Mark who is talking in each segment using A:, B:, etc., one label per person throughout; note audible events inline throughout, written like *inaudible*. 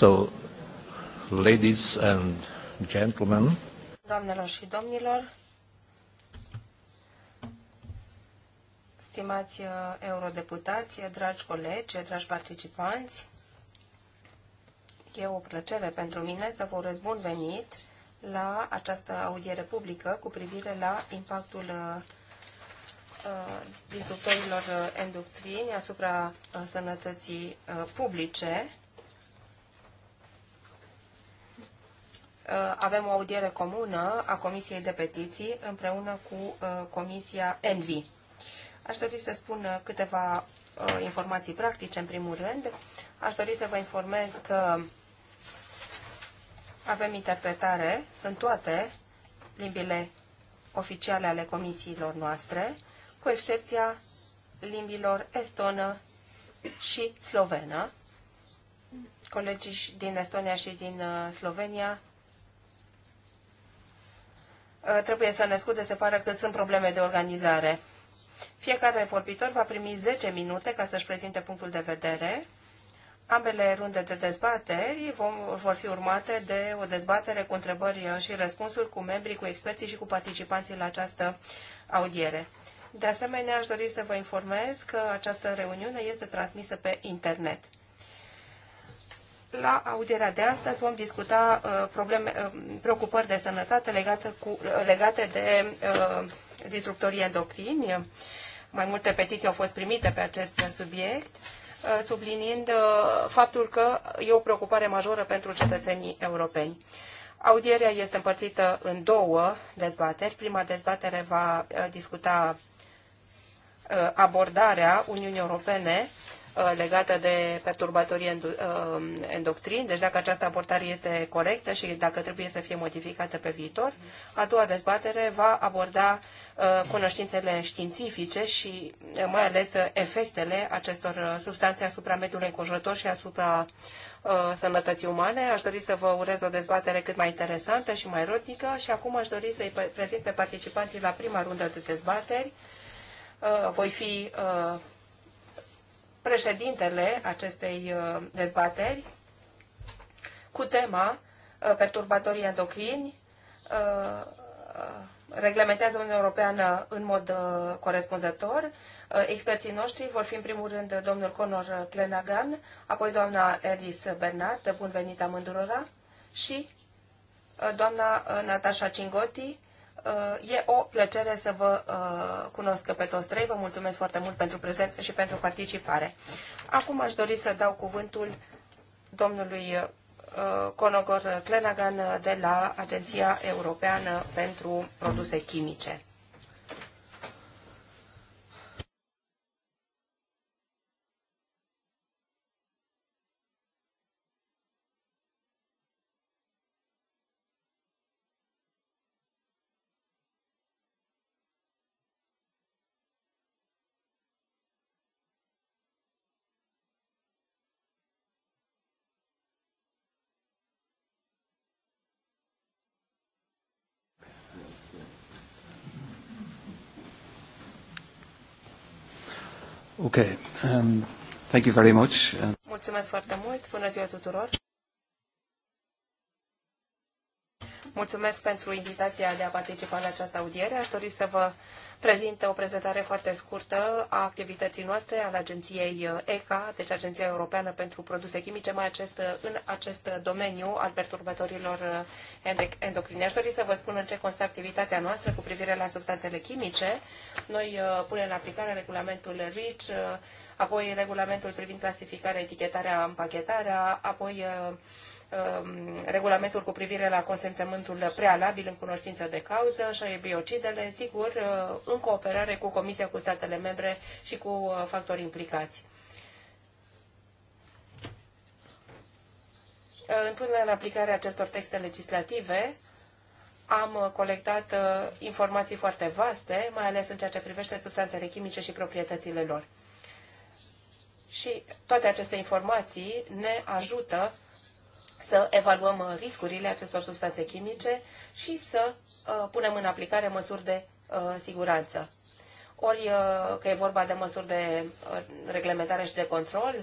A: So, ladies and gentlemen.
B: Doamnelor și domnilor, stimați uh, eurodeputați, dragi colegi, dragi participanți, e o plăcere pentru mine să vă urez bun venit la această audiere publică cu privire la impactul disruptorilor uh, uh, endocrini asupra sănătății publice Uh, avem o audiere comună a Comisiei de Petiții împreună cu uh, Comisia ENVI. Aș dori să spun uh, câteva informații practice, în primul rând. Aș dori să vă informez că avem interpretare în toate limbile oficiale ale comisiilor noastre, cu excepția limbilor estonă și slovenă. Colegii din Estonia și din Slovenia Uh, trebuie să ne scuze, se pare că sunt probleme de organizare. Fiecare vorbitor va primi 10 minute ca să-și prezinte punctul de vedere. Ambele runde de dezbateri vom, vor fi urmate de o dezbatere cu întrebări și răspunsuri cu membrii, cu experții și cu participanții la această audiere. De asemenea, aș dori să vă informez că această reuniune este transmisă pe internet. La audierea de astăzi vom discuta uh, probleme, uh, preocupări de sănătate legate, cu, uh, legate de uh, disruptorii endocrini. Mai multe petiții au fost primite pe acest subiect, uh, subliniind uh, faptul că e o preocupare majoră pentru cetățenii europeni. Audierea este împărțită în două dezbateri. Prima dezbatere va discuta abordarea Uniunii Europene Uh, legată de perturbatorii uh, endocrini, deci dacă această abordare este corectă și dacă trebuie să fie modificată pe viitor. A doua dezbatere va aborda uh, cunoștințele științifice și mai ales efectele acestor substanțe asupra mediului înconjurător și asupra sănătății umane. Aș dori să vă urez o dezbatere cât mai interesantă și mai rotnică și acum aș dori să-i prezint pe participanții la prima rundă de dezbateri. Voi fi președintele acestei uh, dezbateri cu tema uh, perturbatorii endocrini uh, reglementează Uniunea Europeană în mod corespunzător. Experții noștri vor fi în primul rând domnul Conor Clenagan, apoi doamna Elis Bernard, bun venit amândurora, și doamna Natasha Cingotti, E o plăcere să vă uh, cunosc pe toți trei. Vă mulțumesc foarte mult pentru prezență și pentru participare. Acum aș dori să dau cuvântul domnului uh, Conogor Clenagan de la Agenția Europeană pentru Produse Chimice.
A: Ok. Um, thank you very much.
B: Mulțumesc foarte mult. Bună ziua tuturor. Mulțumesc pentru invitația de a participa la această audiere. Aș dori să vă prezint o prezentare foarte scurtă a activității noastre al agenției ECA, deci Agenția Europeană pentru Produse Chimice, mai acest, în acest domeniu al perturbatorilor endocrine. Aș dori să vă spun în ce constă activitatea noastră cu privire la substanțele chimice. Noi uh, punem în aplicare regulamentul RICH, uh, apoi regulamentul privind clasificarea, etichetarea, împachetarea, apoi uh, Um, regulamentul cu privire la consimțământul prealabil în cunoștință de cauză și biocidele, sigur, uh, în cooperare cu Comisia, cu statele membre și cu uh, factorii implicați. Uh, în punerea în aplicare acestor texte legislative, am colectat informații foarte vaste, mai ales în ceea ce privește substanțele chimice și proprietățile lor. Și toate aceste informații ne ajută să evaluăm uh, riscurile acestor substanțe chimice și să uh, punem în aplicare măsuri de uh, siguranță. Ori că e vorba de măsuri de reglementare și de control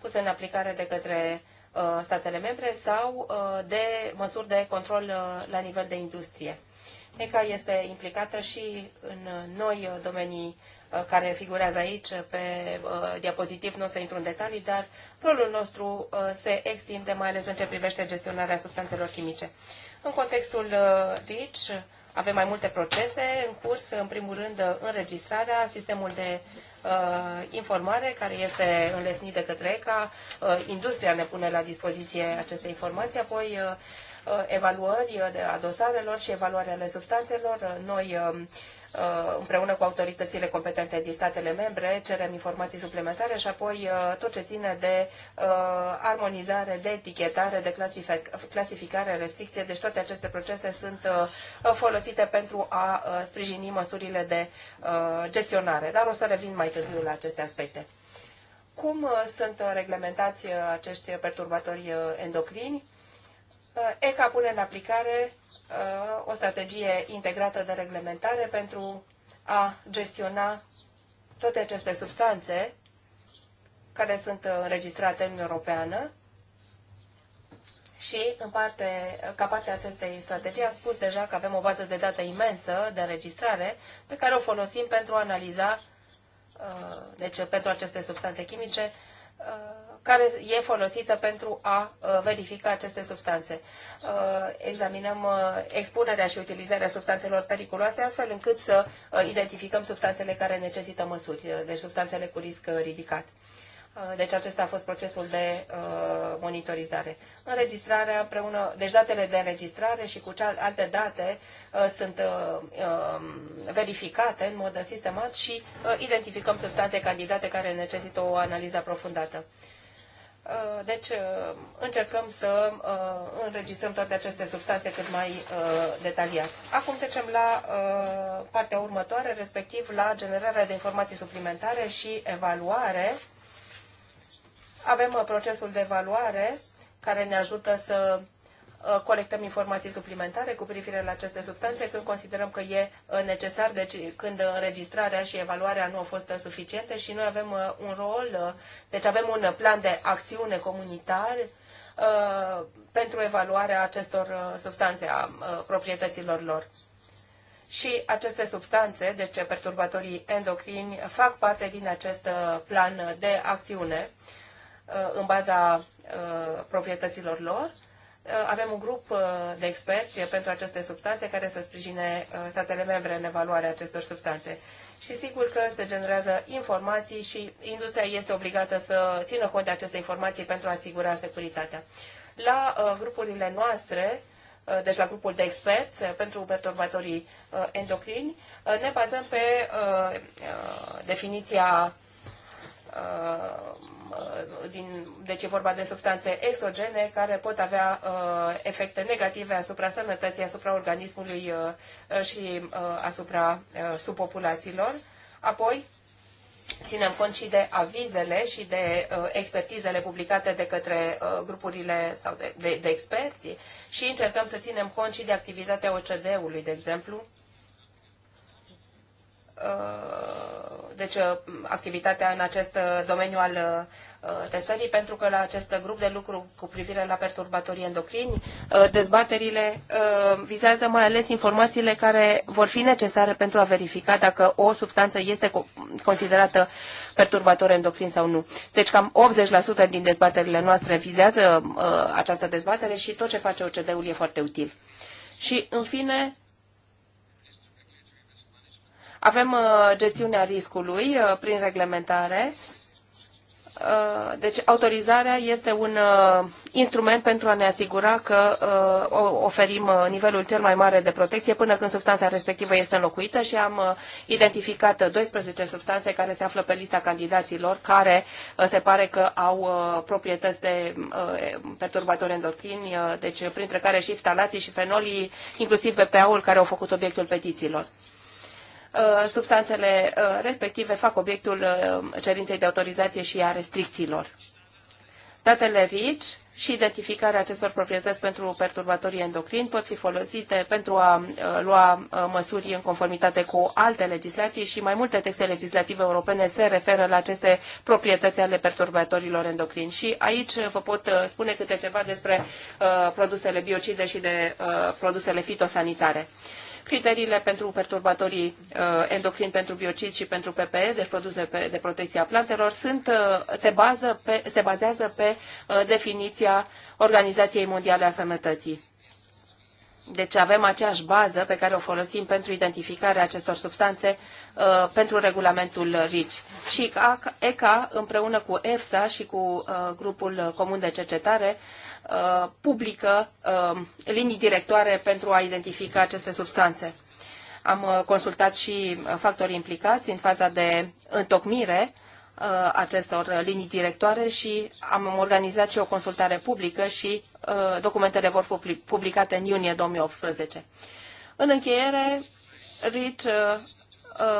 B: puse în aplicare de către statele membre sau de măsuri de control la nivel de industrie. ECA este implicată și în noi domenii Uh, care figurează aici pe uh, diapozitiv, nu o să intru în detalii, dar rolul nostru uh, se extinde mai ales în ce privește gestionarea substanțelor chimice. În contextul RICH avem mai multe procese în curs, în primul rând înregistrarea, sistemul de informare care este înlesnit de către ECA, industria ne pune la dispoziție aceste informații, apoi evaluări a dosarelor și evaluarea ale substanțelor. Noi um, Uh, împreună cu autoritățile competente din statele membre, cerem informații suplimentare și apoi uh, tot ce ține de uh, armonizare, de etichetare, de clasificare, restricție. Deci toate aceste procese sunt folosite pentru a sprijini măsurile de gestionare. Dar o să revin mai târziu la aceste aspecte. Cum sunt reglementați acești perturbatori endocrini? Uh, ECA pune în aplicare uh, o strategie integrată de reglementare pentru a gestiona toate aceste substanțe care sunt uh, înregistrate în Europeană și în parte, ca parte a acestei strategii am spus deja că avem o bază de date imensă de înregistrare pe care o folosim pentru a analiza deci pentru aceste substanțe chimice care e folosită pentru a uh, verifica aceste substanțe. Uh, examinăm uh, expunerea și utilizarea substanțelor periculoase, astfel încât să identificăm substanțele care necesită măsuri, deci substanțele cu risc ridicat. Deci acesta a fost procesul de uh, monitorizare. Înregistrarea împreună, deci datele de înregistrare și cu alte date uh, sunt uh, um, verificate în mod sistemat și uh, identificăm substanțe candidate care necesită o analiză aprofundată. Uh, Uh, deci uh, încercăm să uh, înregistrăm toate aceste substanțe cât mai detaliat. Acum trecem la partea următoare, respectiv la generarea de informații suplimentare și evaluare. Avem procesul de evaluare care ne ajută să Uh, colectăm informații suplimentare cu privire la aceste substanțe când considerăm că e uh, necesar, deci când înregistrarea și evaluarea nu au fost uh, suficiente și noi avem un rol, deci avem un plan de acțiune comunitar pentru evaluarea acestor substanțe, a proprietăților lor. Și aceste substanțe, deci perturbatorii endocrini, fac parte din acest plan de acțiune în baza proprietăților lor Uh, avem un grup uh, de experți pentru aceste substanțe care să sprijine uh, statele membre în evaluarea acestor substanțe. Și sigur că se generează informații și industria este obligată să țină cont de aceste informații pentru a asigura securitatea. La grupurile noastre, deci la grupul de experți pentru perturbatorii endocrini, ne bazăm pe definiția Uh, din, deci e vorba de substanțe exogene care pot avea uh, efecte negative asupra sănătății, asupra organismului uh, și uh, asupra uh, subpopulațiilor. Apoi, ținem cont și de avizele și de uh, expertizele publicate de către uh, grupurile sau de, de, de experți și încercăm să ținem cont și de activitatea OCD-ului, de exemplu, Uh, deci, uh, activitatea în acest uh, domeniu al testării, pentru că la acest grup de lucru cu privire la perturbatorii endocrini, dezbaterile vizează mai ales informațiile care vor fi necesare pentru a verifica dacă o substanță este considerată perturbator endocrin sau nu. Deci cam 80% din dezbaterile noastre vizează această dezbatere și tot ce face OCD-ul e foarte util. Și, în fine, avem uh, gestiunea riscului uh, prin reglementare. Uh, deci autorizarea este un instrument pentru a ne asigura că oferim nivelul cel mai mare de protecție până când substanța respectivă este înlocuită și am identificat 12 substanțe care se află pe lista candidaților care se pare că au proprietăți de perturbatori endocrini, deci printre care și ftalații și fenolii, inclusiv BPA-ul care au făcut obiectul petițiilor. Uh, substanțele uh, respective fac obiectul uh, cerinței de autorizație și a restricțiilor. Datele RICI și identificarea acestor proprietăți pentru perturbatorii endocrini pot fi folosite pentru a lua măsuri în conformitate cu alte legislații și mai multe texte legislative europene se referă la aceste proprietăți ale perturbatorilor endocrini. Și aici vă pot spune câte ceva despre produsele biocide și de produsele fitosanitare criteriile pentru perturbatorii uh, endocrini pentru biocid și pentru PPE, de deci produse de protecție a plantelor, sunt, uh, se, bază pe, se bazează pe uh, definiția Organizației Mondiale a Sănătății. Deci avem aceeași bază pe care o folosim pentru identificarea acestor substanțe uh, pentru regulamentul RICI. Și ECA, împreună cu EFSA și cu uh, grupul comun de cercetare, Uh, publică uh, linii directoare pentru a identifica aceste substanțe. Am uh, consultat și factorii implicați în faza de întocmire acestor linii directoare și am organizat și o consultare publică și documentele vor fi publicate în iunie 2018. În încheiere, RICH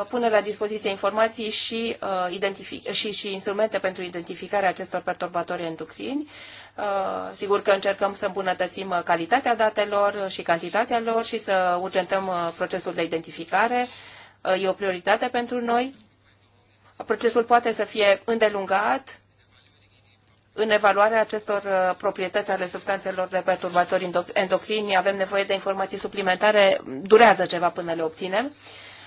B: pune la dispoziție informații și, și, și instrumente pentru identificarea acestor perturbatori endocrini. Uh, sigur că încercăm să îmbunătățim calitatea datelor și cantitatea lor și să urgentăm uh, procesul de identificare. Uh, e o prioritate pentru noi. Procesul poate să fie îndelungat în evaluarea acestor proprietăți ale substanțelor de perturbatori endocrini. Avem nevoie de informații suplimentare. Durează ceva până le obținem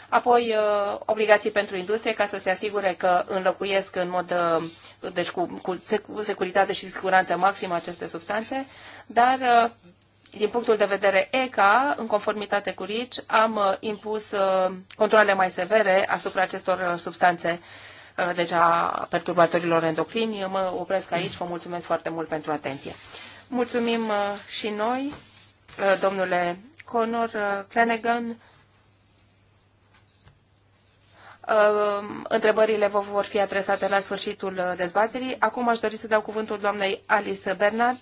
B: apoi uh, obligații pentru industrie ca să se asigure că înlocuiesc în mod, uh, deci cu, cu securitate și siguranță maximă aceste substanțe, dar uh, din punctul de vedere ECA, în conformitate cu RICI, am impus controle mai severe asupra acestor substanțe deja deci perturbatorilor endocrini. Eu mă opresc aici, vă mulțumesc foarte mult pentru atenție. Mulțumim și noi, domnule Conor Flanagan, Ehm, întrebările vă vor fi adresate la sfârșitul uh, dezbaterii. Acum aș dori să dau cuvântul doamnei Alice Bernard.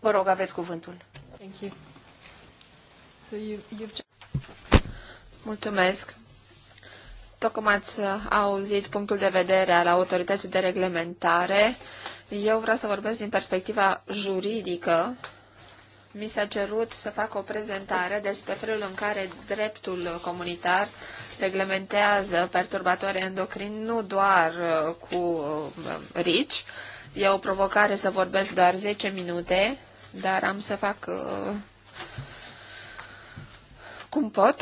B: Vă rog, aveți cuvântul. Thank you.
C: So you, you've... Mulțumesc. Tocmai ați uh, auzit punctul de vedere al autorității de reglementare. Eu vreau să vorbesc din perspectiva juridică mi s-a cerut să fac o prezentare despre felul în care dreptul comunitar reglementează perturbatorii endocrini nu doar uh, cu uh, RICI. E o provocare să vorbesc doar 10 minute, dar am să fac uh, cum pot.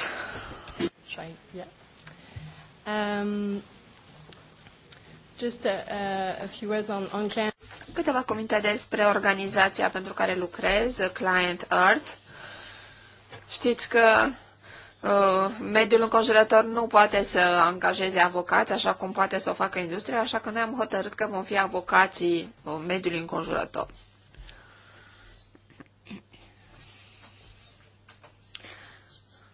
C: Um, Just a, a few words on, on Câteva cuvinte despre organizația pentru care lucrez, Client Earth. Știți că uh, mediul înconjurător nu poate să angajeze avocați așa cum poate să o facă industria, așa că noi am hotărât că vom fi avocații uh, mediului înconjurător.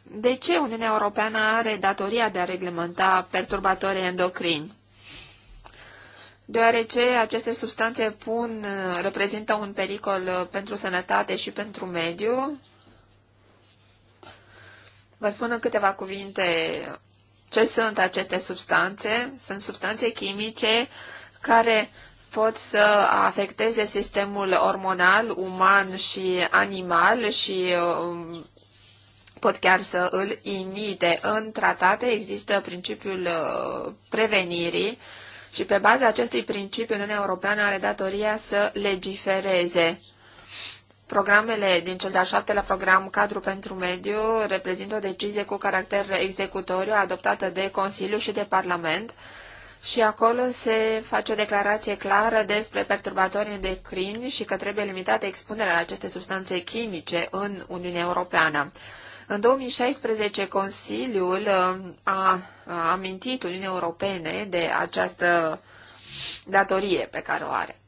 C: De ce Uniunea Europeană are datoria de a reglementa perturbatorii endocrini? deoarece aceste substanțe pun, reprezintă un pericol uh, pentru sănătate și pentru mediu. Vă spun în câteva cuvinte ce sunt aceste substanțe. Sunt substanțe chimice care pot să afecteze sistemul ormonal, uman și animal și um, pot chiar să îl imite. În tratate există principiul uh, prevenirii, și pe baza acestui principiu, Uniunea Europeană are datoria să legifereze. Programele din cel de-al șaptelea program cadru pentru mediu reprezintă o decizie cu caracter executoriu adoptată de Consiliu și de Parlament și acolo se face o declarație clară despre perturbatorii endocrini și că trebuie limitată expunerea la aceste substanțe chimice în Uniunea Europeană. În 2016, Consiliul uh, a amintit Uniunii Europene de această datorie pe care o are.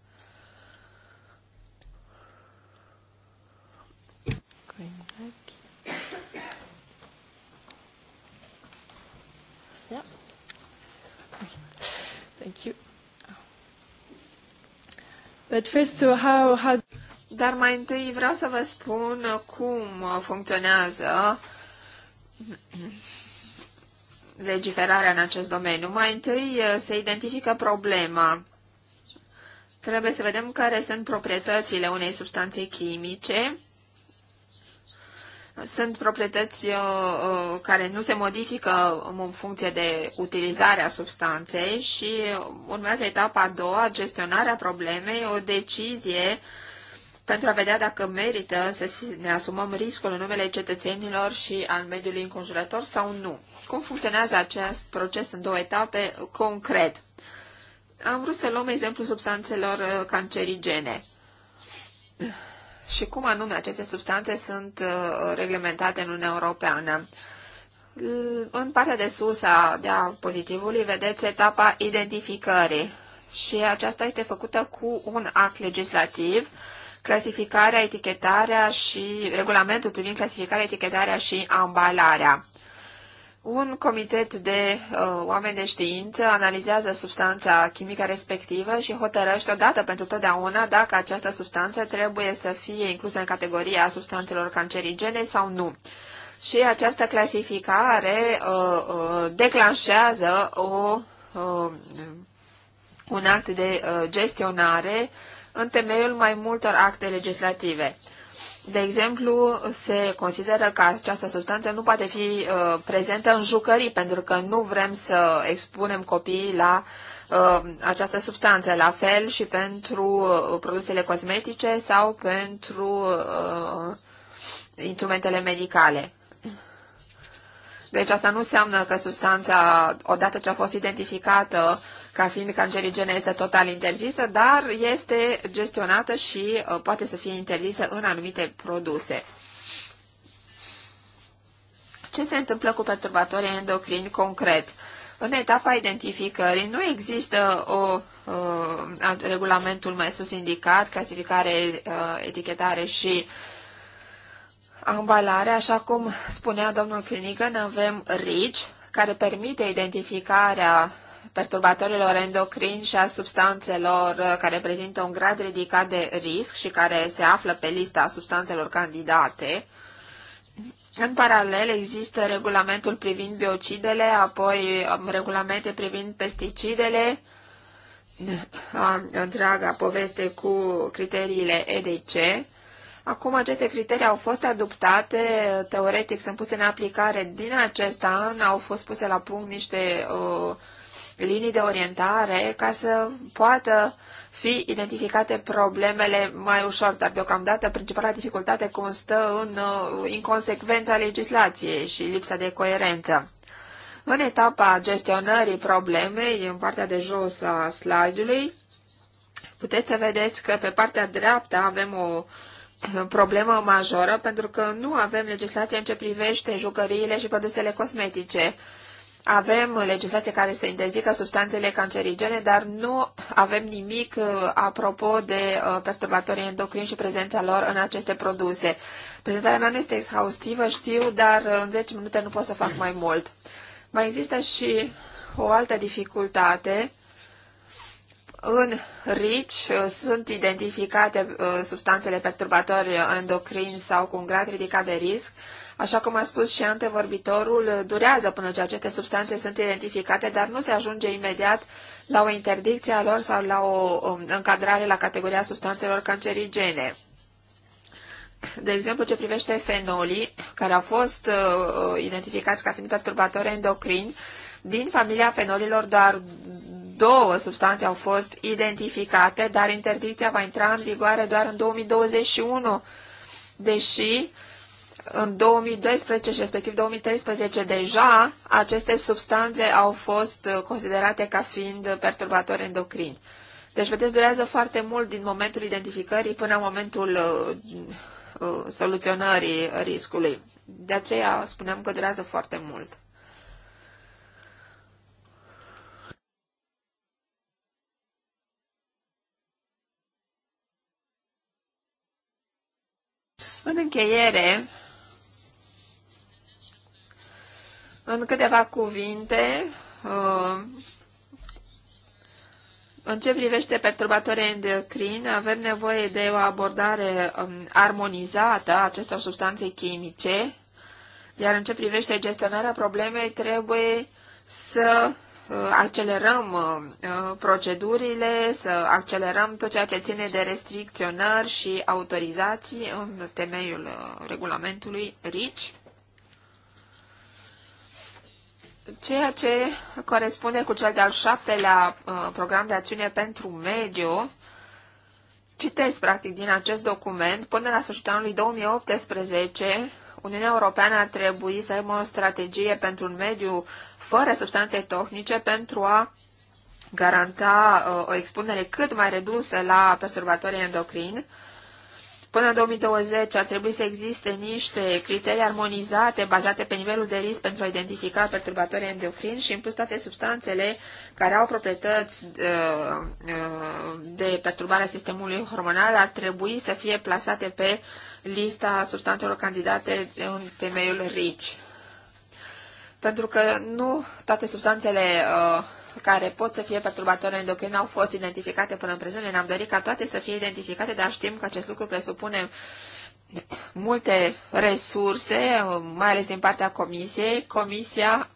C: Thank you. But first, so how, how... Dar mai întâi vreau să vă spun cum funcționează legiferarea în acest domeniu. Mai întâi eh, se identifică problema. Trebuie să vedem care sunt proprietățile unei substanțe chimice. Sunt proprietăți eh, eh, care nu se modifică în funcție de utilizarea substanței și urmează etapa a doua, gestionarea problemei, o decizie pentru a vedea dacă merită să ne asumăm riscul în numele cetățenilor și al mediului înconjurător sau nu. Cum funcționează acest proces în două etape concret? Am vrut să luăm exemplu substanțelor uh, cancerigene. Și cum anume aceste substanțe sunt uh, reglementate în Uniunea Europeană? În partea de sus a diapozitivului vedeți etapa identificării și aceasta este făcută cu un act legislativ clasificarea, etichetarea și regulamentul privind clasificarea, etichetarea și ambalarea. Un comitet de uh, oameni de știință analizează substanța chimică respectivă și hotărăște odată pentru totdeauna dacă această substanță trebuie să fie inclusă în categoria substanțelor cancerigene sau nu. Și această clasificare uh, uh, declanșează o, uh, un act de uh, gestionare uh, în temeiul mai multor acte legislative. De exemplu, se consideră că această substanță nu poate fi uh, prezentă în jucării, pentru că nu vrem să expunem copiii la uh, această substanță, la fel și pentru uh, produsele cosmetice sau pentru uh, instrumentele medicale. Deci asta nu înseamnă că substanța, odată ce a fost identificată, uh, ca fiind cancerigenă este total interzisă, dar este gestionată și uh, poate să fie interzisă în anumite produse. Ce se întâmplă cu perturbatorii endocrini concret? În etapa identificării nu există o, o, uh, regulamentul mai sus indicat, clasificare, uh, etichetare și ambalare. Așa cum spunea domnul Clinică, avem RICI, care permite identificarea perturbatorilor endocrin și a substanțelor uh, care prezintă un grad ridicat de risc și care se află pe lista substanțelor candidate. În paralel există regulamentul privind biocidele, apoi um, regulamente privind pesticidele, întreaga poveste cu criteriile EDC. Acum aceste criterii au fost adoptate, teoretic sunt puse în aplicare din acest an, au fost puse la punct niște uh, linii de orientare ca să poată fi identificate problemele mai ușor, dar deocamdată principala dificultate constă în uh, inconsecvența legislației și lipsa de coerență. În etapa gestionării problemei, în partea de jos a slide-ului, puteți să vedeți că pe partea dreaptă avem o uh, problemă majoră pentru că nu avem legislație în ce privește jucăriile și produsele cosmetice. Avem legislație care se interzică substanțele cancerigene, dar nu avem nimic uh, apropo de uh, perturbatorii endocrini și prezența lor în aceste produse. Prezentarea mea nu este exhaustivă, știu, dar uh, în 10 minute nu pot să fac mai mult. Mai există și o altă dificultate. În RICI sunt identificate substanțele perturbatori endocrini sau cu un grad ridicat de risc, Așa cum a spus și antevorbitorul, durează până ce aceste substanțe sunt identificate, dar nu se ajunge imediat la o interdicție a lor sau la o um, încadrare la categoria substanțelor cancerigene. De exemplu, ce privește fenolii, care au fost uh, uh, identificați ca fiind perturbatori endocrini, din familia fenolilor doar două substanțe au fost identificate, dar interdicția va intra în vigoare doar în 2021, deși în 2012 și respectiv 2013 deja aceste substanțe au fost uh, considerate ca fiind perturbatori endocrini. Deci, vedeți, durează foarte mult din momentul identificării până în momentul uh, uh, soluționării riscului. De aceea spuneam că durează
B: foarte mult.
C: În încheiere, În câteva cuvinte, uh, în ce privește perturbatorii endocrini, avem nevoie de o abordare um, armonizată a acestor substanțe chimice, iar în ce privește gestionarea problemei, trebuie să uh, accelerăm uh, procedurile, să accelerăm tot ceea ce ține de restricționări și autorizații în temeiul regulamentului RICI ceea ce corespunde cu cel de-al șaptelea uh, program de acțiune pentru mediu. Citesc, practic, din acest document, până la sfârșitul anului 2018, Uniunea Europeană ar trebui să aibă o strategie pentru un mediu fără substanțe tehnice pentru a garanta uh, o expunere cât mai redusă la perturbatorii endocrini, Până în 2020 ar trebui să existe niște criterii armonizate bazate pe nivelul de risc pentru a identifica perturbatorii endocrini și în plus toate substanțele care au proprietăți uh, uh, de perturbare a sistemului hormonal ar trebui să fie plasate pe lista substanțelor candidate în temeiul RICI. Pentru că nu toate substanțele uh, care pot să fie perturbatoare endocrine au fost identificate până în prezent. Ne-am dorit ca toate să fie identificate, dar știm că acest lucru presupune multe resurse, mai ales din partea comisiei. Comisia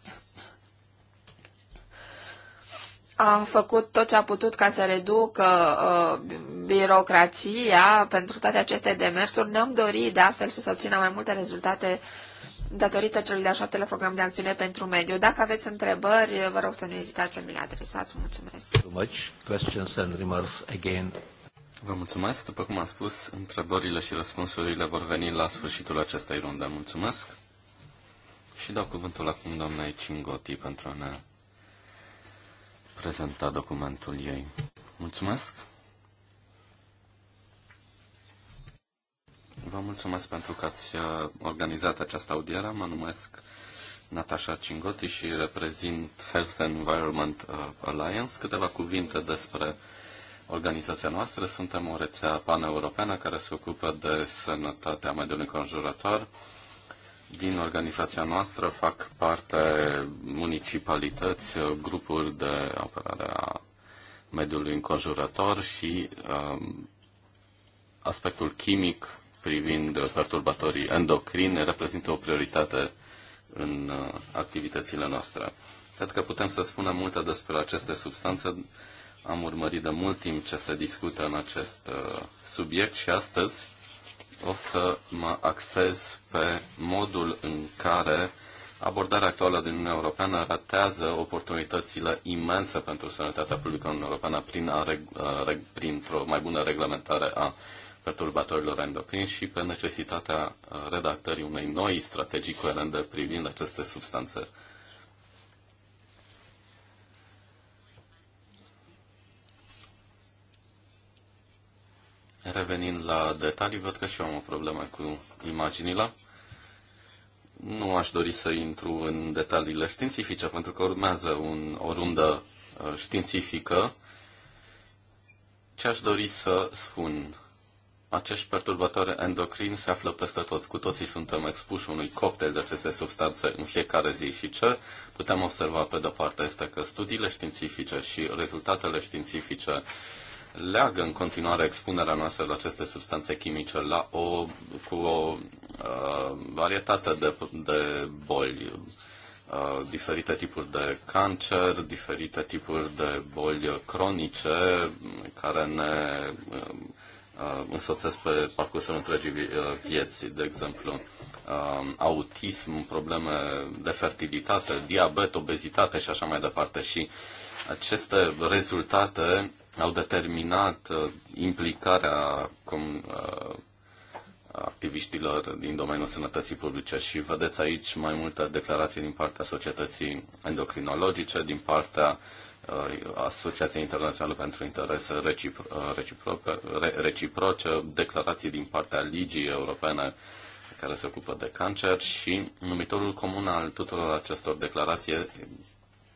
C: a făcut tot ce a putut ca să reducă uh, birocrația pentru toate aceste demersuri. Ne-am dorit, de altfel, să se obțină mai multe rezultate uh, datorită celui de-al șaptele program de acțiune pentru mediu. Dacă aveți întrebări, vă rog să nu ezitați să mi le adresați. Mulțumesc.
A: Much. Questions and remarks again. Vă mulțumesc. După cum am spus, întrebările
D: și răspunsurile vor veni la sfârșitul acestei runde. Mulțumesc. Și dau cuvântul acum doamnei Cingoti pentru a ne prezenta documentul ei. Mulțumesc. Vă mulțumesc pentru că ați uh, organizat această audiere. Mă numesc Natasha Cingoti și reprezint Health Environment uh, Alliance. Câteva cuvinte despre organizația noastră. Suntem o rețea paneuropeană care se ocupă de sănătatea mediului înconjurător. Din organizația noastră fac parte municipalități, uh, grupuri de operare a mediului înconjurător și um, aspectul chimic privind perturbatorii endocrini reprezintă o prioritate în uh, activitățile noastre. Cred că putem să spunem multe despre aceste substanțe. Am urmărit de mult timp ce se discută în acest uh, subiect și astăzi o să mă axez pe modul în care abordarea actuală din Uniunea Europeană ratează oportunitățile imense pentru sănătatea publică în Uniunea Europeană prin a, uh, printr-o mai bună reglementare a perturbatorilor endocrini și pe necesitatea uh, redactării unei noi strategii coerente privind aceste substanțe. Revenind la detalii, văd că și eu am o problemă cu imaginile. Nu aș dori să intru în detaliile științifice, pentru că urmează un, o rundă uh, științifică. Ce aș dori să spun acești perturbatori endocrini se află peste tot. Cu toții suntem expuși unui cocktail de aceste substanțe în fiecare zi și ce putem observa pe de-o parte este că studiile științifice și rezultatele științifice leagă în continuare expunerea noastră la aceste substanțe chimice la o, cu o uh, varietate de, de boli, uh, diferite tipuri de cancer, diferite tipuri de boli cronice care ne uh, Uh, însoțesc pe parcursul întregii uh, vieți, de exemplu, uh, autism, probleme de fertilitate, diabet, obezitate și așa mai departe. Și aceste rezultate au determinat implicarea cum, activiștilor din domeniul sănătății publice și vedeți aici mai multe declarații din partea societății endocrinologice, din partea Uh, Asociația Internațională pentru Interese recipro- uh, reciproce, reciproce, declarații din partea Ligii Europene care se ocupă de cancer și numitorul comun al tuturor acestor declarații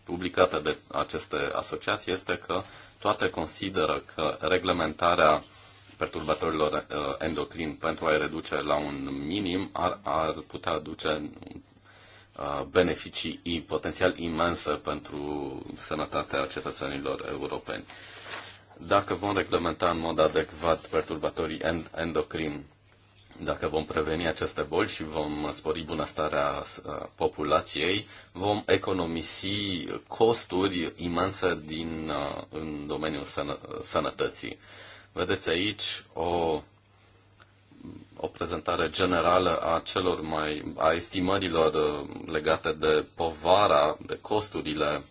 D: publicate de aceste asociații este că toate consideră că reglementarea perturbatorilor uh, endocrini pentru a-i reduce la un minim ar, ar putea aduce beneficii potențial imensă pentru sănătatea cetățenilor europeni. Dacă vom reglementa în mod adecvat perturbatorii endocrini, dacă vom preveni aceste boli și vom spori bunăstarea populației, vom economisi costuri imense din, în domeniul sănătății. Vedeți aici o o prezentare generală a celor mai, a estimărilor uh, legate de povara, de costurile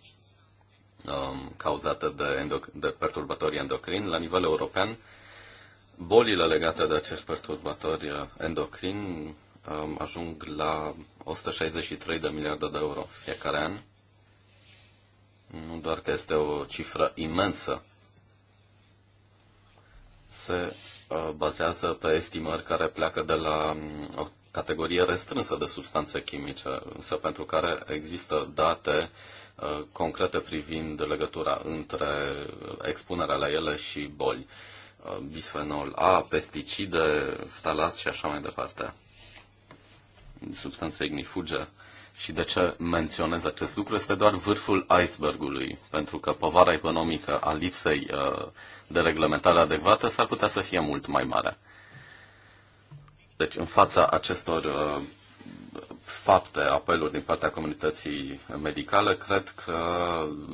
D: um, cauzate de, endoc- de perturbatorii endocrini la nivel european. Bolile legate de acești perturbatori uh, endocrini um, ajung la 163 de miliarde de euro fiecare an. Nu doar că este o cifră imensă, se Uh, bazează pe estimări care pleacă de la um, o categorie restrânsă de substanțe chimice, însă pentru care există date uh, concrete privind legătura între expunerea la ele și boli, uh, bisfenol A, pesticide, talați și așa mai departe, substanțe ignifuge. Și de ce menționez acest lucru? Este doar vârful icebergului, pentru că povara economică a lipsei uh, de reglementare adecvată s-ar putea să fie mult mai mare. Deci, în fața acestor uh, fapte, apeluri din partea comunității medicale, cred că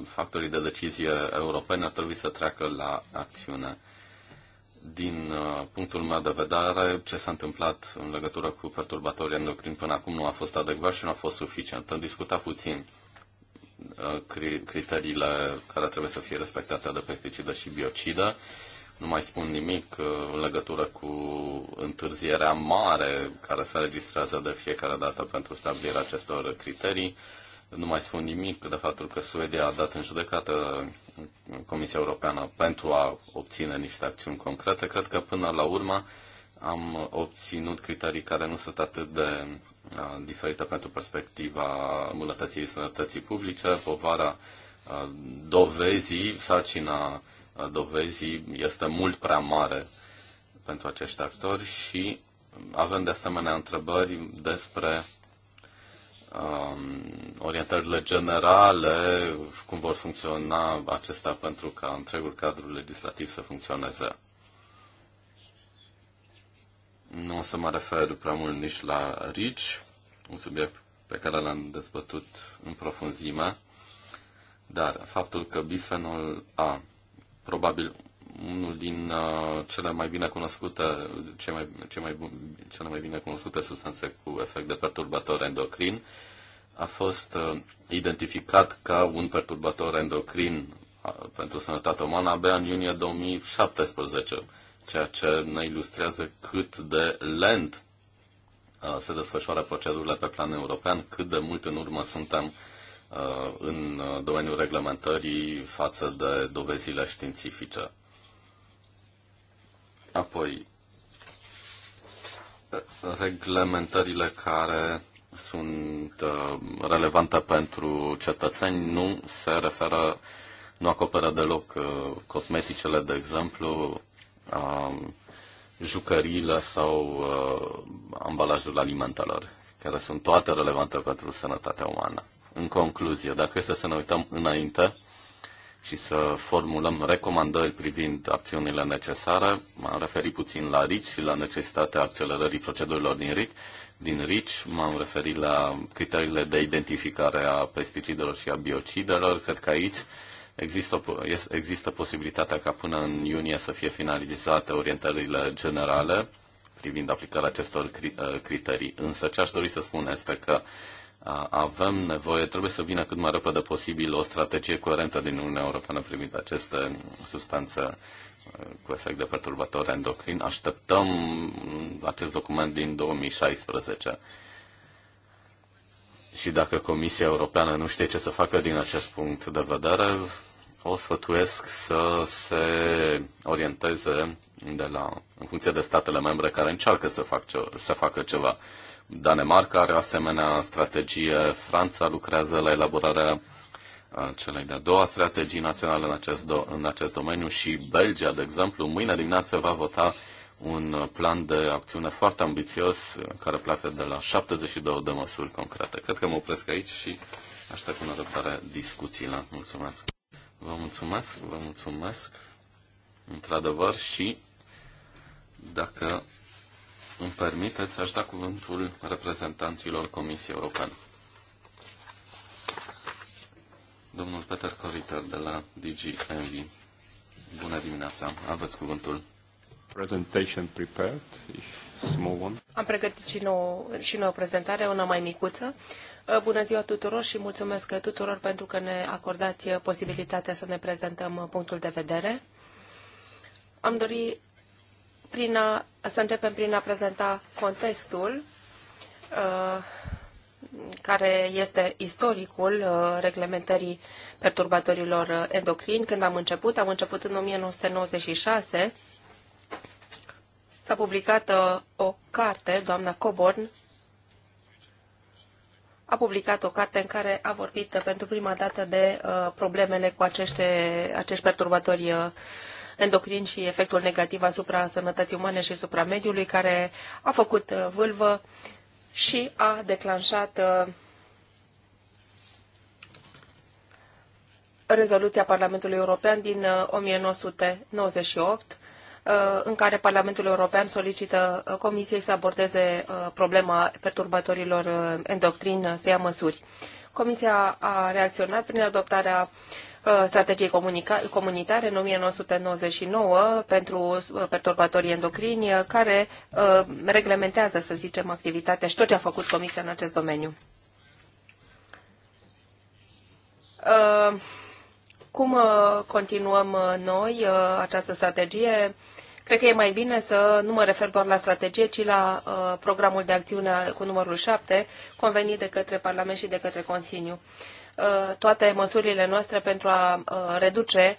D: factorii de decizie europene ar trebui să treacă la acțiune din uh, punctul meu de vedere, ce s-a întâmplat în legătură cu perturbatorii endocrini până acum nu a fost adecvat și nu a fost suficient. Am discutat puțin uh, criteriile care trebuie să fie respectate de pesticidă și biocidă. Nu mai spun nimic uh, în legătură cu întârzierea mare care se registrează de fiecare dată pentru stabilirea acestor criterii. Nu mai spun nimic de faptul că Suedia a dat în judecată Comisia Europeană pentru a obține niște acțiuni concrete. Cred că până la urmă am obținut criterii care nu sunt atât de diferite pentru perspectiva îmbunătățirii sănătății publice, povara dovezii, sarcina dovezii este mult prea mare pentru acești actori și avem de asemenea întrebări despre um, orientările generale, cum vor funcționa acestea pentru ca întregul cadru legislativ să funcționeze. Nu o să mă refer prea mult nici la RICI, un subiect pe care l-am dezbătut în profunzime, dar faptul că bisfenol A, probabil unul din uh, cele mai bine cunoscute, cele mai, cele, mai bun, cele mai bine cunoscute substanțe cu efect de perturbator endocrin a fost uh, identificat ca un perturbator endocrin uh, pentru sănătatea umană abia în iunie 2017, ceea ce ne ilustrează cât de lent uh, se desfășoară procedurile pe plan european, cât de mult în urmă suntem uh, în uh, domeniul reglementării față de dovezile științifice. Apoi, reglementările care sunt uh, relevante pentru cetățeni nu se referă, nu acoperă deloc uh, cosmeticele, de exemplu, uh, jucăriile sau ambalajul alimentelor, care sunt toate relevante pentru sănătatea umană. În concluzie, dacă este să ne uităm înainte, și să formulăm recomandări privind acțiunile necesare. M-am referit puțin la RIC și la necesitatea accelerării procedurilor din RIC. Din RIC m-am referit la criteriile de identificare a pesticidelor și a biocidelor. Cred că aici există, există posibilitatea ca până în iunie să fie finalizate orientările generale privind aplicarea acestor uh, criterii. Însă ce aș dori să spun este că avem nevoie, trebuie să vină cât mai repede posibil o strategie coerentă din Uniunea Europeană privind aceste substanțe uh, cu efect de perturbator endocrin. Așteptăm mm, acest document din 2016. Și dacă Comisia Europeană nu știe ce să facă din acest punct de vedere, o sfătuiesc să se orienteze de la, în funcție de statele membre care încearcă să, fac ce, să facă ceva Danemarca are asemenea strategie, Franța lucrează la elaborarea celei de-a doua strategii naționale în acest, do- în acest domeniu și Belgia, de exemplu, mâine dimineață va vota un plan de acțiune foarte ambițios care pleacă de la 72 de măsuri concrete. Cred că mă opresc aici și aștept în nerăbdare discuțiile. Mulțumesc! Vă mulțumesc, vă mulțumesc, într-adevăr, și dacă îmi permiteți, aș da cuvântul reprezentanților Comisiei Europene. Domnul Peter Coriter de la DG Envy. Bună dimineața, aveți cuvântul.
A: Presentation prepared,
B: small one. Am pregătit și nou, și nouă o prezentare, una mai micuță. Uh, bună ziua tuturor și mulțumesc tuturor pentru că ne acordați posibilitatea să ne prezentăm punctul de vedere. Am dorit prin a, să începem prin a prezenta contextul uh, care este istoricul uh, reglementării perturbatorilor uh, endocrini. Când am început, am început în 1996, s-a publicat o carte, doamna Coborn a publicat o carte în care a vorbit pentru prima dată de problemele cu acești, acești perturbatori endocrin și efectul negativ asupra sănătății umane și asupra mediului, care a făcut uh, vâlvă și a declanșat uh, rezoluția Parlamentului European din 1998 uh, în care Parlamentul European solicită Comisiei să abordeze problema perturbatorilor endocrin, să ia măsuri. Comisia a reacționat prin adoptarea Uh, strategiei comunitare în 1999 pentru uh, perturbatorii endocrini, uh, care reglementează, să zicem, activitatea și tot ce a făcut Comisia în acest domeniu. Cum continuăm noi această strategie? Cred că e mai bine să nu mă refer doar la strategie, ci la programul de acțiune cu numărul 7, convenit de către Parlament și de către Consiliu. Uh, Uh, toate măsurile noastre pentru a uh, reduce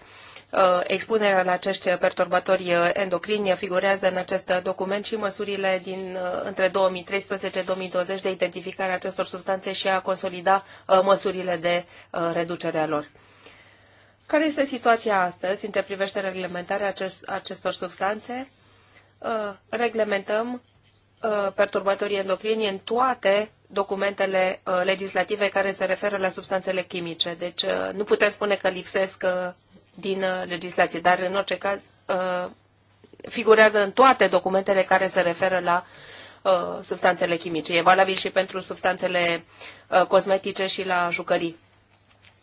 B: uh, expunerea la acești perturbatori endocrini figurează în acest document și măsurile din între 2013-2020 de identificare a acestor substanțe și a consolida măsurile de reducere a lor. Care este situația astăzi în ce privește reglementarea acestor substanțe? Reglementăm perturbatorii endocrini în toate documentele uh, legislative care se referă la substanțele chimice. Deci uh, nu putem spune că lipsesc uh, din legislație, dar în orice caz figurează în toate documentele care se referă la substanțele chimice. E valabil și pentru substanțele cosmetice și la jucării.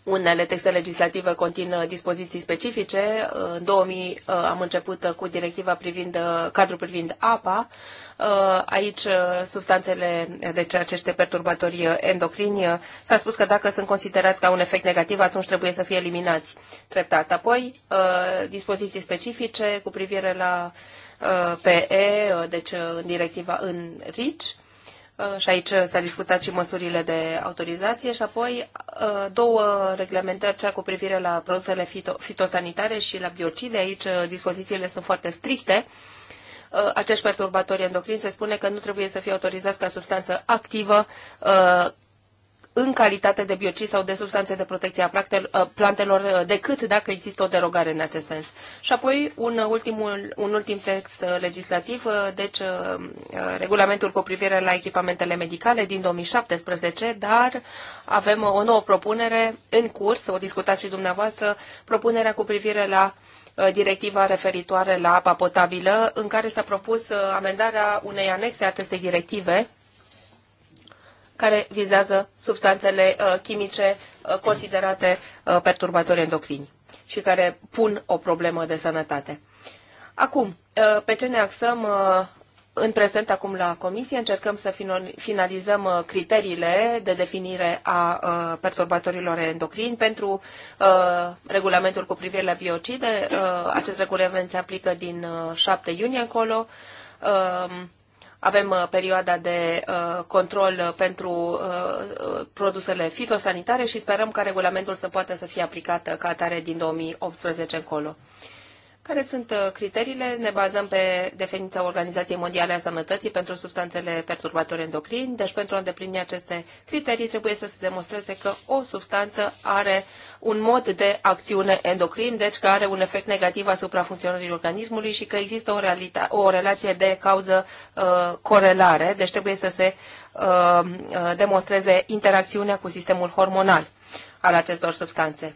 B: Unele texte legislative conțin uh, dispoziții specifice. Uh, în 2000 uh, am început cu directiva privind cadrul privind apa. Aici substanțele, de deci ce aceste perturbatori endocrini, s-a spus că dacă sunt considerați ca un efect negativ, atunci trebuie să fie eliminați treptat. Apoi, dispoziții specifice cu privire la PE, deci în directiva în RICI Uh, și aici s-a discutat și măsurile de autorizație și apoi uh, două reglementări, cea cu privire la produsele fito fitosanitare și la biocide. Aici uh, dispozițiile sunt foarte stricte. Acești perturbatori endocrini se spune că nu trebuie să fie autorizați ca substanță activă în calitate de biocid sau de substanțe de protecție a uh, plantelor uh, decât dacă există o derogare în acest sens. Și apoi un, ultimul, un ultim text uh, legislativ, deci regulamentul cu privire la echipamentele medicale din 2017, dar avem o nouă propunere în curs, o discutați și dumneavoastră, propunerea cu privire la directiva referitoare la apa potabilă, în care s-a propus amendarea unei anexe a acestei directive, care vizează substanțele uh, chimice uh, considerate uh, perturbatori endocrini și care pun o problemă de sănătate. Acum, pe ce ne axăm în prezent acum la comisie încercăm să finalizăm criteriile de definire a perturbatorilor endocrini pentru regulamentul cu privire la biocide. Acest regulament se aplică din 7 iunie încolo. Avem uh, perioada de uh, control pentru uh, produsele fitosanitare și sperăm ca regulamentul să poată să fie aplicat ca atare din 2018 încolo. Care sunt uh, criteriile? Ne bazăm pe definiția Organizației Mondiale a Sănătății pentru substanțele perturbatoare endocrini. Deci, pentru a îndeplini aceste criterii, trebuie să se demonstreze că o substanță are un mod de acțiune endocrin, deci că are un efect negativ asupra funcționării organismului și că există o, realita- o relație de cauză-corelare. Uh, deci, trebuie să se uh, demonstreze interacțiunea cu sistemul hormonal al acestor substanțe.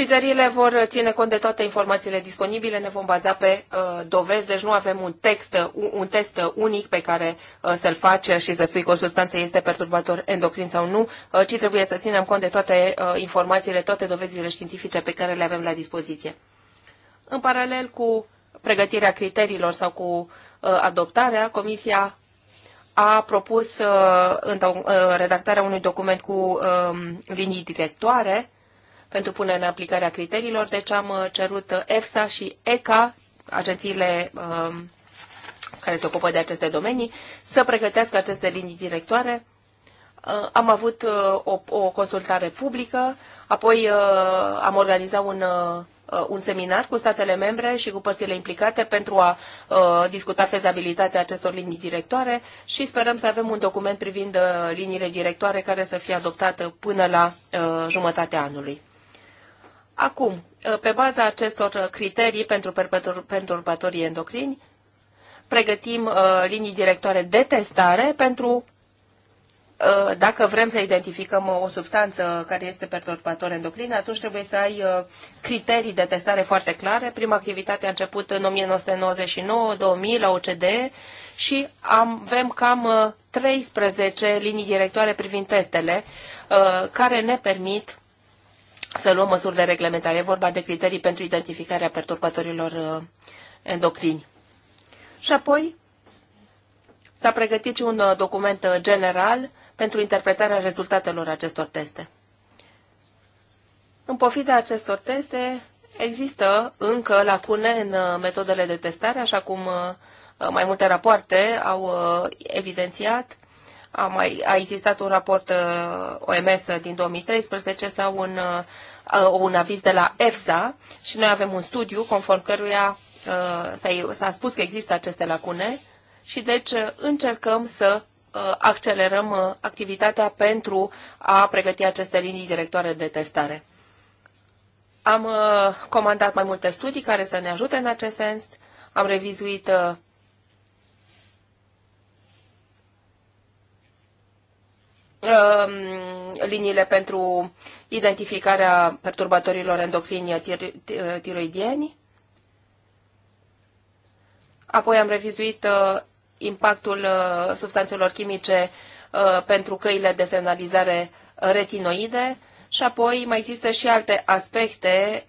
B: Criteriile vor ține cont de toate informațiile disponibile, ne vom baza pe uh, dovezi, deci nu avem un, text, uh, un test unic pe care uh, să-l face și să spui că o substanță este perturbator endocrin sau nu, uh, ci trebuie să ținem cont de toate uh, informațiile, toate dovezile științifice pe care le avem la dispoziție. În paralel cu pregătirea criteriilor sau cu uh, adoptarea, Comisia a propus uh, uh, redactarea unui document cu uh, linii directoare pentru punerea în aplicare a criteriilor, deci am uh, cerut uh, EFSA și ECA, agențiile um, care se ocupă de aceste domenii, să pregătească aceste linii directoare. Uh, am avut o, o consultare publică, apoi am organizat un un seminar cu statele membre și cu părțile implicate pentru a uh, discuta fezabilitatea acestor linii directoare și sperăm să avem un document privind uh, liniile directoare care să fie adoptat până la uh, jumătatea anului. Acum, ă, pe baza acestor criterii pentru perturbatorii endocrini, pregătim ă, linii directoare de testare pentru ă, dacă vrem să identificăm o substanță care este perturbator endocrin, atunci trebuie să ai criterii de testare foarte clare. Prima activitate a început în 1999-2000 la OCD și avem cam 13 linii directoare privind testele care ne permit să luăm măsuri de reglementare. E vorba de criterii pentru identificarea perturbatorilor uh, endocrini. Și apoi s-a pregătit și un uh, document uh, general pentru interpretarea rezultatelor acestor teste. În pofida acestor teste, există încă lacune în metodele de testare, așa cum mai multe rapoarte au evidențiat. A, mai, a existat un raport uh, OMS din 2013 sau un, uh, un aviz de la EFSA și noi avem un studiu conform căruia uh, s-a spus că există aceste lacune și deci încercăm să accelerăm activitatea pentru a pregăti aceste linii directoare de testare. Am comandat mai multe studii care să ne ajute în acest sens. Am revizuit Ehm, liniile pentru identificarea perturbatorilor endocrini tiroidieni. Apoi am revizuit eh, impactul eh, substanțelor chimice eh, pentru căile de semnalizare retinoide și apoi mai există și alte aspecte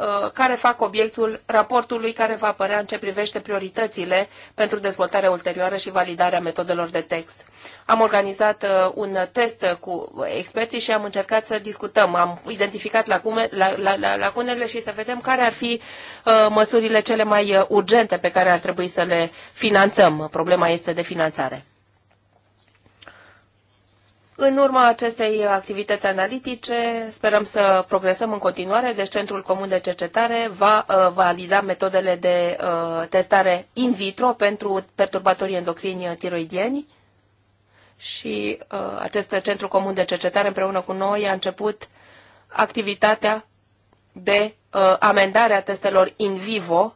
B: Uh, care fac obiectul raportului care va apărea în ce privește prioritățile pentru dezvoltarea ulterioară și validarea metodelor de text. Am organizat uh, un test cu experții și am încercat să discutăm, am identificat la, la, la, lacunele și să vedem care ar fi uh, măsurile cele mai urgente pe care ar trebui să le finanțăm. Problema este de finanțare. În urma acestei activități analitice, sperăm să progresăm în continuare, deci Centrul Comun de Cercetare va uh, valida metodele de uh, testare in vitro pentru perturbatorii endocrini tiroidieni și uh, acest Centru Comun de Cercetare împreună cu noi a început activitatea de amendare a testelor in vivo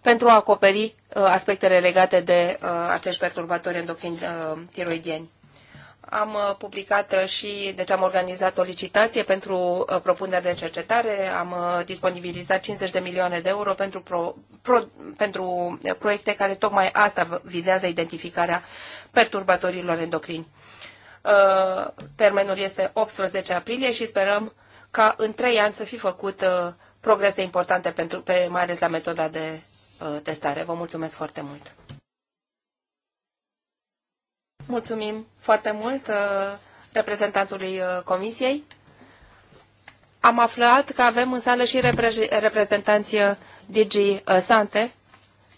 B: pentru a acoperi aspectele legate de acești perturbatori endocrini tiroidieni. Am uh, publicat uh, și, deci am organizat o licitație pentru uh, propuneri de cercetare, am disponibilizat 50 de milioane de euro pentru, pro, pro, pentru proiecte care tocmai asta vizează identificarea perturbatorilor endocrini. Termenul este 18 aprilie și sperăm ca în 3 ani să fi făcut progrese importante, pentru, pe, mai ales la metoda de testare. Vă mulțumesc foarte mult! Mulțumim foarte mult uh, reprezentantului uh, Comisiei. Am aflat că avem în sală și reprezentanții uh, DG Sante,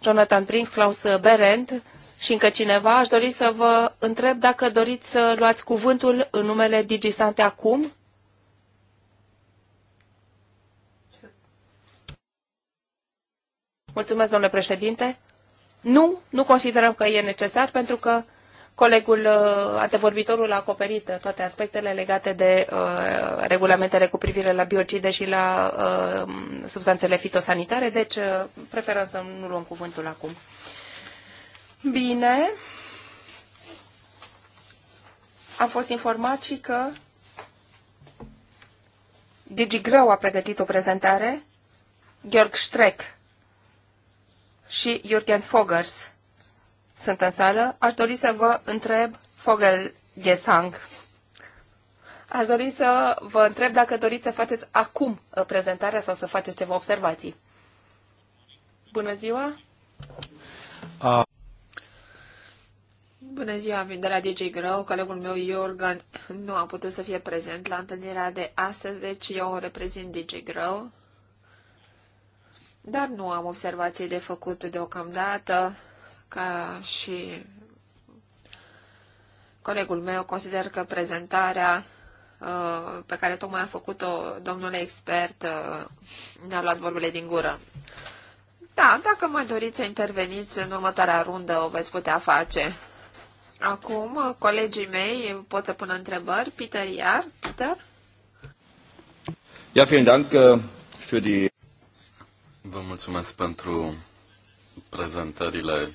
B: Jonathan Prince, Klaus Berend și încă cineva. Aș dori să vă întreb dacă doriți să luați cuvântul în numele DG Sante acum. Mulțumesc, domnule președinte. Nu, nu considerăm că e necesar pentru că Colegul uh, antevorbitorul a acoperit uh, toate aspectele legate de uh, regulamentele cu privire la biocide și la uh, substanțele fitosanitare, deci uh, preferăm să nu luăm cuvântul acum. Bine. Am fost informat și că DigiGrow a pregătit o prezentare, Georg Streck și Jürgen Fogers sunt în sală, aș dori să vă întreb Fogel Gesang. Aș dori să vă întreb dacă doriți să faceți acum prezentarea sau să faceți ceva observații. Bună ziua! A- Bună ziua, vin de la DJ
C: Grow. Colegul meu, Jorgen, nu a putut să fie prezent la întâlnirea de astăzi, deci eu o reprezint DJ Grow. Dar nu am observații de făcut deocamdată ca și colegul meu, consider că prezentarea uh, pe care tocmai a făcut-o domnul expert uh, ne-a luat vorbele din gură. Da, dacă mai doriți să interveniți în următoarea rundă, o veți putea face. Acum, uh, colegii mei pot să pună întrebări. Peter iar. Peter?
D: Ja, vielen Dank für die... Vă mulțumesc pentru prezentările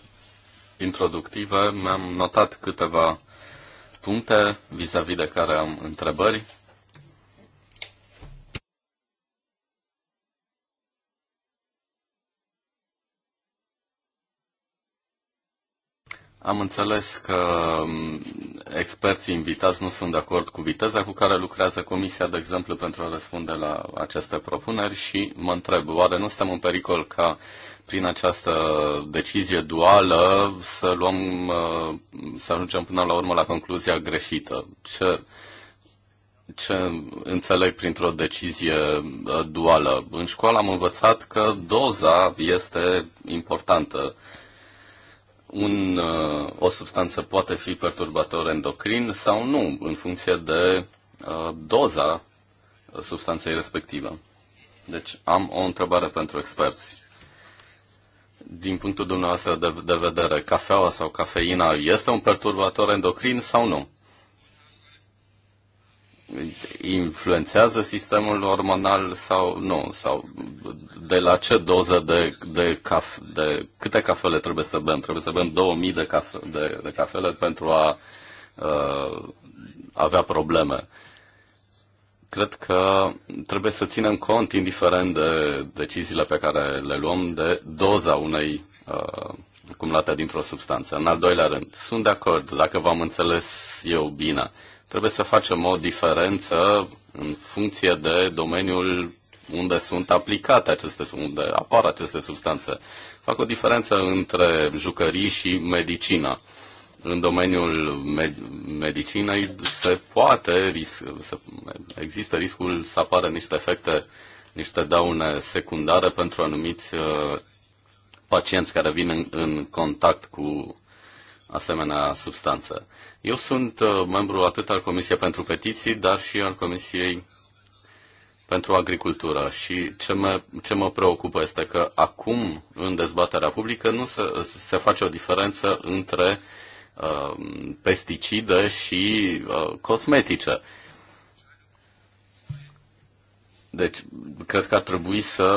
D: introductive mi-am notat câteva puncte vis-a-vis -vis de care am întrebări. Am înțeles că mm, experții invitați nu sunt de acord cu viteza cu care lucrează Comisia, de exemplu, pentru a răspunde la aceste propuneri și mă întreb, oare nu suntem în pericol ca prin această decizie duală să luăm, uh, să ajungem până la urmă la concluzia greșită. Ce, ce înțeleg printr-o decizie uh, duală? În școală am învățat că doza este importantă. Un, uh, o substanță poate fi perturbator endocrin sau nu, în funcție de doza substanței respective. Deci am o întrebare pentru experți din punctul dumneavoastră de, de vedere, cafeaua sau cafeina este un perturbator endocrin sau nu? Influențează sistemul hormonal sau nu? Sau de la ce doză de, de, cafe, de câte cafele trebuie să bem? Trebuie să bem 2000 de, cafe, de, de cafele pentru a uh, avea probleme. Uh, cred că trebuie să ținem cont, indiferent de deciziile pe care le luăm, de doza unei uh, acumulate dintr-o substanță. În al doilea rând, sunt de acord, dacă v-am înțeles eu bine, trebuie să facem o diferență în funcție de domeniul unde sunt aplicate aceste, unde apar aceste substanțe. Fac o diferență între jucării și medicina. Uh, în domeniul med- medicinei se poate, ris- se, există riscul să apară niște efecte, niște daune secundare pentru anumiți uh, pacienți care vin în, în contact cu asemenea substanță. Eu sunt uh, membru atât al Comisiei pentru Petiții, dar și al Comisiei pentru agricultură și ce mă, ce mă preocupă este că acum, în dezbaterea publică, nu se, se face o diferență între uh, Um, pesticide și uh, cosmetice. Deci, cred că ar trebui să,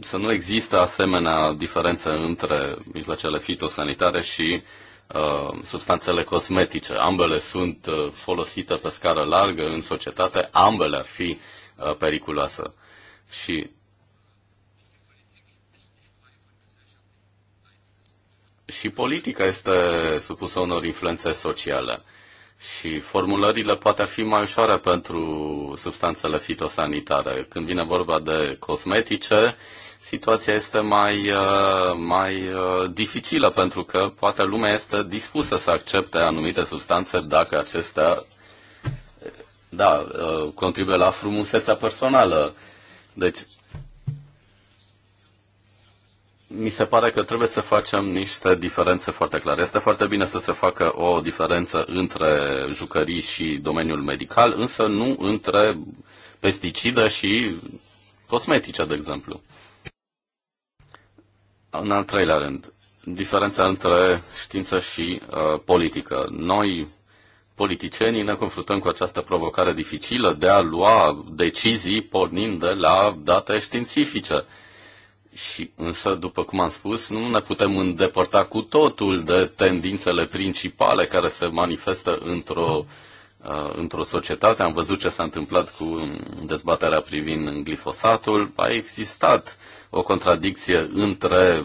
D: să nu există asemenea diferență între mijloacele fitosanitare și uh, substanțele cosmetice. Ambele sunt uh, folosite pe scară largă în societate, ambele ar fi uh, periculoase. Și și politica este supusă unor influențe sociale. Și formulările poate fi mai ușoare pentru substanțele fitosanitare. Când vine vorba de cosmetice, situația este mai, uh, mai uh, dificilă pentru că poate lumea este dispusă să accepte anumite substanțe dacă acestea da, uh, contribuie la frumusețea personală. Deci mi se pare că trebuie să facem niște diferențe foarte clare. Este foarte bine să se facă o diferență între jucării și domeniul medical, însă nu între pesticide și cosmetice, de exemplu. În al treilea rând, diferența între știință și uh, politică. Noi, politicienii, ne confruntăm cu această provocare dificilă de a lua decizii pornind de la date științifice. Uh, și, însă, după cum am spus, nu ne putem îndepărta cu totul de tendințele principale care se manifestă într-o, uh, într-o societate. Am văzut ce s-a întâmplat cu dezbaterea privind glifosatul. A existat uh, o contradicție între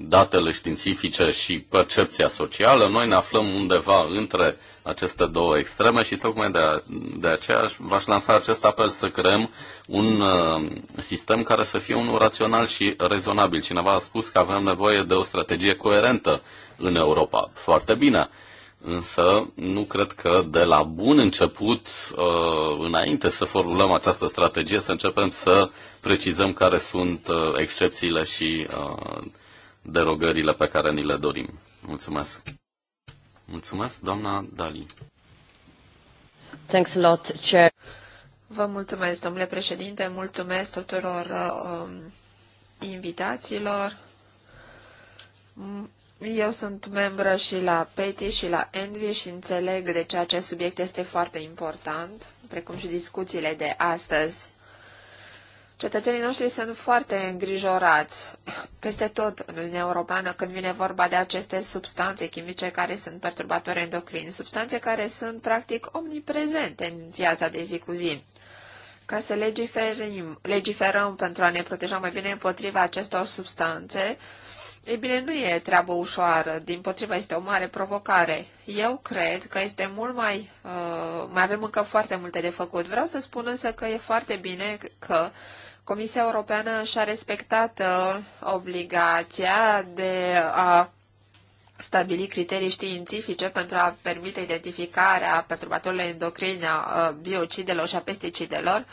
D: datele științifice și percepția socială. Noi ne aflăm undeva între aceste două extreme și tocmai de, de aceea v-aș lansa acest apel să creăm un uh, sistem care să fie unul rațional și rezonabil. Cineva a spus că avem nevoie de o strategie coerentă în Europa. Foarte bine. Însă nu cred că de la bun început, uh, înainte să formulăm această strategie, să începem să precizăm care sunt uh, excepțiile și uh, derogările pe care ni le dorim. Mulțumesc. Mulțumesc, doamna Dali.
C: Thanks a lot, Chair. Vă mulțumesc, domnule președinte, mulțumesc tuturor uh, um, invitațiilor. Eu sunt membră și la PETI și la ENVI și înțeleg de ce acest subiect este foarte important, precum și discuțiile de astăzi. Cetățenii noștri sunt foarte îngrijorați peste tot în Uniunea Europeană când vine vorba de aceste substanțe chimice care sunt perturbatoare endocrini, substanțe care sunt practic omniprezente în viața de zi cu zi. Ca să legiferim, legiferăm pentru a ne proteja mai bine împotriva acestor substanțe, ei bine, nu e treabă ușoară, din potriva este o mare provocare. Eu cred că este mult mai, uh, mai avem încă foarte multe de făcut. Vreau să spun însă că e foarte bine că Comisia Europeană și-a respectat uh, obligația de a stabili criterii științifice pentru a permite identificarea perturbatorilor endocrine, a biocidelor și a pesticidelor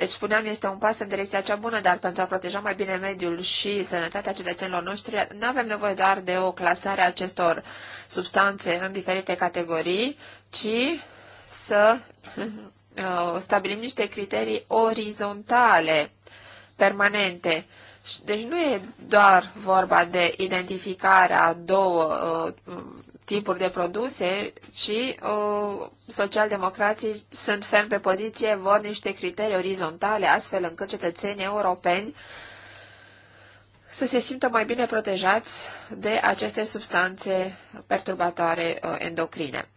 C: deci, spuneam, este un pas în direcția cea bună, dar pentru a proteja mai bine mediul și sănătatea cetățenilor noștri, nu avem nevoie doar de o clasare a acestor substanțe în diferite categorii, ci să *laughs* uh, stabilim niște criterii orizontale, permanente. Deci nu e doar vorba de identificarea două uh, tipuri de produse, ci uh, socialdemocrații sunt ferm pe poziție, vor niște criterii orizontale, astfel încât cetățenii europeni să se simtă mai bine protejați de aceste substanțe perturbatoare endocrine.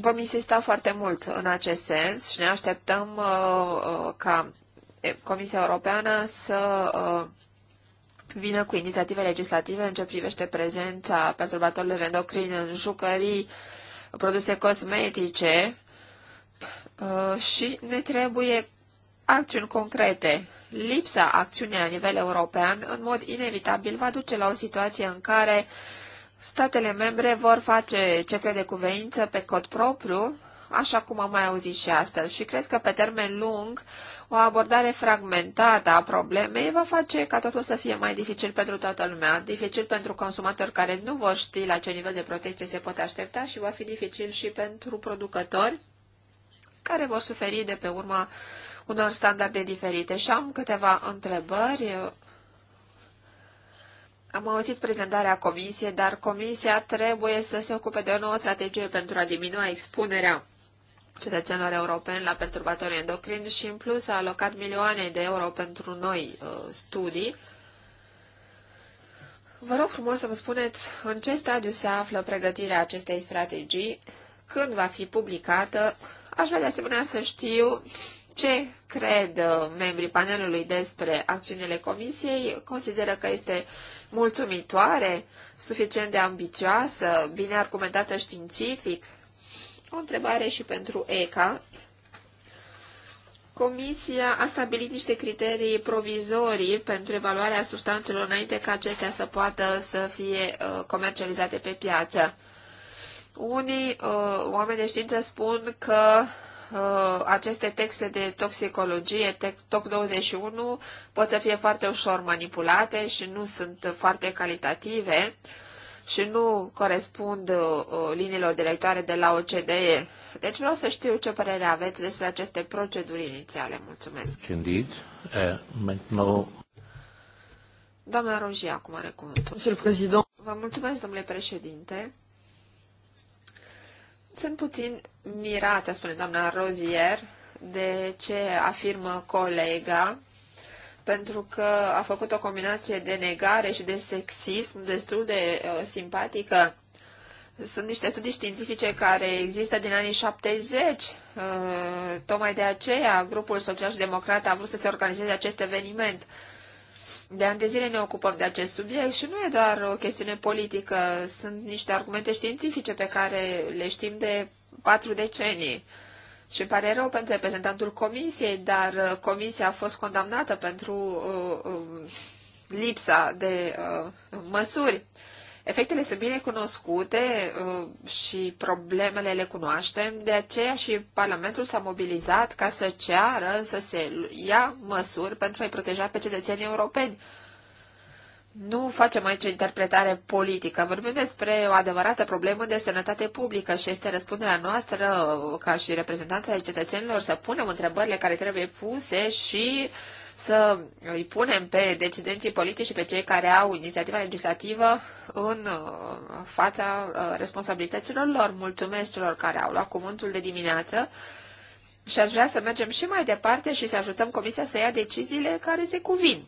C: Vom insista foarte mult în acest sens și ne așteptăm uh, ca Comisia Europeană să uh, vină cu inițiative legislative în ce privește prezența perturbatorilor endocrini în jucării, produse cosmetice uh, și ne trebuie acțiuni concrete. Lipsa acțiunii la nivel european, în mod inevitabil, va duce la o situație în care statele membre vor face ce crede cuveință pe cod propriu, așa cum am mai auzit și astăzi. Și cred că pe termen lung, uh, o abordare fragmentată a problemei va face ca totul să fie mai dificil pentru toată lumea, dificil pentru consumatori care nu vor ști la ce nivel de protecție se pot aștepta și va fi dificil și pentru producători care vor suferi de pe urma unor standarde diferite. Și am câteva întrebări. Am auzit prezentarea comisiei, dar comisia trebuie să se ocupe de o nouă strategie pentru a diminua expunerea cetățenilor europeni la perturbatorii endocrini și în plus a alocat milioane de euro pentru noi uh, studii. Vă rog frumos să-mi spuneți în ce stadiu se află pregătirea acestei strategii, când va fi publicată. Aș vrea de asemenea să știu ce cred uh, membrii panelului despre acțiunile comisiei. Consideră că este mulțumitoare, suficient de ambicioasă, bine argumentată științific, o întrebare și pentru ECA. Comisia a stabilit niște criterii provizorii pentru evaluarea substanțelor înainte ca acestea să poată să fie uh, comercializate pe piață. Unii uh, oameni de știință spun că uh, aceste texte de toxicologie, TOC21, pot să fie foarte ușor manipulate și nu sunt foarte calitative și nu corespund uh, uh, liniilor directoare de la OCDE. Deci vreau să știu ce părere aveți despre aceste proceduri inițiale. Mulțumesc.
A: Indeed. Uh, maintenant...
C: Doamna Rojia, acum are cuvântul. Vă mulțumesc, domnule președinte. Sunt puțin mirată, spune doamna Rozier, de ce afirmă colega pentru că a făcut o combinație de negare și de sexism destul de uh, simpatică. Sunt niște studii științifice care există din anii 70. Uh, tocmai de aceea, grupul social și democrat a vrut să se organizeze acest eveniment. De ani de zile ne ocupăm de acest subiect și nu e doar o chestiune politică, sunt niște argumente științifice pe care le știm de patru decenii. Uh, și pare rău pentru reprezentantul comisiei, dar uh, comisia a fost condamnată pentru uh, uh, lipsa de uh, măsuri. Efectele sunt bine cunoscute uh, și problemele le cunoaștem, de aceea și Parlamentul s-a mobilizat ca să ceară să se ia măsuri pentru a-i proteja pe cetățenii europeni. Uh, nu facem aici o interpretare politică, vorbim despre o adevărată problemă de sănătate publică și este răspunderea noastră, uh, ca și reprezentanța ai cetățenilor, să punem întrebările care trebuie puse și să îi punem pe decidenții politici și pe cei care au inițiativa legislativă în uh, fața uh, responsabilităților lor. Mulțumesc celor care au luat cuvântul de dimineață și aș vrea să mergem și mai departe și să ajutăm Comisia să ia deciziile care se cuvin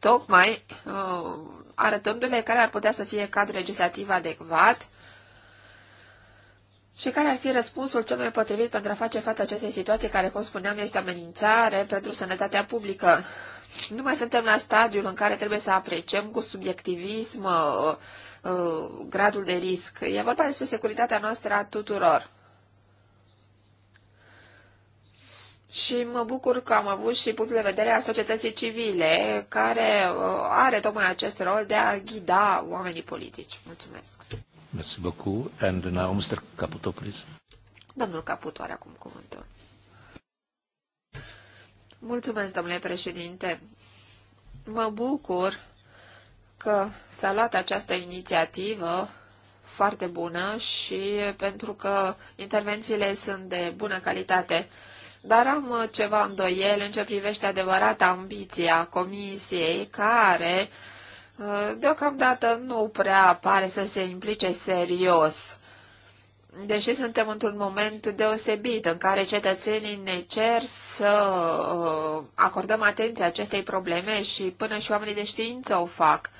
C: tocmai uh, arătându-le care ar putea să fie cadrul legislativ adecvat și care ar fi răspunsul cel mai potrivit pentru a face față acestei situații care, cum spuneam, este o amenințare pentru sănătatea publică. Nu mai suntem la stadiul în care trebuie să apreciem cu subiectivism uh, uh, gradul de risc. E vorba despre securitatea noastră a tuturor. Și mă bucur că am avut și punctul de vedere a societății civile, care uh, are tocmai acest rol de a ghida oamenii politici. Mulțumesc.
A: Mulțumesc. beaucoup. And now Mr. Caputo, please.
C: Domnul Caputo are acum cuvântul. Mulțumesc, domnule președinte. Mă bucur că s-a luat această inițiativă foarte bună și pentru că intervențiile sunt de bună calitate dar am uh, ceva îndoiel în ce privește adevărata ambiția comisiei care uh, deocamdată nu prea pare să se implice serios. Deși suntem într-un moment deosebit în care cetățenii ne cer să uh, acordăm atenție acestei probleme și până și oamenii de știință o fac.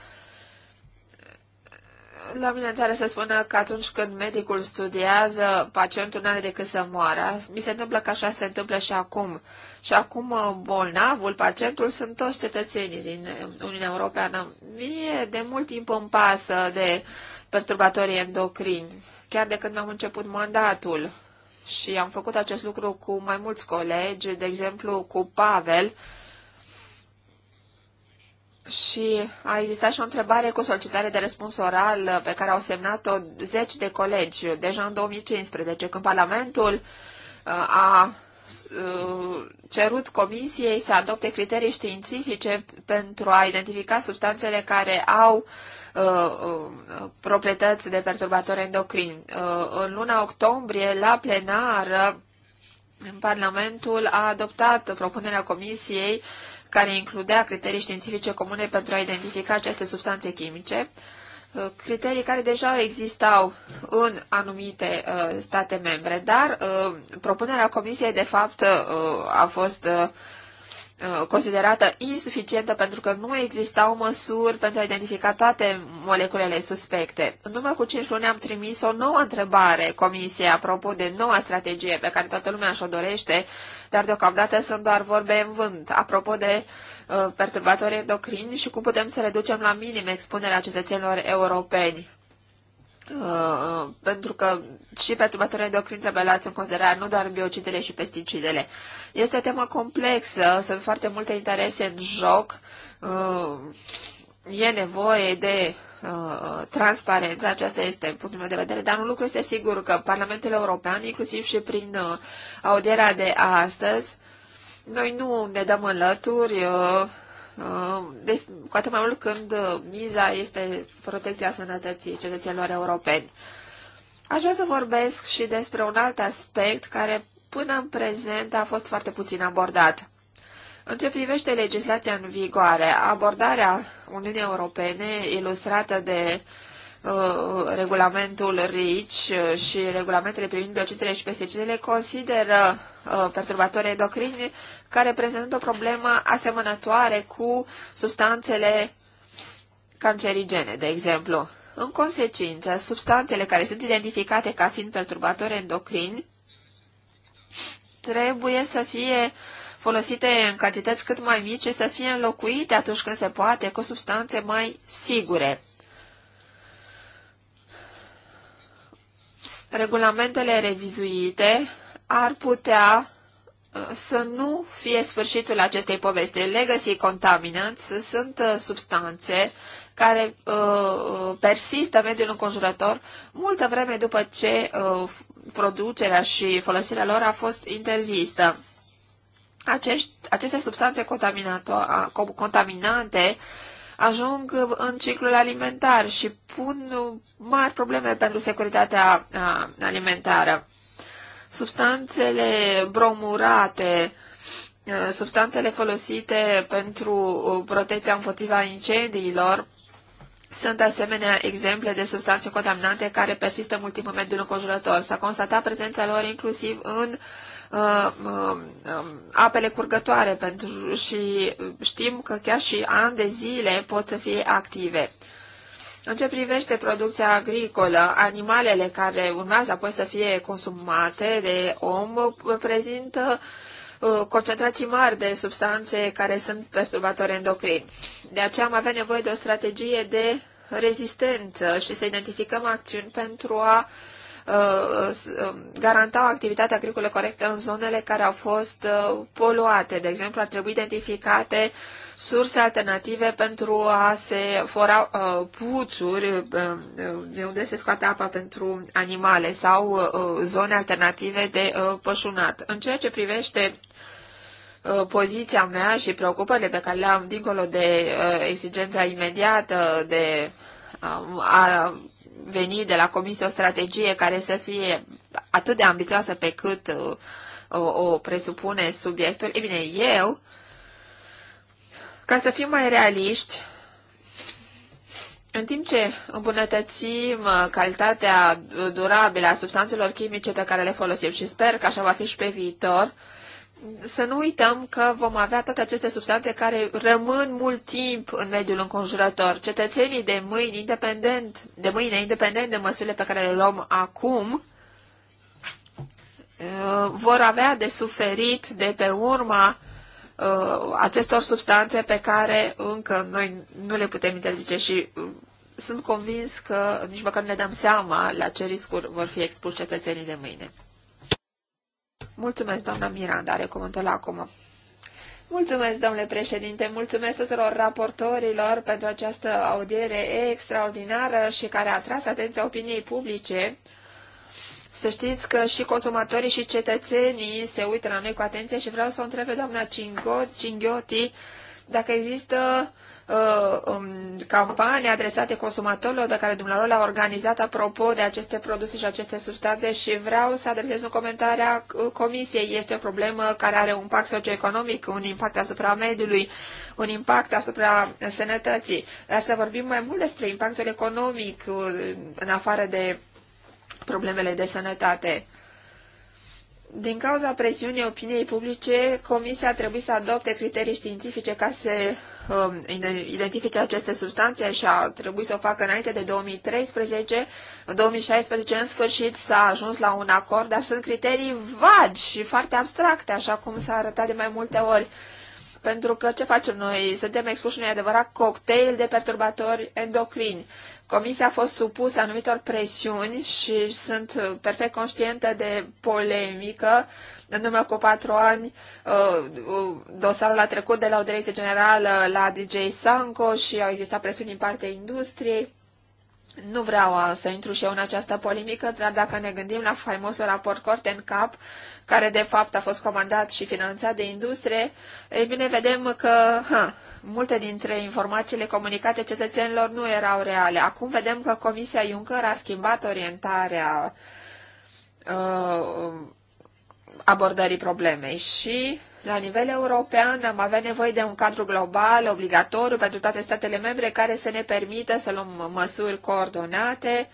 C: La mine în țară se spune că atunci când medicul studiază, pacientul nu are decât să moară. Mi se întâmplă că așa se întâmplă și acum. Și acum uh, bolnavul, pacientul, sunt toți cetățenii din uh, Uniunea Europeană. Mie de mult timp îmi pasă de perturbatorii endocrini, chiar de când am început mandatul. Și am făcut acest lucru cu mai mulți colegi, de exemplu cu Pavel, și a existat și o întrebare cu solicitare de răspuns oral uh, pe care au semnat-o zeci de colegi deja în 2015, când Parlamentul uh, a uh, cerut comisiei să adopte criterii științifice pentru a identifica substanțele care au proprietăți de perturbatori endocrin. În luna octombrie, la plenară, Parlamentul a adoptat propunerea comisiei uh, care includea criterii științifice comune pentru a identifica aceste substanțe chimice, uh, criterii care deja existau în anumite uh, state membre, dar uh, propunerea Comisiei, de fapt, a fost Uh, considerată insuficientă pentru că nu existau măsuri pentru a identifica toate moleculele suspecte. În urmă cu 5 luni am trimis o nouă întrebare Comisiei apropo de noua strategie pe care toată lumea și-o dorește, dar deocamdată sunt doar vorbe în vânt, apropo de uh, perturbatorii endocrini și cum putem să reducem la minim expunerea cetățenilor europeni. Uh, pentru că și maturile endocrini trebuie luați în considerare nu doar biocidele și pesticidele. Este o temă complexă, sunt foarte multe interese în joc, uh, e nevoie de uh, transparență, aceasta este punctul meu de vedere, dar un lucru este sigur că Parlamentul European, inclusiv și prin audierea de astăzi, noi nu ne dăm înlături, Uh, de, deci, cu atât mai mult când uh, miza este protecția sănătății cetățenilor europeni. Aș vrea să vorbesc și despre un alt aspect care până în prezent a fost foarte puțin abordat. În ce privește legislația în vigoare, abordarea Uniunii Europene, ilustrată de uh, Uh, regulamentul RICI uh, și regulamentele privind biocidele și pesticidele consideră uh, perturbatori endocrini care prezintă o problemă asemănătoare cu substanțele cancerigene, de exemplu. În consecință, substanțele care sunt identificate ca fiind perturbatori endocrini trebuie să fie folosite în cantități cât mai mici și să fie înlocuite atunci când se poate cu substanțe mai sigure. regulamentele revizuite ar putea uh, să nu fie sfârșitul acestei povesti. Legacy contaminants sunt uh, substanțe care uh, uh persistă mediul înconjurător multă vreme după ce uh, producerea și folosirea lor a fost interzisă. Acești, aceste substanțe contaminante ajung în ciclul alimentar și pun mari probleme pentru securitatea alimentară. Substanțele bromurate, substanțele folosite pentru uh, protecția împotriva incendiilor, sunt asemenea exemple de substanțe contaminante care persistă mult timp în mediul înconjurător. S-a constatat prezența lor inclusiv în uh, Uh, uh, apele curgătoare pentru, și știm că chiar și ani de zile pot să fie active. În ce privește producția agricolă, animalele care urmează apoi să fie consumate de om prezintă uh, concentrații mari de substanțe care sunt perturbatoare endocrini. De aceea am avea nevoie de o strategie de rezistență și să identificăm acțiuni pentru a uh, Uh, uh, garanta o activitate agricolă corectă în zonele care au fost uh, poluate. De exemplu, ar trebui identificate surse alternative pentru a se fora puțuri de unde se scoate apa pentru animale sau zone alternative de pășunat. În ceea ce privește poziția mea și preocupările pe care le am dincolo de exigența imediată de a veni de la Comisie o strategie care să fie atât de ambițioasă pe cât uh, o, o presupune subiectul, e bine, eu, ca să fim mai realiști, în timp ce îmbunătățim uh, calitatea durabilă a substanțelor chimice pe care le folosim și sper că așa va fi și pe viitor, uh, să nu uităm că vom avea toate aceste substanțe care rămân mult timp în mediul înconjurător. Cetățenii de mâine, independent, de mâine, independent de măsurile pe care le luăm acum, uh, vor avea de suferit de pe urma uh, acestor substanțe pe care încă noi nu le putem interzice și uh, sunt convins că nici măcar nu ne dăm seama la ce riscuri vor fi expuși cetățenii de mâine. Mulțumesc, doamna Miranda, are cuvântul acum. Mulțumesc, domnule președinte, mulțumesc tuturor raportorilor pentru această audiere extraordinară și care a atras atenția opiniei publice. Să știți că și consumatorii și cetățenii se uită la noi cu atenție și vreau să o întreb pe doamna Cingot, Cinghiotti dacă există Uh, um, campanii adresate consumatorilor pe care dumnealor le-a organizat apropo de aceste produse și aceste substanțe și vreau să adresez un comentariu a uh, comisiei. Este o problemă care are un impact socioeconomic, un impact asupra mediului, un impact asupra sănătății. Dar să vorbim mai mult despre impactul economic uh, în afară de problemele de sănătate. Din cauza presiunii opiniei publice, Comisia a trebuit să adopte criterii științifice ca să um, identifice aceste substanțe și a trebuit să o facă înainte de 2013. În 2016, în sfârșit, s-a ajuns la un acord, dar sunt criterii vagi și foarte abstracte, așa cum s-a arătat de mai multe ori. Pentru că ce facem noi? Suntem expuși unui adevărat cocktail de perturbatori endocrini Comisia a fost supusă anumitor presiuni și sunt perfect conștientă de polemică. În urmă cu patru ani, uh, uh, dosarul a trecut de la o direcție generală la DJ Sanco și au existat presiuni din partea industriei. Nu vreau uh, să intru și eu în această polemică, dar dacă ne gândim la faimosul raport Corten Cap, care de fapt a fost comandat și finanțat de industrie, ei bine, vedem că ha, multe dintre informațiile comunicate cetățenilor nu erau reale. Acum vedem că Comisia Juncker a schimbat orientarea uh, abordării problemei și la nivel european am avea nevoie de un cadru global obligatoriu pentru toate statele membre care să ne permită să luăm măsuri coordonate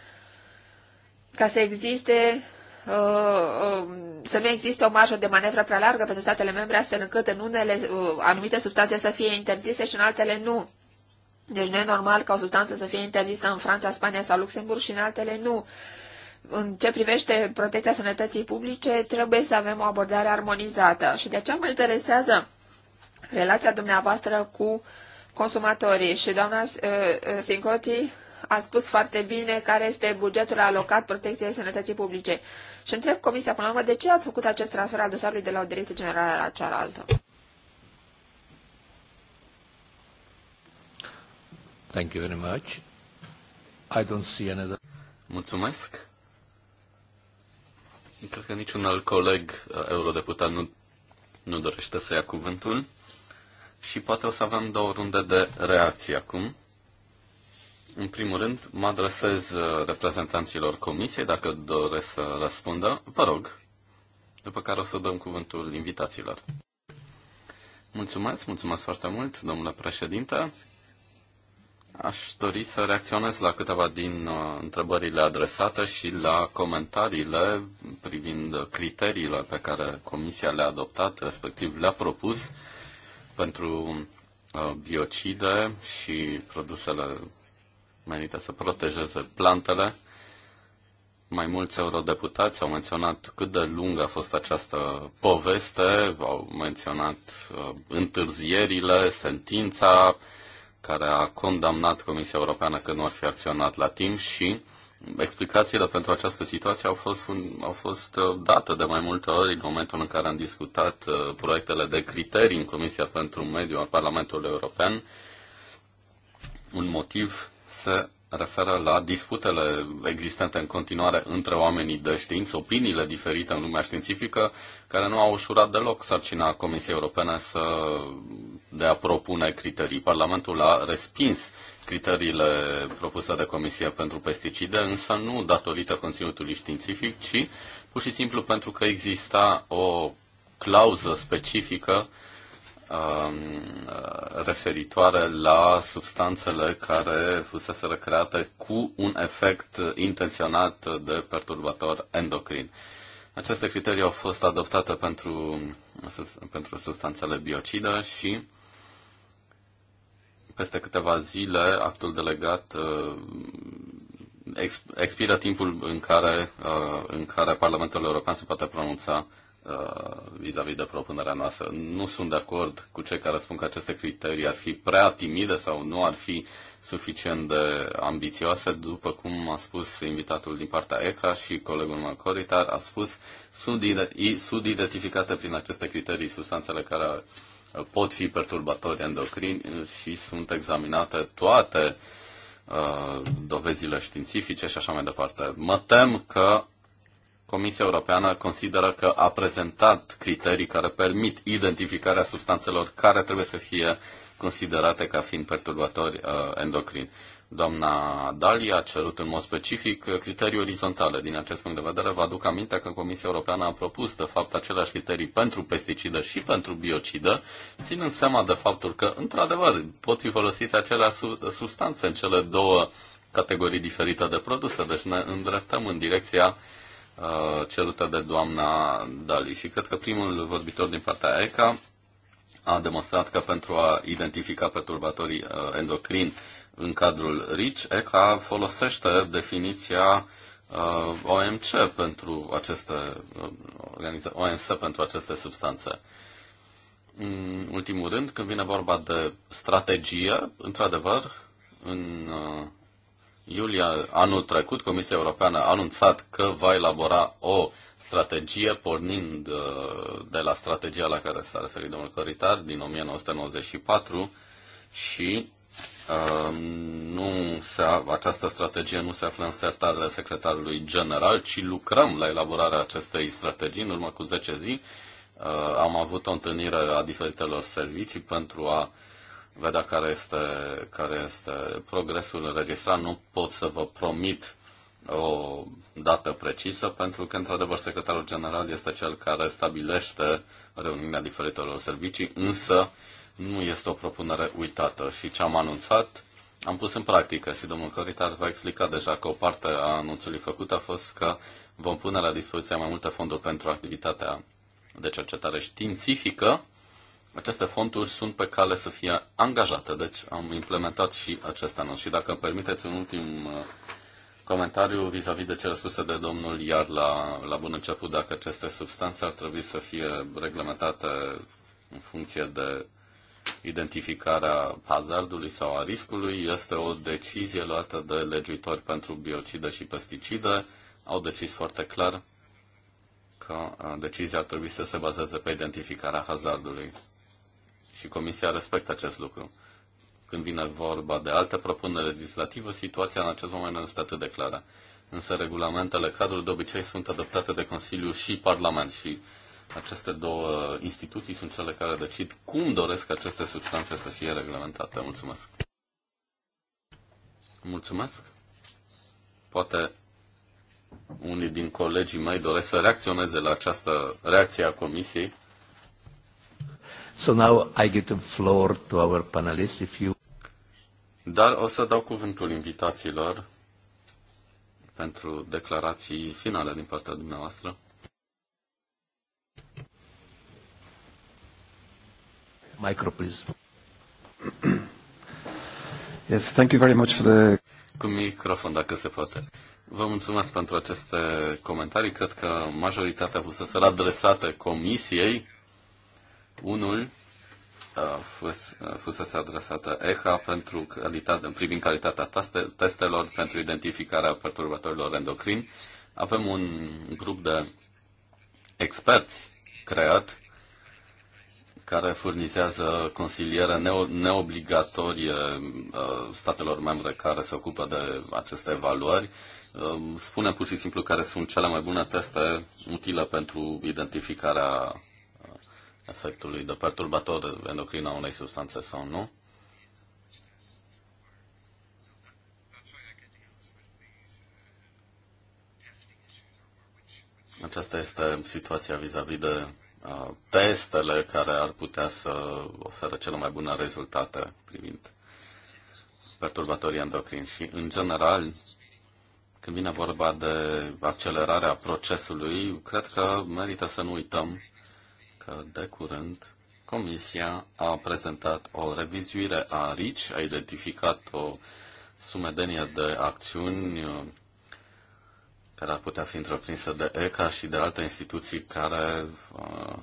C: ca să existe Uh, uh, să nu existe o marjă de manevră prea largă pentru statele membre, astfel încât în unele uh, anumite substanțe să fie interzise și în altele nu. Deci nu e normal ca o substanță să fie interzisă în Franța, Spania sau Luxemburg și în altele nu. În ce privește protecția sănătății publice, trebuie să avem o abordare armonizată. Și de aceea mă interesează relația dumneavoastră cu consumatorii. Și doamna Sincoti a spus foarte bine care este bugetul alocat protecției sănătății publice și întreb Comisia până la urmă de ce ați făcut acest transfer al dosarului de la o direcție generală la cealaltă.
A: Thank you very much. I don't see another... Mulțumesc.
D: Cred că niciun alt coleg uh, eurodeputat nu, nu dorește să ia cuvântul. Și poate o să avem două runde de reacții acum. În primul rând, mă adresez uh, reprezentanților comisiei, dacă doresc să răspundă. Vă rog, după care o să dăm cuvântul invitaților. Mulțumesc, mulțumesc foarte mult, domnule președinte. Aș dori să reacționez la câteva din uh, întrebările adresate și la comentariile privind criteriile pe care Comisia le-a adoptat, respectiv le-a propus pentru uh, biocide și produsele menită să protejeze plantele. Mai mulți eurodeputați au menționat cât de lungă a fost această poveste, au menționat uh, întârzierile, sentința care a condamnat Comisia Europeană că nu ar fi acționat la timp și explicațiile pentru această situație au fost, au fost uh, date de mai multe ori în momentul în care am discutat uh, proiectele de criterii în Comisia pentru Mediu al Parlamentului European. Un motiv se referă la disputele existente în continuare între oamenii de știință, opiniile diferite în lumea științifică, care nu au ușurat deloc sarcina Comisiei Europene să de a propune criterii. Parlamentul a respins criteriile propuse de Comisia pentru pesticide, însă nu datorită conținutului științific, ci pur și simplu pentru că exista o clauză specifică Um, referitoare la substanțele care fusese recreate cu un efect intenționat de perturbator endocrin. Aceste criterii au fost adoptate pentru, pentru substanțele biocide și peste câteva zile actul delegat uh, expiră timpul în care, uh, în care Parlamentul European se poate pronunța Uh, vis-a-vis de propunerea noastră. Nu sunt de acord cu cei care spun că aceste criterii ar fi prea timide sau nu ar fi suficient de ambițioase, după cum a spus invitatul din partea ECA și colegul meu Coritar, a spus, sunt, sunt identificate prin aceste criterii substanțele care pot fi perturbatori endocrini și sunt examinate toate uh, dovezile științifice și așa mai departe. Mă tem că Comisia Europeană consideră că a prezentat criterii care permit identificarea substanțelor care trebuie să fie considerate ca fiind perturbatori uh, endocrini. Doamna Dali a cerut în mod specific criterii orizontale. Din acest punct de vedere, vă aduc aminte că Comisia Europeană a propus, de fapt, aceleași criterii pentru pesticidă și pentru biocidă, ținând seama de faptul că, într-adevăr, pot fi folosite aceleași substanțe în cele două categorii diferite de produse. Deci ne îndreptăm în direcția uh, Uh, cerută de doamna Dali. Și cred că primul vorbitor din partea ECA a demonstrat că pentru a identifica perturbatorii uh, endocrini în cadrul RICH, ECA folosește definiția uh, OMC pentru aceste OMC pentru aceste substanțe. În ultimul rând, când vine vorba de strategie, într-adevăr, în iulie anul trecut, Comisia Europeană a anunțat că va elabora o strategie pornind uh, de la strategia la care s-a referit domnul Căritar din 1994 și uh, nu se, această strategie nu se află în sertarele secretarului general, ci lucrăm la elaborarea acestei strategii. În urmă cu 10 zile uh, am avut o întâlnire a diferitelor servicii pentru a uh, vedea care este, care este progresul înregistrat. Nu pot să vă promit o dată precisă, pentru că, într-adevăr, secretarul general este cel care stabilește reuniunea diferitelor servicii, însă nu este o propunere uitată și ce am anunțat am pus în practică și domnul Coritar va explica deja că o parte a anunțului făcut a fost că vom pune la dispoziție mai multe fonduri pentru activitatea de cercetare științifică, aceste fonduri sunt pe cale să fie angajate, deci am implementat și acest anunț. Și dacă îmi permiteți un ultim uh, comentariu vis-a-vis -vis de cele spuse de domnul Iar la, la bun început, dacă aceste substanțe ar trebui să fie reglementate în funcție de identificarea hazardului sau a riscului, este o decizie luată de legiuitori pentru biocide și pesticide. Au decis foarte clar că uh, decizia ar trebui să se bazeze pe identificarea hazardului și Comisia respectă acest lucru. Când vine vorba de alte propuneri legislative, situația în acest moment nu este atât de clară. Însă regulamentele cadrul de obicei sunt adoptate de Consiliu și Parlament și aceste două instituții sunt cele care decid cum doresc aceste substanțe să fie reglementate. Mulțumesc! Mulțumesc! Poate unii din colegii mei doresc să reacționeze la această reacție a Comisiei.
A: So now I give the floor to our panelists if you...
D: Dar o să dau cuvântul invitațiilor pentru declarații finale din partea dumneavoastră.
A: Micro, please. *clears throat*
C: Yes, thank you very much for the...
D: Cu microfon, dacă se poate. Vă mulțumesc pentru aceste comentarii. Cred că majoritatea fusese adresate comisiei unul a fost fus, fusese adresată EHA pentru calitate, privind calitatea testelor pentru identificarea perturbatorilor endocrini. Avem un grup de experți creat care furnizează consiliere neo, neobligatorie statelor membre care se ocupă de aceste evaluări. Spune pur și simplu care sunt cele mai bune teste utile pentru identificarea efectului de perturbator endocrin a unei substanțe sau nu. Aceasta este situația vis-a-vis -vis de uh, testele care ar putea să oferă cele mai bune rezultate privind perturbatorii endocrini. Și, în general, când vine vorba de accelerarea procesului, cred că merită să nu uităm că de curând Comisia a prezentat o revizuire a RICI, a identificat o sumedenie de acțiuni uh, care ar putea fi întreprinsă de ECA și de alte instituții care uh,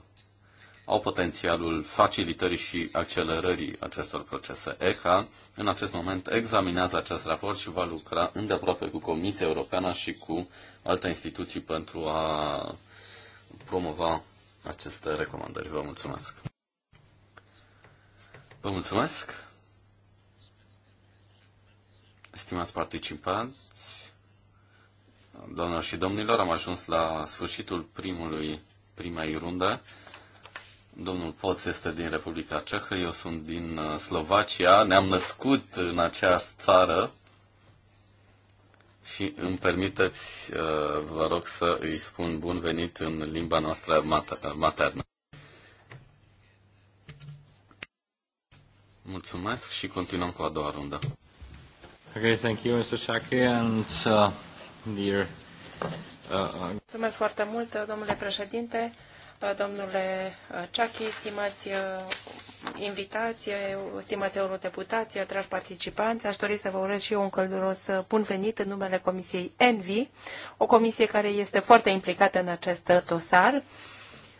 D: au potențialul facilitării și accelerării acestor procese. ECA în acest moment examinează acest raport și va lucra îndeaproape cu Comisia Europeană și cu alte instituții pentru a promova aceste recomandări. Vă mulțumesc! Vă mulțumesc! Stimați participanți, doamnelor și domnilor, am ajuns la sfârșitul primului, primei runde. Domnul Poț este din Republica Cehă, eu sunt din uh, Slovacia, ne-am născut în aceeași țară, și îmi permiteți, uh, vă rog, să îi spun bun venit în limba noastră uh, maternă. Mulțumesc și continuăm cu a doua rundă.
A: Okay, thank you, Mr. Shaki, and uh, dear... Uh,
B: uh, Mulțumesc foarte mult, domnule președinte domnule uh, Ceachi, stimați uh, invitați, uh, stimați eurodeputați, dragi participanți. Aș dori să vă urez și eu un călduros bun venit în numele Comisiei ENVI, o comisie care este foarte implicată în acest dosar.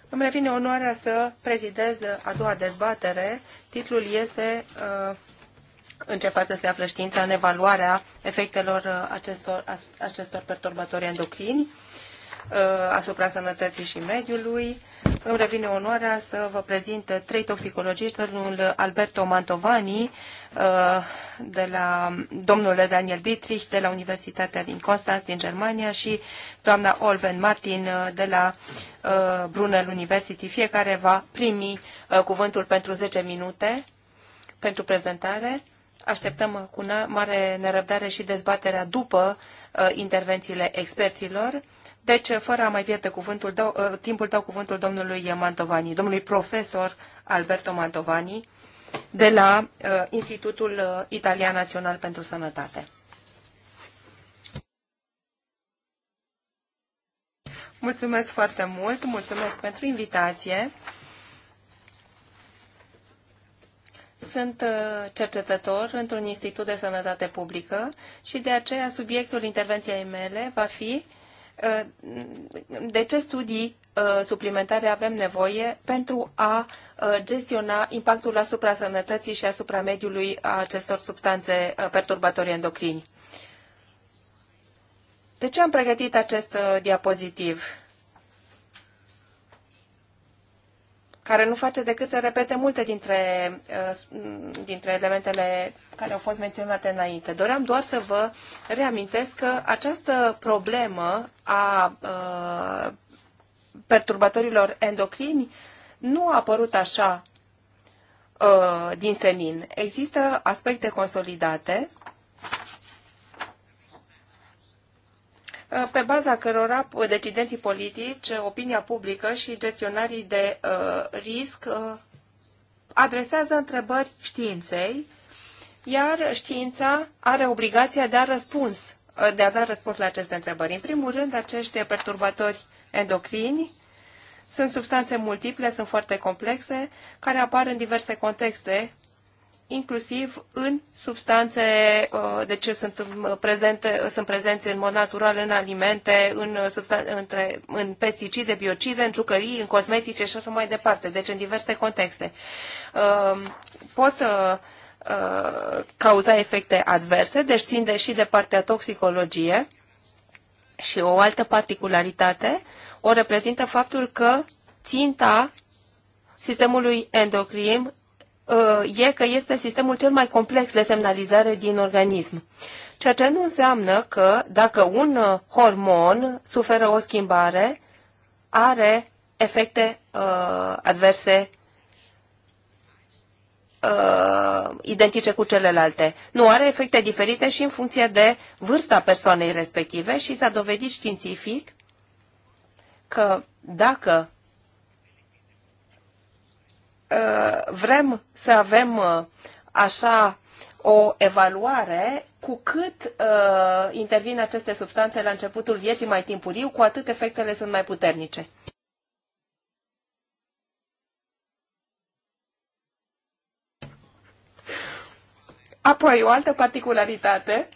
B: Îmi revine onoarea să prezidez a doua dezbatere. Titlul este în ce față se află știința în evaluarea efectelor acestor, acestor perturbatori endocrini. Uh, asupra sănătății și mediului. Îmi revine onoarea să vă prezint trei toxicologiști, domnul Alberto Mantovani, uh, de la domnul Daniel Dietrich de la Universitatea din Constanța din Germania și doamna Olven Martin uh, de la Brunel University. Fiecare va primi cuvântul pentru 10 minute pentru prezentare. Așteptăm cu mare nerăbdare și dezbaterea după intervențiile experților. Deci, fără a mai pierde cuvântul, dau, ă, timpul, dau cuvântul domnului Mantovani, domnului profesor Alberto Mantovani, de la uh, Institutul ă, Italian Național pentru Sănătate. Mulțumesc foarte mult, mulțumesc pentru invitație. Sunt cercetător într-un institut de sănătate publică și de aceea subiectul intervenției mele va fi uh, Uh, de ce studii uh, suplimentare avem nevoie pentru a uh, gestiona impactul asupra sănătății și asupra mediului a acestor substanțe perturbatori endocrini. De ce am pregătit acest diapozitiv? care nu face decât să repete multe dintre, uh, dintre elementele care au fost menționate înainte. Doream doar să vă reamintesc că această problemă a uh, perturbatorilor endocrini nu a apărut așa uh, din senin. Există aspecte consolidate Uh, pe baza cărora decidenții politici, uh, opinia publică și gestionarii de uh, risc uh, adresează întrebări științei, iar știința are obligația de a, răspuns, uh, de a da răspuns la aceste întrebări. În primul rând, acești perturbatori endocrini sunt substanțe multiple, sunt foarte complexe, care apar în diverse contexte, inclusiv în substanțe uh, de ce sunt uh, prezente, sunt prezenți în mod natural în alimente, în, uh, între, în pesticide, biocide, în jucării, în cosmetice și așa mai departe, deci în diverse contexte. Pot cauza efecte adverse, deci țin de și de partea toxicologie și o altă particularitate o reprezintă faptul că ținta sistemului endocrin Uh, e că este sistemul cel mai complex de semnalizare din organism. Ceea ce nu înseamnă că dacă un hormon suferă o schimbare, are efecte uh, adverse uh, identice cu celelalte. Nu are efecte diferite și în funcție de vârsta persoanei respective și s-a dovedit științific că dacă Uh, vrem să avem uh, așa o evaluare, cu cât uh, intervin aceste substanțe la începutul vieții mai timpuriu, cu atât efectele sunt mai puternice. Apoi, o altă particularitate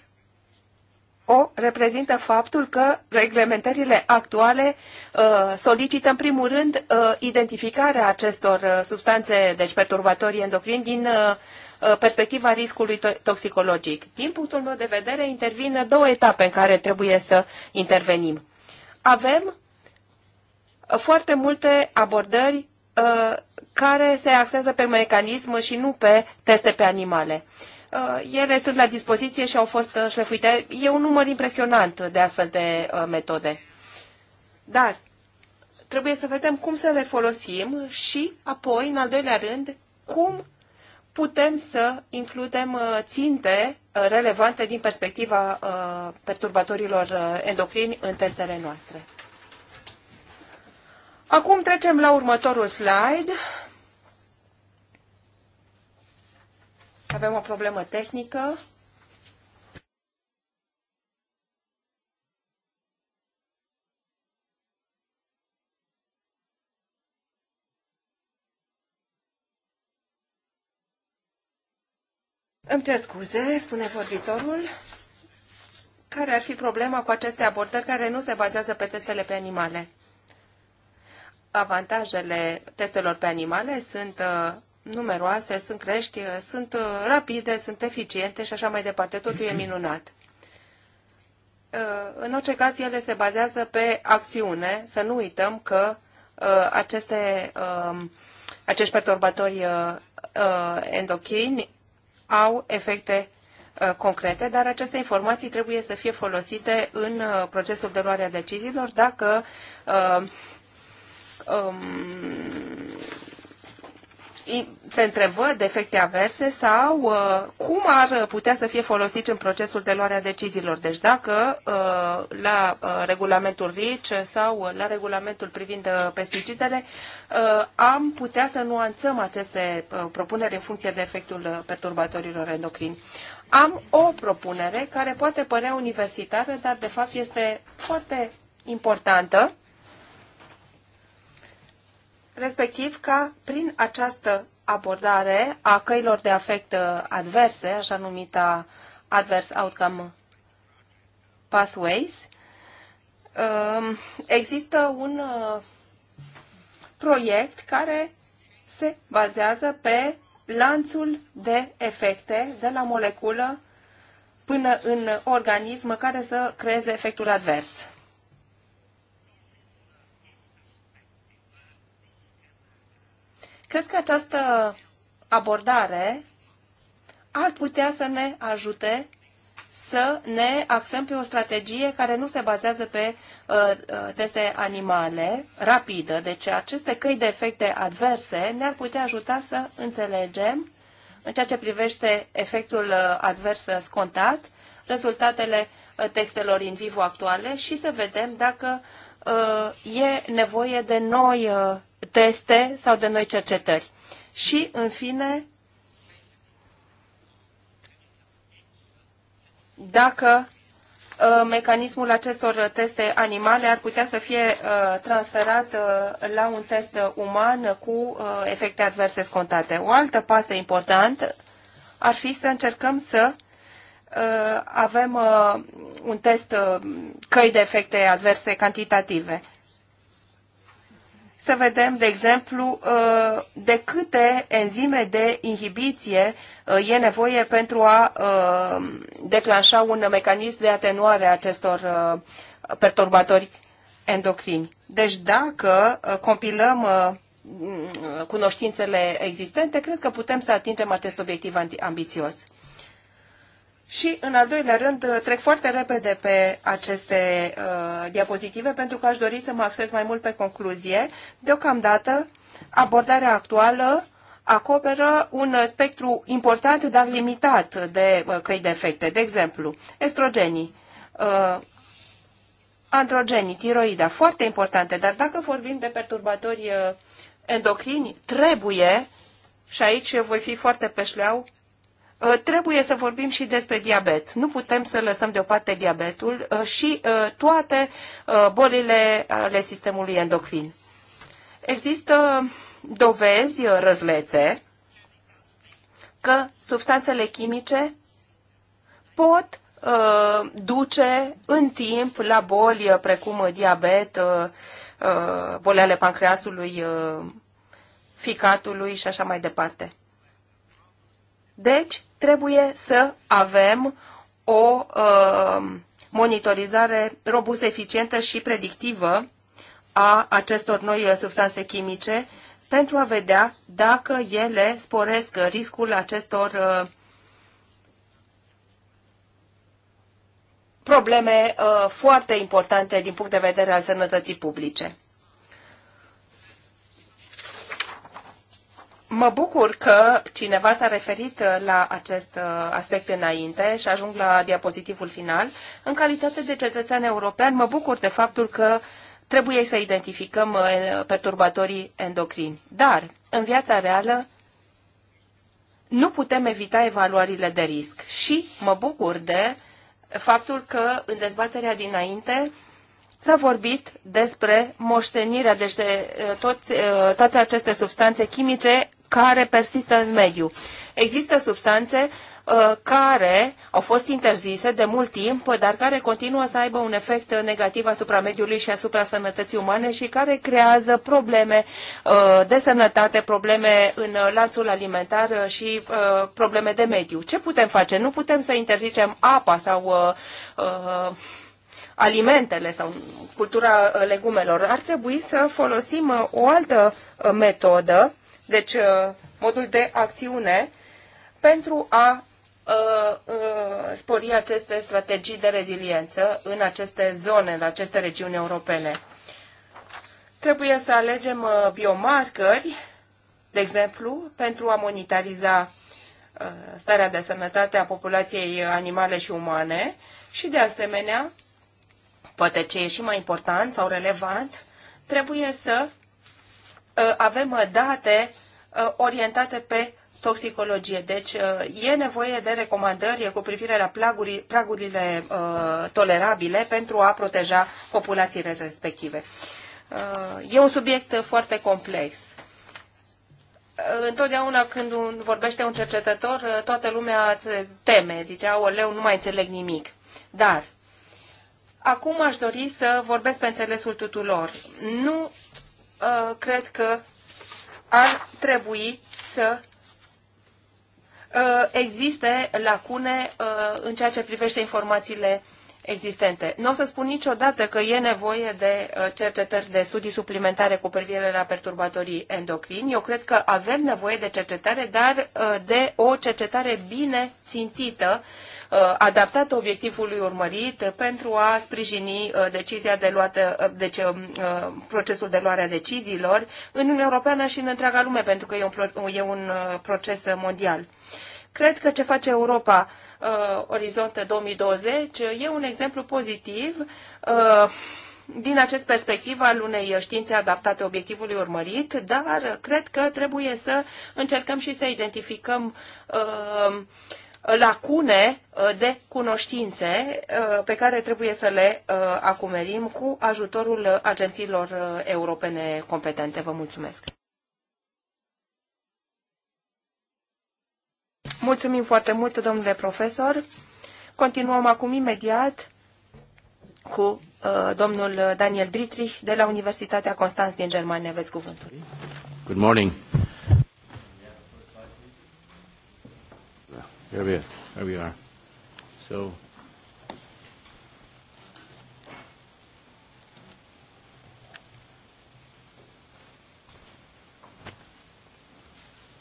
B: o reprezintă faptul că reglementările actuale uh, solicită în primul rând uh, identificarea acestor uh, substanțe, deci perturbatorii endocrini, din perspectiva riscului toxicologic. Din punctul meu de vedere, intervin două etape în care trebuie să intervenim. Avem foarte multe abordări care se axează pe mecanism și nu pe teste pe animale. Uh, ele sunt la dispoziție și au fost uh, șlefuite. E un număr impresionant de astfel de uh, metode. Dar trebuie să vedem cum să le folosim și apoi, în al doilea rând, cum putem să includem ținte relevante din perspectiva perturbatorilor endocrini în testele noastre. Acum trecem la următorul slide. Avem o problemă tehnică. Îmi cer scuze, spune vorbitorul. Care ar fi problema cu aceste abordări care nu se bazează pe testele pe animale? Avantajele testelor pe animale sunt uh, numeroase, sunt crești, sunt uh, rapide, sunt eficiente și așa mai departe. Totul e minunat. Uh, în orice caz, ele se bazează pe acțiune. Să nu uităm că uh, aceste, um, acești perturbatori endocrini au efecte concrete, dar aceste informații trebuie să fie folosite în procesul de luare a deciziilor dacă um, se întrevăd efecte averse sau uh, cum ar putea să fie folosit în procesul de luare a deciziilor. Deci dacă uh, la uh, regulamentul RICI sau la regulamentul privind pesticidele am putea să nuanțăm aceste propuneri în funcție de efectul perturbatorilor endocrini. Am o propunere care poate părea universitară, dar de fapt este foarte importantă respectiv ca prin această abordare a căilor de afect uh, adverse, așa numita Adverse Outcome Pathways, um, există un uh, proiect care se bazează pe lanțul de efecte de la moleculă până în organism care să creeze efectul advers. Cred că această abordare ar putea să ne ajute să ne axăm pe o strategie care nu se bazează pe uh, uh teste animale, rapidă. Deci aceste căi de efecte adverse ne-ar putea ajuta să înțelegem în ceea ce privește efectul uh, advers scontat, rezultatele uh, textelor in vivo actuale și să vedem dacă uh, e nevoie de noi uh, teste sau de noi cercetări. Și, în fine, dacă uh, mecanismul acestor teste animale ar putea să fie uh, transferat uh, la un test uman cu efecte adverse scontate. O altă pasă importantă ar fi să încercăm să avem un test căi de efecte adverse cantitative să vedem, de exemplu, uh, de câte enzime de inhibiție uh, e nevoie pentru a uh, declanșa un mecanism de atenuare a acestor perturbatori endocrini. Deci dacă compilăm mm, cunoștințele existente, cred că putem să atingem acest obiectiv ambițios. Și, în al doilea rând, trec foarte repede pe aceste uh, diapozitive pentru că aș dori să mă acces mai mult pe concluzie. Deocamdată, abordarea actuală acoperă un spectru important, dar limitat de uh, căi de De exemplu, estrogenii, uh, androgenii, tiroida, foarte importante, dar dacă vorbim de perturbatori uh, endocrini, trebuie, și aici voi fi foarte peșleau, Uh, trebuie să vorbim și despre diabet. Nu putem să lăsăm deoparte diabetul uh, și uh, toate bolile ale sistemului endocrin. Există dovezi răzlețe că substanțele chimice pot duce în timp la boli precum diabet, boli ale pancreasului, ficatului și așa mai departe. Deci, trebuie să avem o uh, monitorizare robustă, eficientă și predictivă a acestor noi uh, substanțe chimice pentru a vedea dacă ele sporesc uh, riscul acestor uh, probleme foarte importante din punct de vedere al sănătății publice. Mă bucur că cineva s-a referit uh, la acest uh, aspect înainte și ajung la diapozitivul final. În calitate de cetățean european, mă bucur de faptul că trebuie să identificăm uh, perturbatorii endocrini. Dar, în viața reală, nu putem evita evaluările de risc. Și mă bucur de faptul că în dezbaterea dinainte s-a vorbit despre moștenirea, deci de tot, toate aceste substanțe chimice care persistă în mediu. Există substanțe uh, care au fost interzise de mult timp, dar care continuă să aibă un efect negativ asupra mediului și asupra sănătății umane și care creează probleme uh, de sănătate, probleme în lanțul alimentar și uh, probleme de mediu. Ce putem face? Nu putem să interzicem apa sau alimentele sau cultura legumelor. Ar trebui să folosim o altă metodă deci uh, modul de acțiune, pentru a uh, uh, spori aceste strategii de reziliență în aceste zone, în aceste regiuni europene. Trebuie să alegem biomarcări, de exemplu, pentru a monitoriza starea de sănătate a populației animale și umane și, de asemenea, poate ce e și mai important sau relevant, trebuie să Uh, avem uh, date uh, orientate pe toxicologie. Deci e nevoie de recomandări cu privire la plaguri, pragurile tolerabile pentru a proteja populațiile respective. e un subiect foarte complex. Întotdeauna când un, vorbește un cercetător, toată lumea se teme, zicea, o leu, nu mai înțeleg nimic. Dar Acum aș dori să vorbesc pe înțelesul tuturor. Nu Uh, cred că ar trebui să uh, existe lacune uh, în ceea ce privește informațiile existente. Nu o să spun niciodată că e nevoie de uh, cercetări, de studii suplimentare cu privire la perturbatorii endocrini. Eu cred că avem nevoie de cercetare, dar uh, de o cercetare bine țintită, uh, adaptată obiectivului urmărit pentru a sprijini decizia de luată, deci, um, procesul de luare a deciziilor în Uniunea Europeană și în întreaga lume, pentru că e un, e un proces mondial. Cred că ce face Europa uh, Orizont 2020 e un exemplu pozitiv uh, din acest perspectiv al unei științe adaptate obiectivului urmărit, dar cred că trebuie să încercăm și să identificăm uh, lacune uh, de cunoștințe uh, pe care trebuie să le uh, acumerim cu ajutorul agențiilor europene competente. Vă mulțumesc! Mulțumim foarte mult, domnule profesor. Continuăm acum imediat cu uh, domnul Daniel Dietrich de la Universitatea Constanț din Germania. Aveți cuvântul.
A: Good morning. Here we are. Here we are. So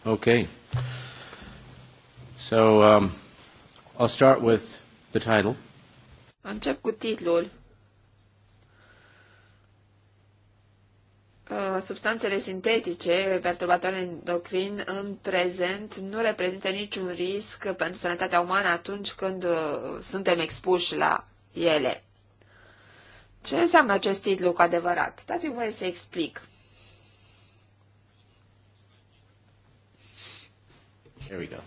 A: Okay. So um, I'll start with the title.
C: Încep cu titlul. Uh, substanțele sintetice perturbatoare endocrin în prezent nu reprezintă niciun risc pentru sănătatea umană atunci când uh, suntem expuși la ele. Ce înseamnă acest titlu cu adevărat? Dați-mi voie să explic.
A: Here we go.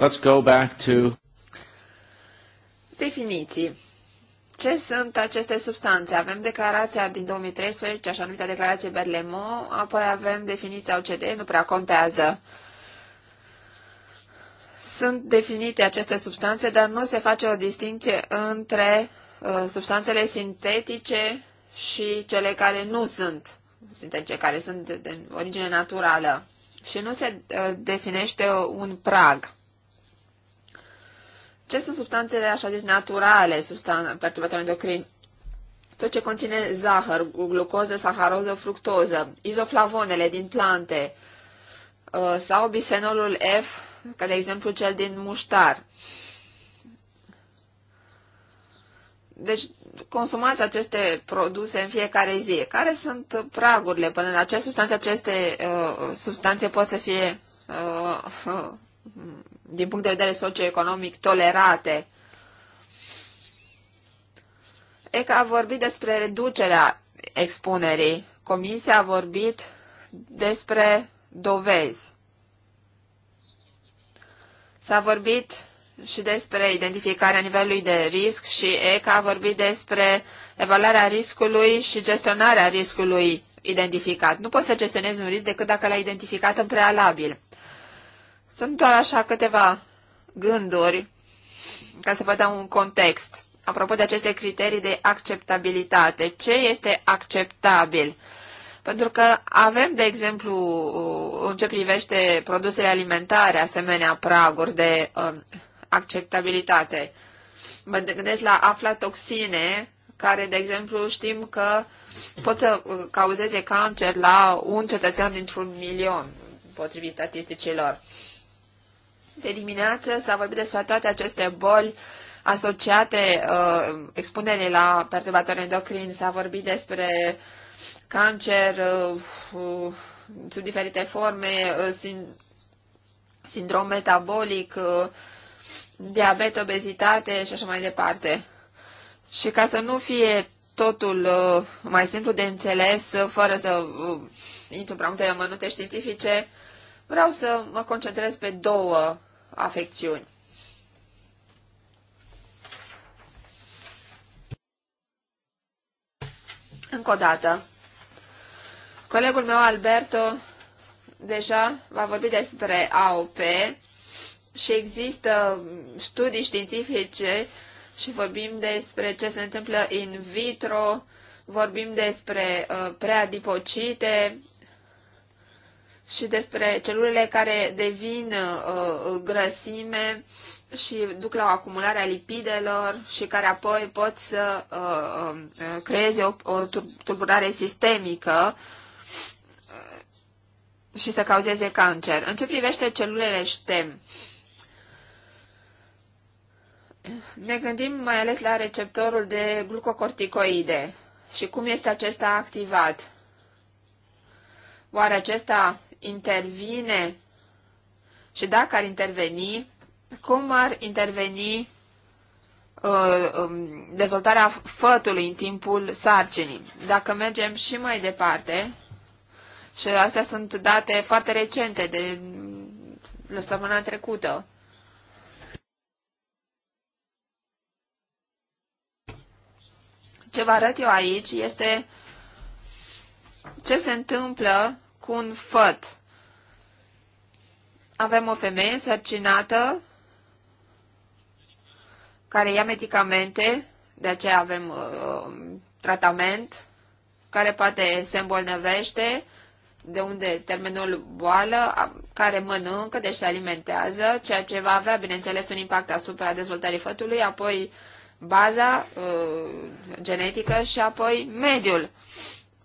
A: Let's go back to...
C: Definiții. Ce sunt aceste substanțe? Avem declarația din 2013, așa numită declarație Berlemo, apoi avem definiția OCD, nu prea contează. Sunt definite aceste substanțe, dar nu se face o distinție între uh, substanțele sintetice și cele care nu sunt sintetice, care sunt de, de origine naturală. Și nu se uh, definește un prag. Ce sunt substanțele așa zis naturale, substanțe perturbatoare endocrine, Tot ce conține zahăr, glucoză, saharoză, fructoză, izoflavonele din plante uh, sau bisfenolul F, ca de exemplu cel din muștar. Deci consumați aceste produse în fiecare zi. Care sunt pragurile până la ce substanțe aceste uh, substanțe pot să fie uh, din punct de vedere socioeconomic tolerate. ECA a vorbit despre reducerea expunerii. Comisia a vorbit despre dovezi. S-a vorbit și despre identificarea nivelului de risc și ECA a vorbit despre evaluarea riscului și gestionarea riscului identificat. Nu poți să gestionezi un risc decât dacă l-ai identificat în prealabil. Sunt doar așa câteva gânduri ca să vă dau un context. Apropo de aceste criterii de acceptabilitate, ce este acceptabil? Pentru că avem, de exemplu, în ce privește produsele alimentare, asemenea praguri de um, acceptabilitate. Mă gândesc la aflatoxine, care, de exemplu, știm că pot să uh, cauzeze cancer la un cetățean dintr-un milion, potrivit statisticilor. Uh, de dimineață s-a vorbit despre toate aceste boli asociate uh, expunerii la perturbatori endocrini, s-a vorbit despre cancer uh, uh, sub diferite forme, uh, sin- sindrom metabolic, uh, diabet, obezitate și așa mai departe. Și ca să nu fie totul uh, mai simplu de înțeles, uh, fără să uh, intru prea multe științifice, vreau să mă concentrez pe două afecțiuni. Încă o dată, colegul meu Alberto deja va vorbi despre AOP și există studii științifice și vorbim despre ce se întâmplă in vitro, vorbim despre uh, preadipocite, și despre celulele care devin uh, grăsime și duc la o acumulare a lipidelor și care apoi pot să uh, um, uh creeze o, o tulburare sistemică uh, și să cauzeze cancer. În ce privește celulele STEM? Ne gândim mai ales la receptorul de glucocorticoide și cum este acesta activat. Oare acesta intervine și dacă ar interveni, cum ar interveni uh, um, dezvoltarea fătului în timpul sarcinii. Dacă mergem și mai departe, și astea sunt date foarte recente, de săptămâna trecută, ce vă arăt eu aici este ce se întâmplă cu un făt. Avem o femeie însărcinată care ia medicamente, de aceea avem uh, tratament, care poate se îmbolnăvește, de unde termenul boală, care mănâncă, deci se alimentează, ceea ce va avea, bineînțeles, un impact asupra dezvoltării fătului, apoi baza uh, genetică și apoi mediul. Uh,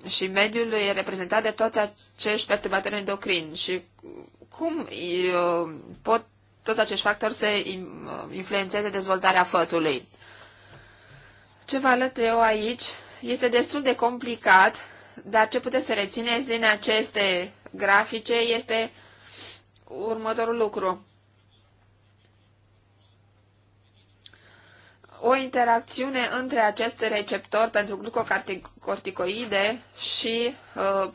C: și mediul e reprezentat de toți acești perturbatori endocrini și cum pot toți acești factori să influențeze dezvoltarea fătului. Ce vă alăt eu aici este destul de complicat, dar ce puteți să rețineți din aceste grafice este următorul lucru. o interacțiune între acest receptor pentru glucocorticoide și uh,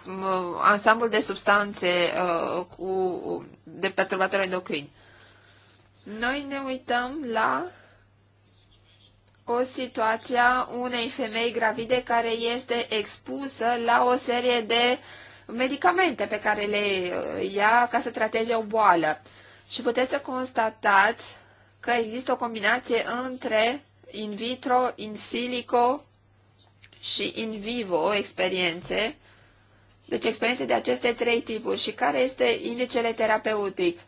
C: ansamblul de substanțe uh, cu, de perturbatori endocrini. Noi ne uităm la o situație unei femei gravide care este expusă la o serie de medicamente pe care le uh, ia ca să trateze o boală. Și puteți să constatați că există o combinație între in vitro, in silico și in vivo experiențe, deci experiențe de aceste trei tipuri și care este indicele terapeutic.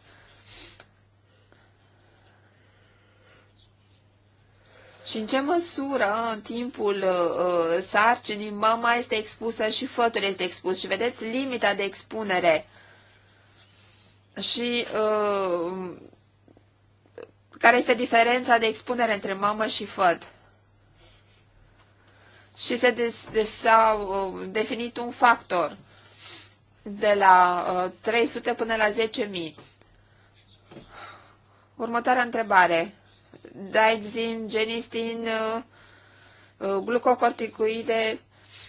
C: Și în ce măsură în timpul uh, sarcinii mama este expusă și fătul este expus și vedeți limita de expunere. Și uh, care este diferența de expunere între mamă și făt. Și s-a de, de, definit un factor de la uh, 300 până la 10.000. Următoarea întrebare. Daizin, genistin, uh, uh, glucocorticoide,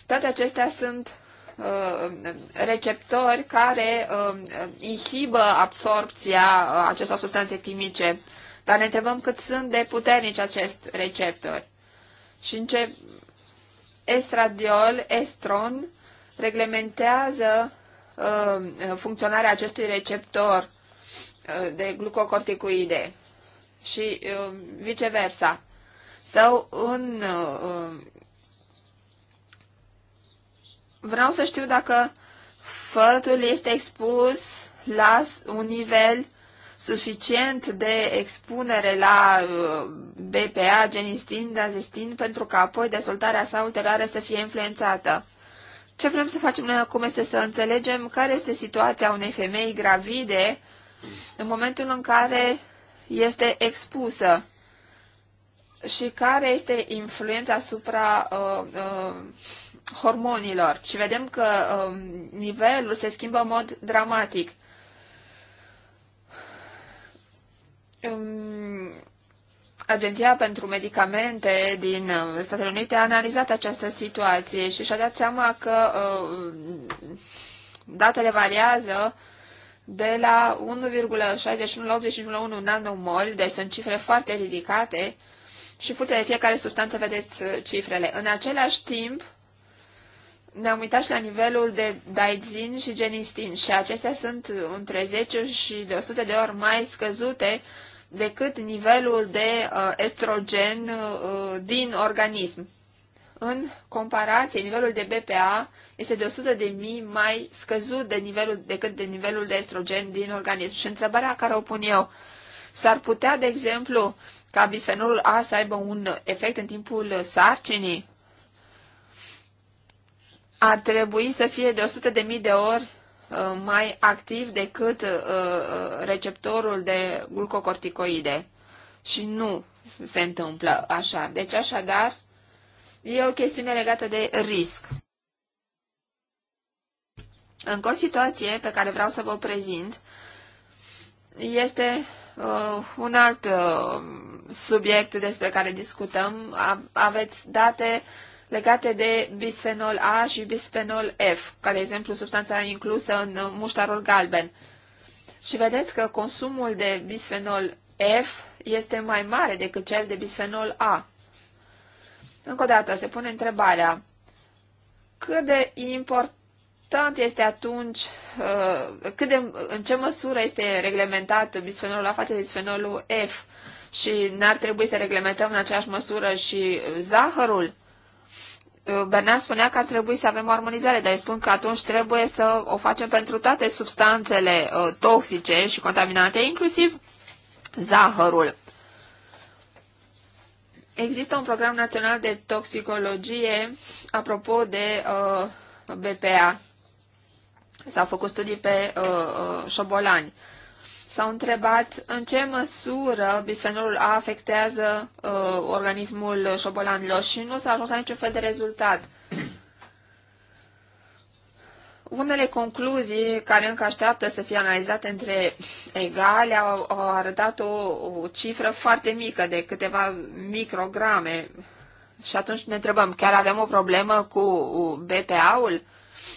C: toate acestea sunt uh, receptori care uh, inhibă absorpția uh, acestor substanțe chimice dar ne întrebăm cât sunt de puternici acest receptor, Și în ce estradiol, estron, reglementează uh, funcționarea acestui receptor uh, de glucocorticoide și uh, viceversa. Sau în... Uh, vreau să știu dacă fătul este expus la un nivel suficient de expunere la uh, BPA, genistin, dazistin, pentru că apoi dezvoltarea sa ulterioară să fie influențată. Ce vrem să facem noi acum este să înțelegem care este situația unei femei gravide în momentul în care este expusă și care este influența asupra uh, uh, hormonilor. Și vedem că uh, nivelul se schimbă în mod dramatic. Agenția pentru Medicamente din uh, Statele Unite a analizat această situație și și-a dat seama că uh, datele variază de la 1,61 la 81,1 nanomol, deci sunt cifre foarte ridicate și în funcție de fiecare substanță vedeți uh, cifrele. În același timp, ne-am uitat și la nivelul de daizin și genistin și acestea sunt între 10 și de 100 de ori mai scăzute decât nivelul de uh, estrogen uh, din organism. În comparație, nivelul de BPA este de 100 de mii mai scăzut de nivelul, decât de nivelul de estrogen din organism. Și întrebarea care o pun eu, s-ar putea, de exemplu, ca bisfenolul A să aibă un efect în timpul sarcinii? Ar trebui să fie de 100 de mii de ori Uh, mai activ decât uh, uh, receptorul de glucocorticoide. Și nu se întâmplă așa. Deci, așadar, e o chestiune legată de risc. Încă o situație pe care vreau să vă prezint este uh, un alt uh, subiect despre care discutăm. A, aveți date uh, legate de bisfenol A și bisfenol F, ca de exemplu substanța inclusă în uh, muștarul galben. Și vedeți că consumul de bisfenol F este mai mare decât cel de bisfenol A. Încă o dată se pune întrebarea, cât de important este atunci, uh, cât de, în ce măsură este reglementat bisfenolul A față de bisfenolul F și n-ar trebui să reglementăm în aceeași măsură și zahărul? Uh, Bernard spunea că ar trebui să avem o armonizare, dar eu spun că atunci trebuie să o facem pentru toate substanțele uh, toxice și contaminante, inclusiv zahărul. Există un program național de toxicologie apropo de uh, BPA. S-au făcut studii pe uh, uh șobolani. Uh, s-au întrebat în ce măsură bisfenolul A afectează uh, organismul șobolanilor și nu s-a ajuns la niciun fel de rezultat. Unele concluzii care încă așteaptă să fie analizate între egale au, au arătat o, o cifră foarte mică de câteva micrograme și atunci ne întrebăm, chiar avem o problemă cu BPA-ul?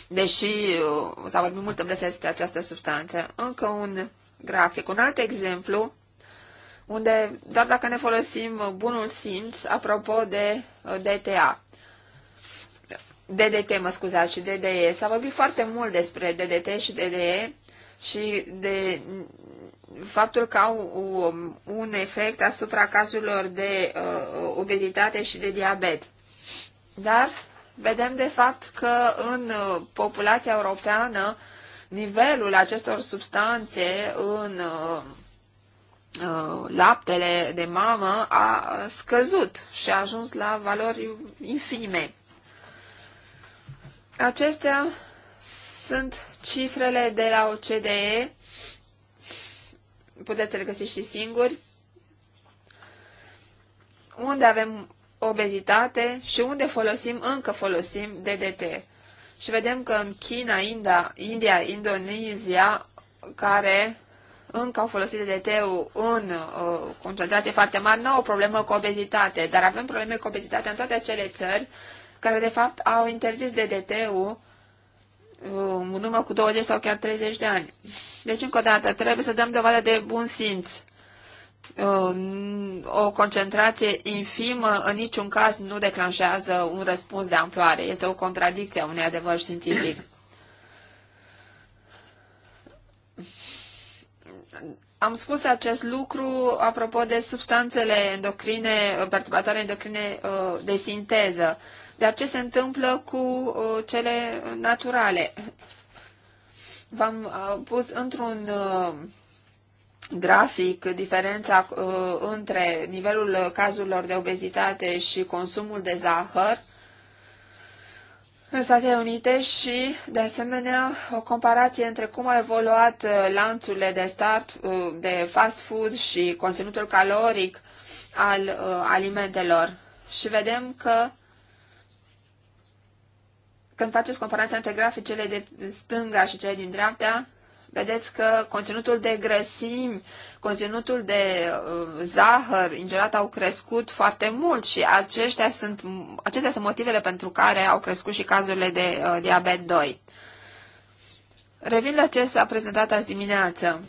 C: Deși uh, s-a vorbit mult în presă despre această substanță. Încă un grafic. Un alt exemplu unde doar dacă ne folosim bunul simț, apropo de uh, DTA, DDT, mă scuzați, și DDE, s-a vorbit foarte mult despre DDT și DDE și de faptul că au um, un efect asupra cazurilor de uh, obezitate și de diabet. Dar vedem de fapt că în uh, populația europeană nivelul acestor substanțe în uh, uh, laptele de mamă a scăzut și a ajuns la valori infime. Acestea sunt cifrele de la OCDE. Puteți le găsi și singuri. Unde avem obezitate și unde folosim, încă folosim DDT și vedem că în China, India, India Indonezia, care încă au folosit DDT-ul în uh, concentrație foarte mari, nu au o problemă cu obezitate, dar avem probleme cu obezitatea în toate acele țări care, de fapt, au interzis DDT-ul uh, în urmă cu 20 sau chiar 30 de ani. Deci, încă o dată, trebuie să dăm dovadă de bun simț. Uh, o concentrație infimă în niciun caz nu declanșează un răspuns de amploare. Este o contradicție a unui adevăr științific. Am spus acest lucru apropo de substanțele endocrine, perturbatoare endocrine uh, de sinteză. Dar ce se întâmplă cu uh, cele naturale? V-am pus într-un grafic diferența uh, între nivelul cazurilor de obezitate și consumul de zahăr în Statele Unite și, de asemenea, o comparație între cum au evoluat uh, lanțurile de start uh, de fast food și conținutul caloric al uh, alimentelor. Și vedem că când faceți comparația între graficele de stânga și cele din dreapta, vedeți că conținutul de grăsimi, conținutul de uh, zahăr ingerat au crescut foarte mult și aceștia sunt, acestea sunt motivele pentru care au crescut și cazurile de uh, diabet 2. Revin la ce s-a prezentat azi dimineață.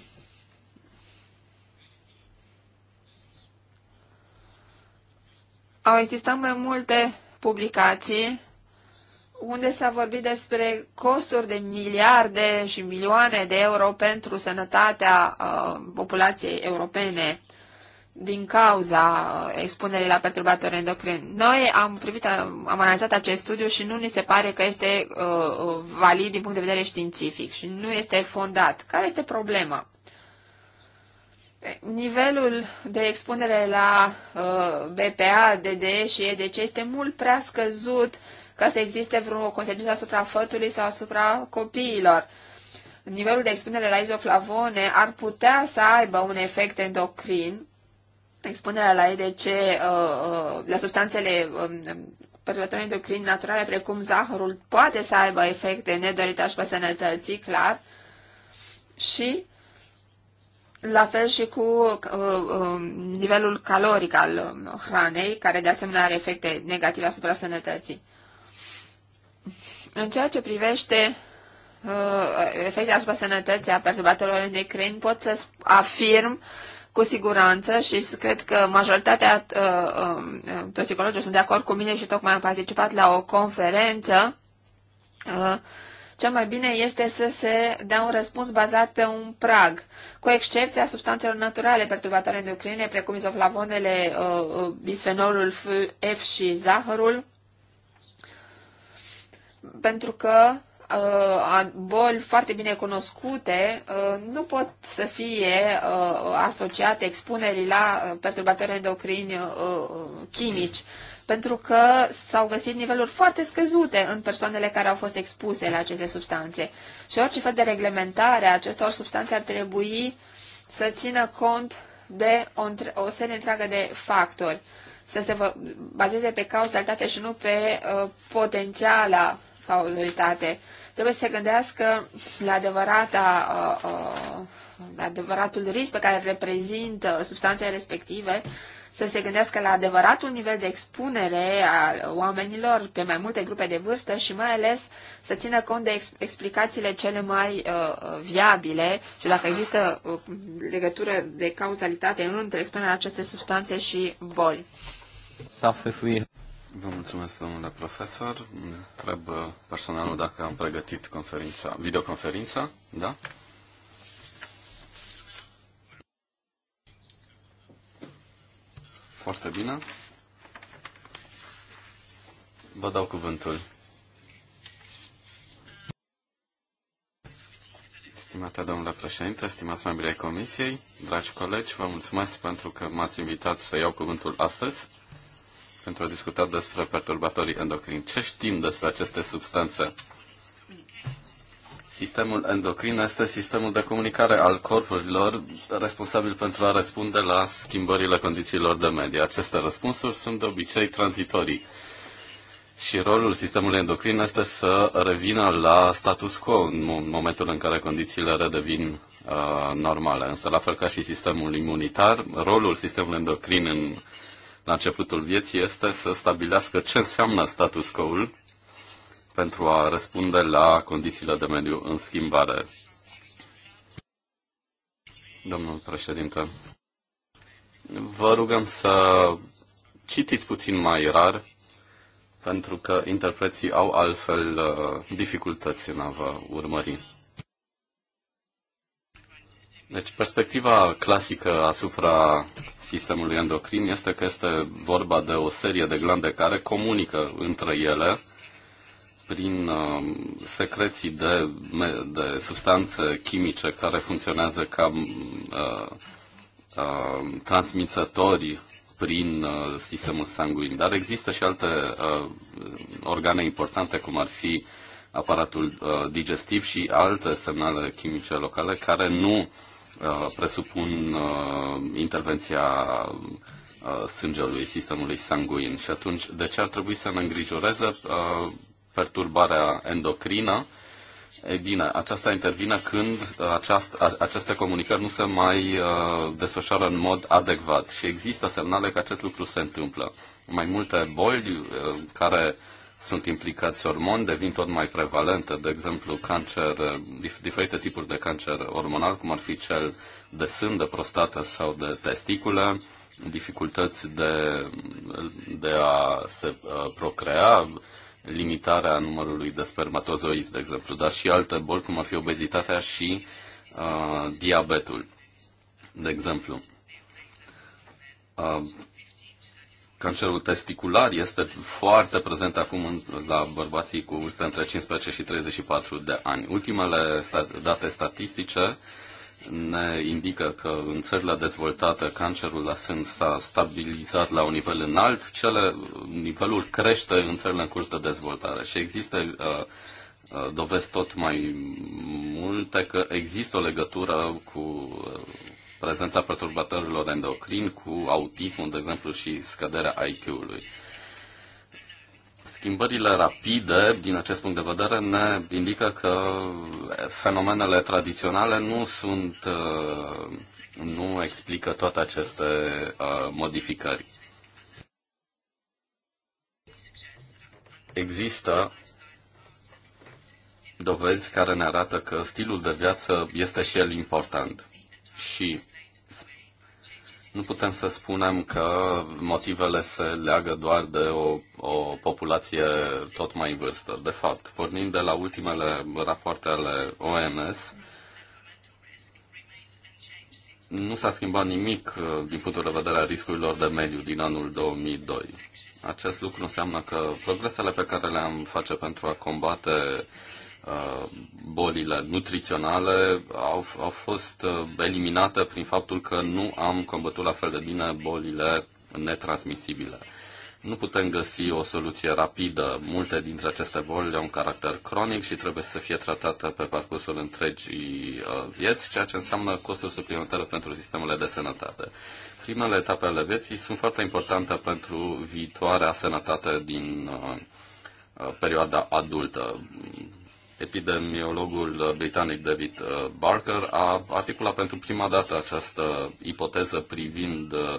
C: Au existat mai multe publicații unde s-a vorbit despre costuri de miliarde și milioane de euro pentru sănătatea uh, populației europene din cauza uh, expunerii la perturbatori endocrini. Noi am privit, uh, am analizat acest studiu și nu ni se pare că este uh, valid din punct de vedere științific și nu este fondat. Care este problema? Nivelul de expunere la uh, BPA, DDE și EDC este mult prea scăzut uh, ca să existe vreo consecință asupra fătului sau asupra copiilor. Nivelul de expunere la izoflavone ar putea să aibă un efect endocrin, expunerea la EDC, uh, uh, la substanțele um, um, perturbatorii endocrin naturale, precum zahărul, poate să aibă efecte nedorite asupra sănătății, clar, și la fel și cu uh, um, nivelul caloric al hranei, care de asemenea are efecte negative asupra sănătății. În ceea ce privește uh, efecte asupra sănătății a perturbatorilor endocrini, pot să afirm cu siguranță și cred că majoritatea uh, uh, toxicologilor sunt de acord cu mine și tocmai am participat la o conferență. Cel mai bine este să se dea un răspuns bazat pe un prag, cu excepția substanțelor naturale perturbatoare endocrine, precum izoflavonele, bisfenolul F și zahărul, pentru că uh, boli foarte bine cunoscute uh, nu pot să fie uh, asociate expunerii la uh, perturbatori endocrini uh, uh, chimici, pentru că s-au găsit niveluri foarte scăzute în persoanele care au fost expuse la aceste substanțe. Și orice fel de reglementare a acestor substanțe ar trebui să țină cont de o, o serie întreagă de factori, să se bazeze pe cauzalitate și nu pe uh, potențiala ca autoritate. Trebuie să se gândească la adevărata, la uh, uh, adevăratul risc pe care reprezintă substanțele respective, să se gândească la adevăratul nivel de expunere a oamenilor pe mai multe grupe de vârstă și mai ales să țină cont de explicațiile cele mai uh, viabile și dacă există o uh, legătură de cauzalitate între expunerea acestei substanțe și boli.
D: Vă mulțumesc, domnule profesor. Întreb uh, personalul dacă am pregătit conferința, videoconferința, da? Foarte bine. Vă dau cuvântul. Stimate domnule președinte, stimați membri ai comisiei, dragi colegi, vă mulțumesc pentru că m-ați invitat să iau cuvântul astăzi pentru a discuta despre perturbatorii endocrini. Ce știm despre aceste substanțe? Sistemul endocrin este sistemul de comunicare al corpurilor responsabil pentru a răspunde la schimbările condițiilor de mediu. Aceste răspunsuri sunt de obicei tranzitorii și rolul sistemului endocrin este să revină la status quo în momentul în care condițiile redevin uh, normale. Însă, la fel ca și sistemul imunitar, rolul sistemului endocrin în la începutul vieții este să stabilească ce înseamnă status quo pentru a răspunde la condițiile de mediu în schimbare. Domnul președinte, vă rugăm să citiți puțin mai rar, pentru că interpreții au altfel uh, dificultăți în a vă urmări. Deci perspectiva clasică asupra sistemului endocrin este că este vorba de o serie de glande care comunică între ele prin um, secreții de, de substanțe chimice care funcționează ca uh, uh, transmițători prin uh, sistemul sanguin. Dar există și alte uh, organe importante, cum ar fi aparatul uh, digestiv și alte semnale chimice locale care nu Uh, presupun uh, intervenția uh, sângelui, sistemului sanguin. Și atunci, de ce ar trebui să ne îngrijoreze perturbarea endocrină? E bine, aceasta intervine când aceast, aceste comunicări nu se mai uh, desfășoară în mod adecvat și există semnale că acest lucru se întâmplă. Mai multe boli uh, care uh, sunt implicați hormoni, devin tot mai prevalente, de exemplu, cancer, diferite tipuri de cancer hormonal, cum ar fi cel de sân, de prostată sau de testicule, dificultăți de, de a se uh, procrea, limitarea numărului de spermatozoizi, de exemplu, dar și alte boli, cum ar fi obezitatea și uh, diabetul, de exemplu. Uh, Cancerul testicular este foarte prezent acum în, la bărbații cu vârste între 15 și 34 de ani. Ultimele stat, date statistice ne indică că în țările dezvoltate cancerul la sân s-a stabilizat la un nivel înalt, cele, nivelul crește în țările în curs de dezvoltare și există uh, uh dovezi tot mai multe că există o legătură cu uh, prezența perturbatorilor endocrini cu autismul, de exemplu, și scăderea IQ-ului. Schimbările rapide, din acest punct de vedere, ne indică că fenomenele tradiționale nu sunt, uh, nu explică toate aceste uh, modificări. Există dovezi care ne arată că stilul de viață este și el important și nu putem să spunem că motivele se leagă doar de o, o populație tot mai în vârstă. De fapt, pornind de la ultimele rapoarte ale OMS, nu s-a schimbat nimic uh, din punctul de vedere a riscurilor de mediu din anul 2002. Acest lucru înseamnă că progresele pe care le-am face pentru a combate Uh, bolile nutriționale au, au fost uh, eliminate prin faptul că nu am combătut la fel de bine bolile netransmisibile. Nu putem găsi o soluție rapidă. Multe dintre aceste boli au un caracter cronic și trebuie să fie tratate pe parcursul întregii uh, vieți, ceea ce înseamnă costuri suplimentare pentru sistemele de sănătate. Primele etape ale vieții sunt foarte importante pentru viitoarea sănătate din perioada adultă epidemiologul uh, britanic David uh, Barker a articulat pentru prima dată această ipoteză privind uh,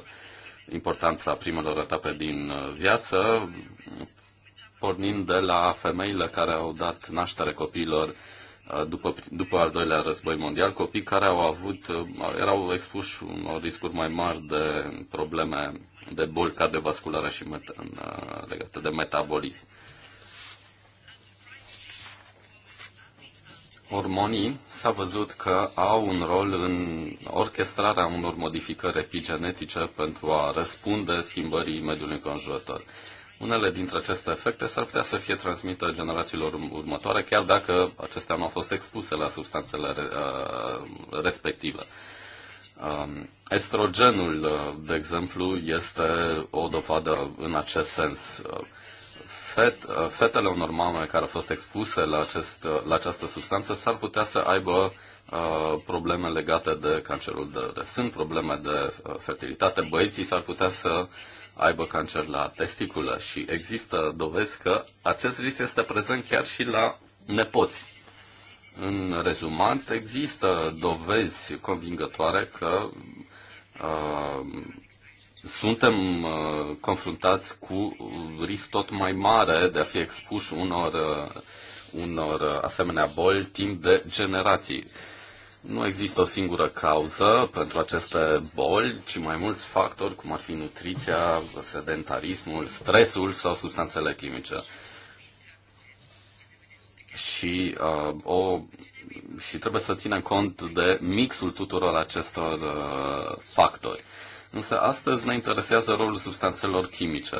D: importanța primelor etape din viață, pornind de la femeile care au dat naștere copiilor după, după al doilea război mondial, copii care au avut, erau expuși unor riscuri mai mari de probleme de boli cardiovasculare și met- legate de metabolism. Hormonii s-a văzut că au un rol în orchestrarea unor modificări epigenetice pentru a răspunde schimbării mediului înconjurător. Unele dintre aceste efecte s-ar putea să fie transmită generațiilor următoare, chiar dacă acestea nu au fost expuse la substanțele uh, respective. Um, estrogenul, uh, de exemplu, este o dovadă în acest sens fet, fetele unor mame care au fost expuse la, acest, la această substanță s-ar putea să aibă uh, probleme legate de cancerul de, de sân, probleme de uh, fertilitate. Băieții s-ar putea să aibă cancer la testiculă și există dovezi că acest risc este prezent chiar și la nepoți. În rezumat, există dovezi convingătoare că uh, suntem uh, confruntați cu risc tot mai mare de a fi expuși unor, uh, unor uh, asemenea boli timp de generații. Nu există o singură cauză pentru aceste boli, ci mai mulți factori, cum ar fi nutriția, sedentarismul, stresul sau substanțele chimice. Și, uh, o, și trebuie să ținem cont de mixul tuturor acestor uh, factori. Uh, Însă astăzi ne interesează rolul substanțelor chimice.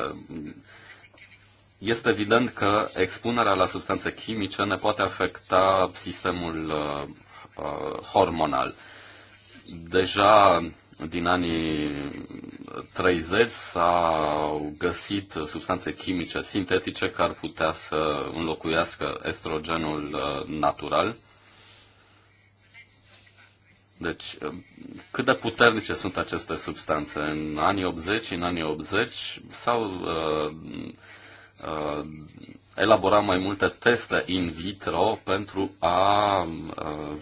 D: Este evident că expunerea la substanțe chimice ne poate afecta sistemul uh, uh hormonal. Deja din anii 30 s-au găsit substanțe chimice sintetice care ar putea să înlocuiască estrogenul uh, natural deci, um, cât de puternice sunt aceste substanțe? În anii 80, în anii 80 s-au uh, uh, elaborat mai multe teste in vitro pentru a uh,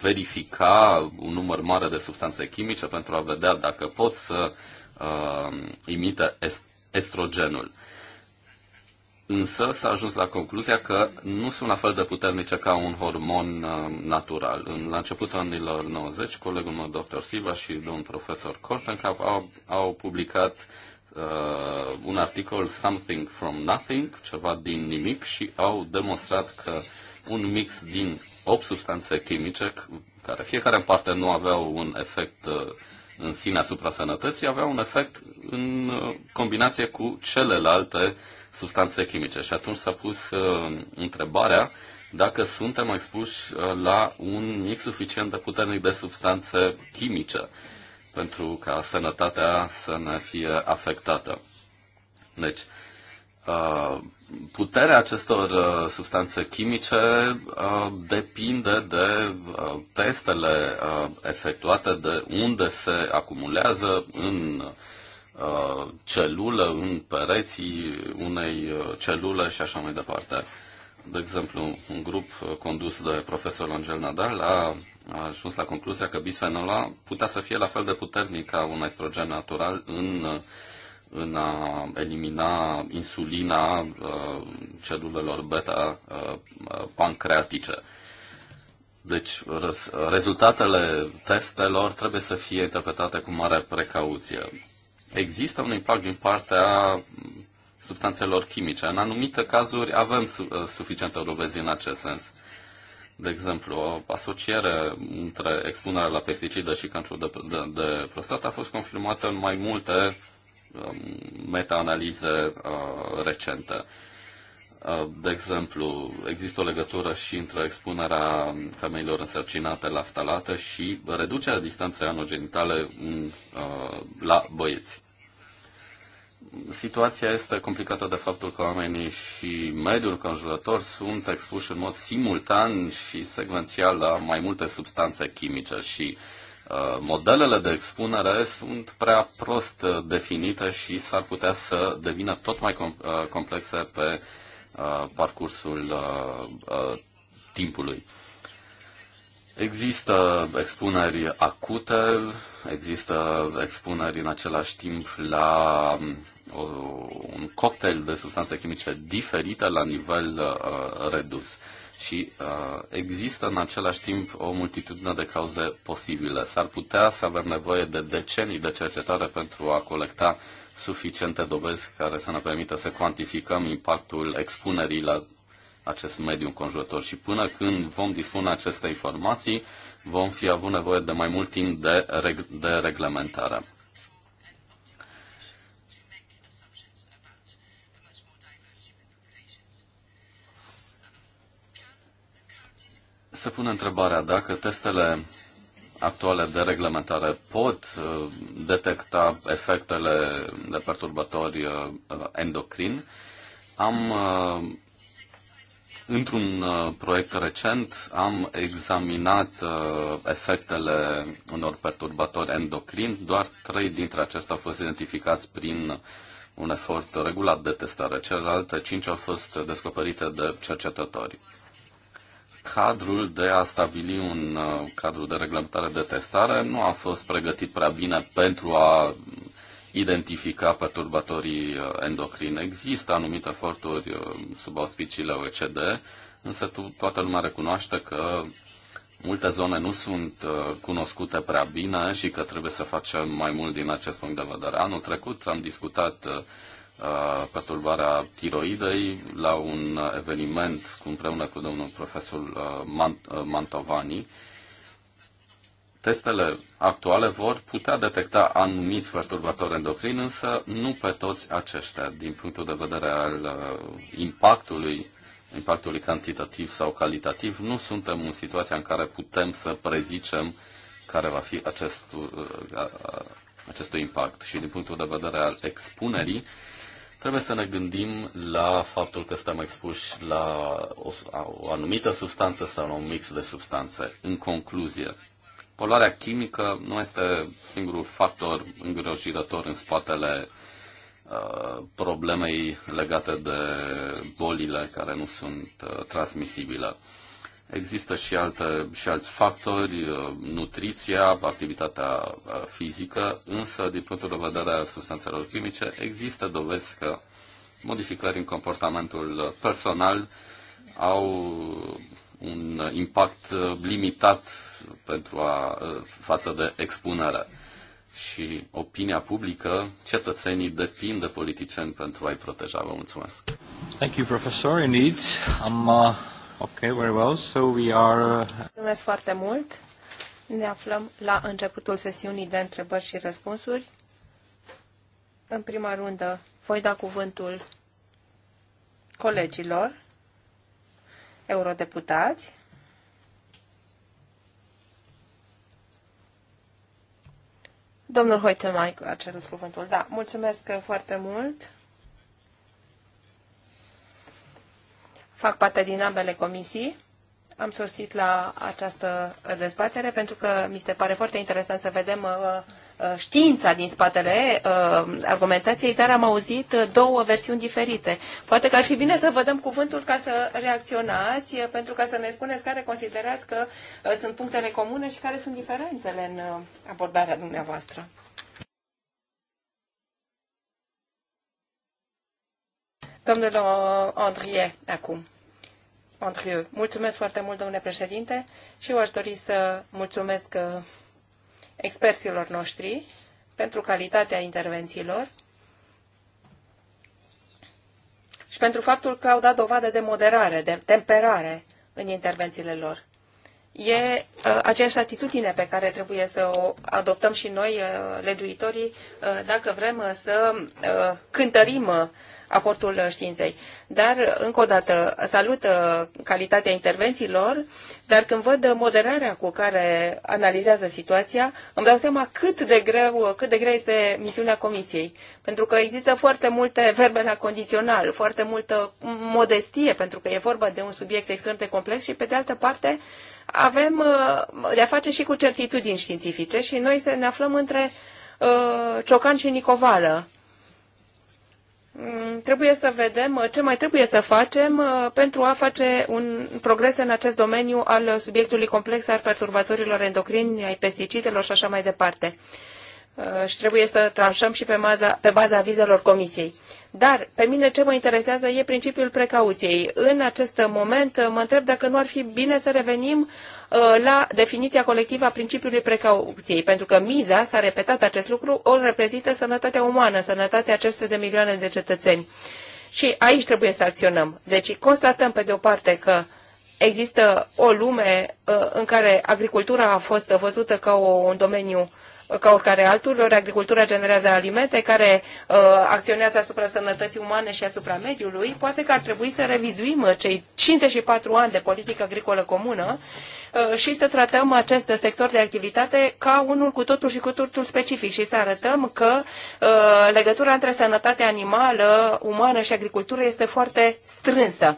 D: verifica un număr mare de substanțe chimice, pentru a vedea dacă pot să uh, imite est- estrogenul. Uh, Însă s-a ajuns la concluzia că nu sunt la fel de puternice ca un hormon uh, natural. În, la începutul anilor 90, colegul meu, dr. Silva și domnul profesor Kortenkamp au, au publicat uh, un articol Something from Nothing, ceva din nimic, și au demonstrat că un mix din 8 substanțe chimice, care fiecare în parte nu aveau un efect uh, în sine asupra sănătății, aveau un efect în uh, combinație cu celelalte uh, substanțe chimice. Și atunci s-a pus uh, întrebarea dacă suntem expuși uh, la un mix suficient de puternic de substanțe chimice pentru ca sănătatea să ne fie afectată. Deci, uh, puterea acestor substanțe chimice depinde de testele efectuate, de unde se acumulează în Uh, celulă în pereții unei uh, celule și așa mai departe. De exemplu, un grup uh, condus de profesorul Angel Nadal a, ajuns la concluzia că bisfenol A putea să fie la fel de puternic ca un estrogen natural în, în a elimina insulina celulelor beta pancreatice. Deci rezultatele testelor trebuie să fie interpretate cu mare precauție există un impact din partea substanțelor chimice. În anumite cazuri avem su- uh, suficientă dovezi în acest sens. De exemplu, o asociere între expunerea la pesticide și cancerul de, de, de prostată a fost confirmată în mai multe um, meta-analize uh, recente. De exemplu, există o legătură și între expunerea femeilor însărcinate la ftalată și reducerea distanței anogenitale uh, la băieți. Situația este complicată de faptul că oamenii și mediul conjurător sunt expuși în mod simultan și secvențial la mai multe substanțe chimice și uh, modelele de expunere sunt prea prost definite și s-ar putea să devină tot mai uh, complexe pe uh, Uh, parcursul uh, uh, timpului. Există expuneri acute, există expuneri în același timp la o, un cocktail de substanțe chimice diferite la nivel uh, redus și uh, există în același timp o multitudine de cauze posibile. S-ar putea să avem nevoie de decenii de cercetare pentru a colecta suficiente dovezi care să ne permită să cuantificăm impactul expunerii la acest mediu înconjurător și până când vom dispune aceste informații, vom fi avut nevoie de mai mult timp de, reg- de reglementare. se pune întrebarea dacă testele actuale de reglementare pot uh, detecta efectele de perturbatori uh, endocrin. Am uh, Într-un proiect recent am examinat efectele unor perturbatori endocrin. Doar trei dintre acestea au fost identificați prin un efort regulat de testare. Celelalte cinci au fost descoperite de cercetători cadrul de a stabili un uh, cadru de reglementare de testare nu a fost pregătit prea bine pentru a identifica perturbatorii uh, endocrini. Există anumite eforturi uh, sub auspiciile OECD, însă tu, toată lumea recunoaște că multe zone nu sunt cunoscute prea bine și că trebuie să facem mai mult din acest punct de vedere. Anul trecut am discutat perturbarea tiroidei la un eveniment împreună cu domnul profesor Mantovani. Testele actuale vor putea detecta anumiți perturbatori endocrini, însă nu pe toți aceștia, din punctul de vedere al impactului impactului cantitativ sau calitativ, nu suntem în situația în care putem să prezicem care va fi acest, acest impact. Și din punctul de vedere al expunerii, trebuie să ne gândim la faptul că suntem expuși la o, o anumită substanță sau la un mix de substanțe. În concluzie, poluarea chimică nu este singurul factor îngrijorător în spatele problemei legate de bolile care nu sunt transmisibile. Există și, alte, și alți factori, uh, nutriția, activitatea uh, fizică, însă, din punctul de vedere al substanțelor chimice, există dovezi că modificări în comportamentul personal au un impact limitat pentru a, uh, față de expunere. Și opinia publică, cetățenii depind de politicieni pentru a-i proteja. Vă mulțumesc.
A: Thank you, Professor. Indeed, am uh... Okay, very well. So we are...
B: Uh, mulțumesc foarte mult. Ne aflăm la începutul sesiunii de întrebări și răspunsuri. În prima rundă voi da cuvântul colegilor eurodeputați. Domnul Hoitemai a cerut cuvântul. Da, mulțumesc foarte mult. fac parte din ambele comisii. Am sosit la această dezbatere pentru că mi se pare foarte interesant să vedem uh, uh, știința din spatele uh, argumentației, dar am auzit două versiuni diferite. Poate că ar fi bine să vă dăm cuvântul ca să reacționați, pentru ca să ne spuneți care considerați că sunt punctele comune și care sunt diferențele în abordarea dumneavoastră. Domnul uh, Andrie, acum. Andrieu. Mulțumesc foarte mult, domnule președinte, și eu aș dori să mulțumesc uh, experților noștri pentru calitatea intervențiilor și pentru faptul că au dat dovadă de moderare, de temperare în intervențiile lor. E uh, aceeași atitudine pe care trebuie să o adoptăm și noi, legiuitorii, dacă vrem să cântărim aportul uh, științei. Dar, uh, încă o dată, salut uh, calitatea intervențiilor, dar când văd moderarea cu care analizează situația, îmi dau seama cât de greu, cât de greu este misiunea Comisiei. Pentru că există foarte multe verbe la condițional, foarte multă modestie, pentru că e vorba de un subiect extrem de complex și, pe de altă parte, avem de-a face și cu certitudini științifice și noi ne aflăm între uh, ciocan și nicovală. Mm, trebuie să vedem uh, ce mai trebuie să facem uh, pentru a face un progres în acest domeniu al subiectului complex al perturbatorilor endocrini, ai pesticidelor și așa mai departe. Uh, și trebuie să tranșăm și pe baza, pe baza vizelor comisiei. Dar pe mine ce mă interesează e principiul precauției. În acest moment uh, mă întreb dacă nu ar fi bine să revenim uh, la definiția colectivă a principiului precauției, pentru că miza, s-a repetat acest lucru, o reprezintă sănătatea umană, sănătatea acestei de milioane de cetățeni. Și aici trebuie să acționăm. Deci constatăm pe de o parte că există o lume în care agricultura a fost văzută ca un domeniu uh, ca oricare altul. Agricultura generează alimente care uh, acționează asupra sănătății umane și asupra mediului. Poate că ar trebui să revizuim uh, cei 54 ani de politică agricolă comună uh, și să tratăm acest sector de activitate ca unul cu totul și cu totul specific și să arătăm că uh, legătura între sănătatea animală, umană și agricultură este foarte strânsă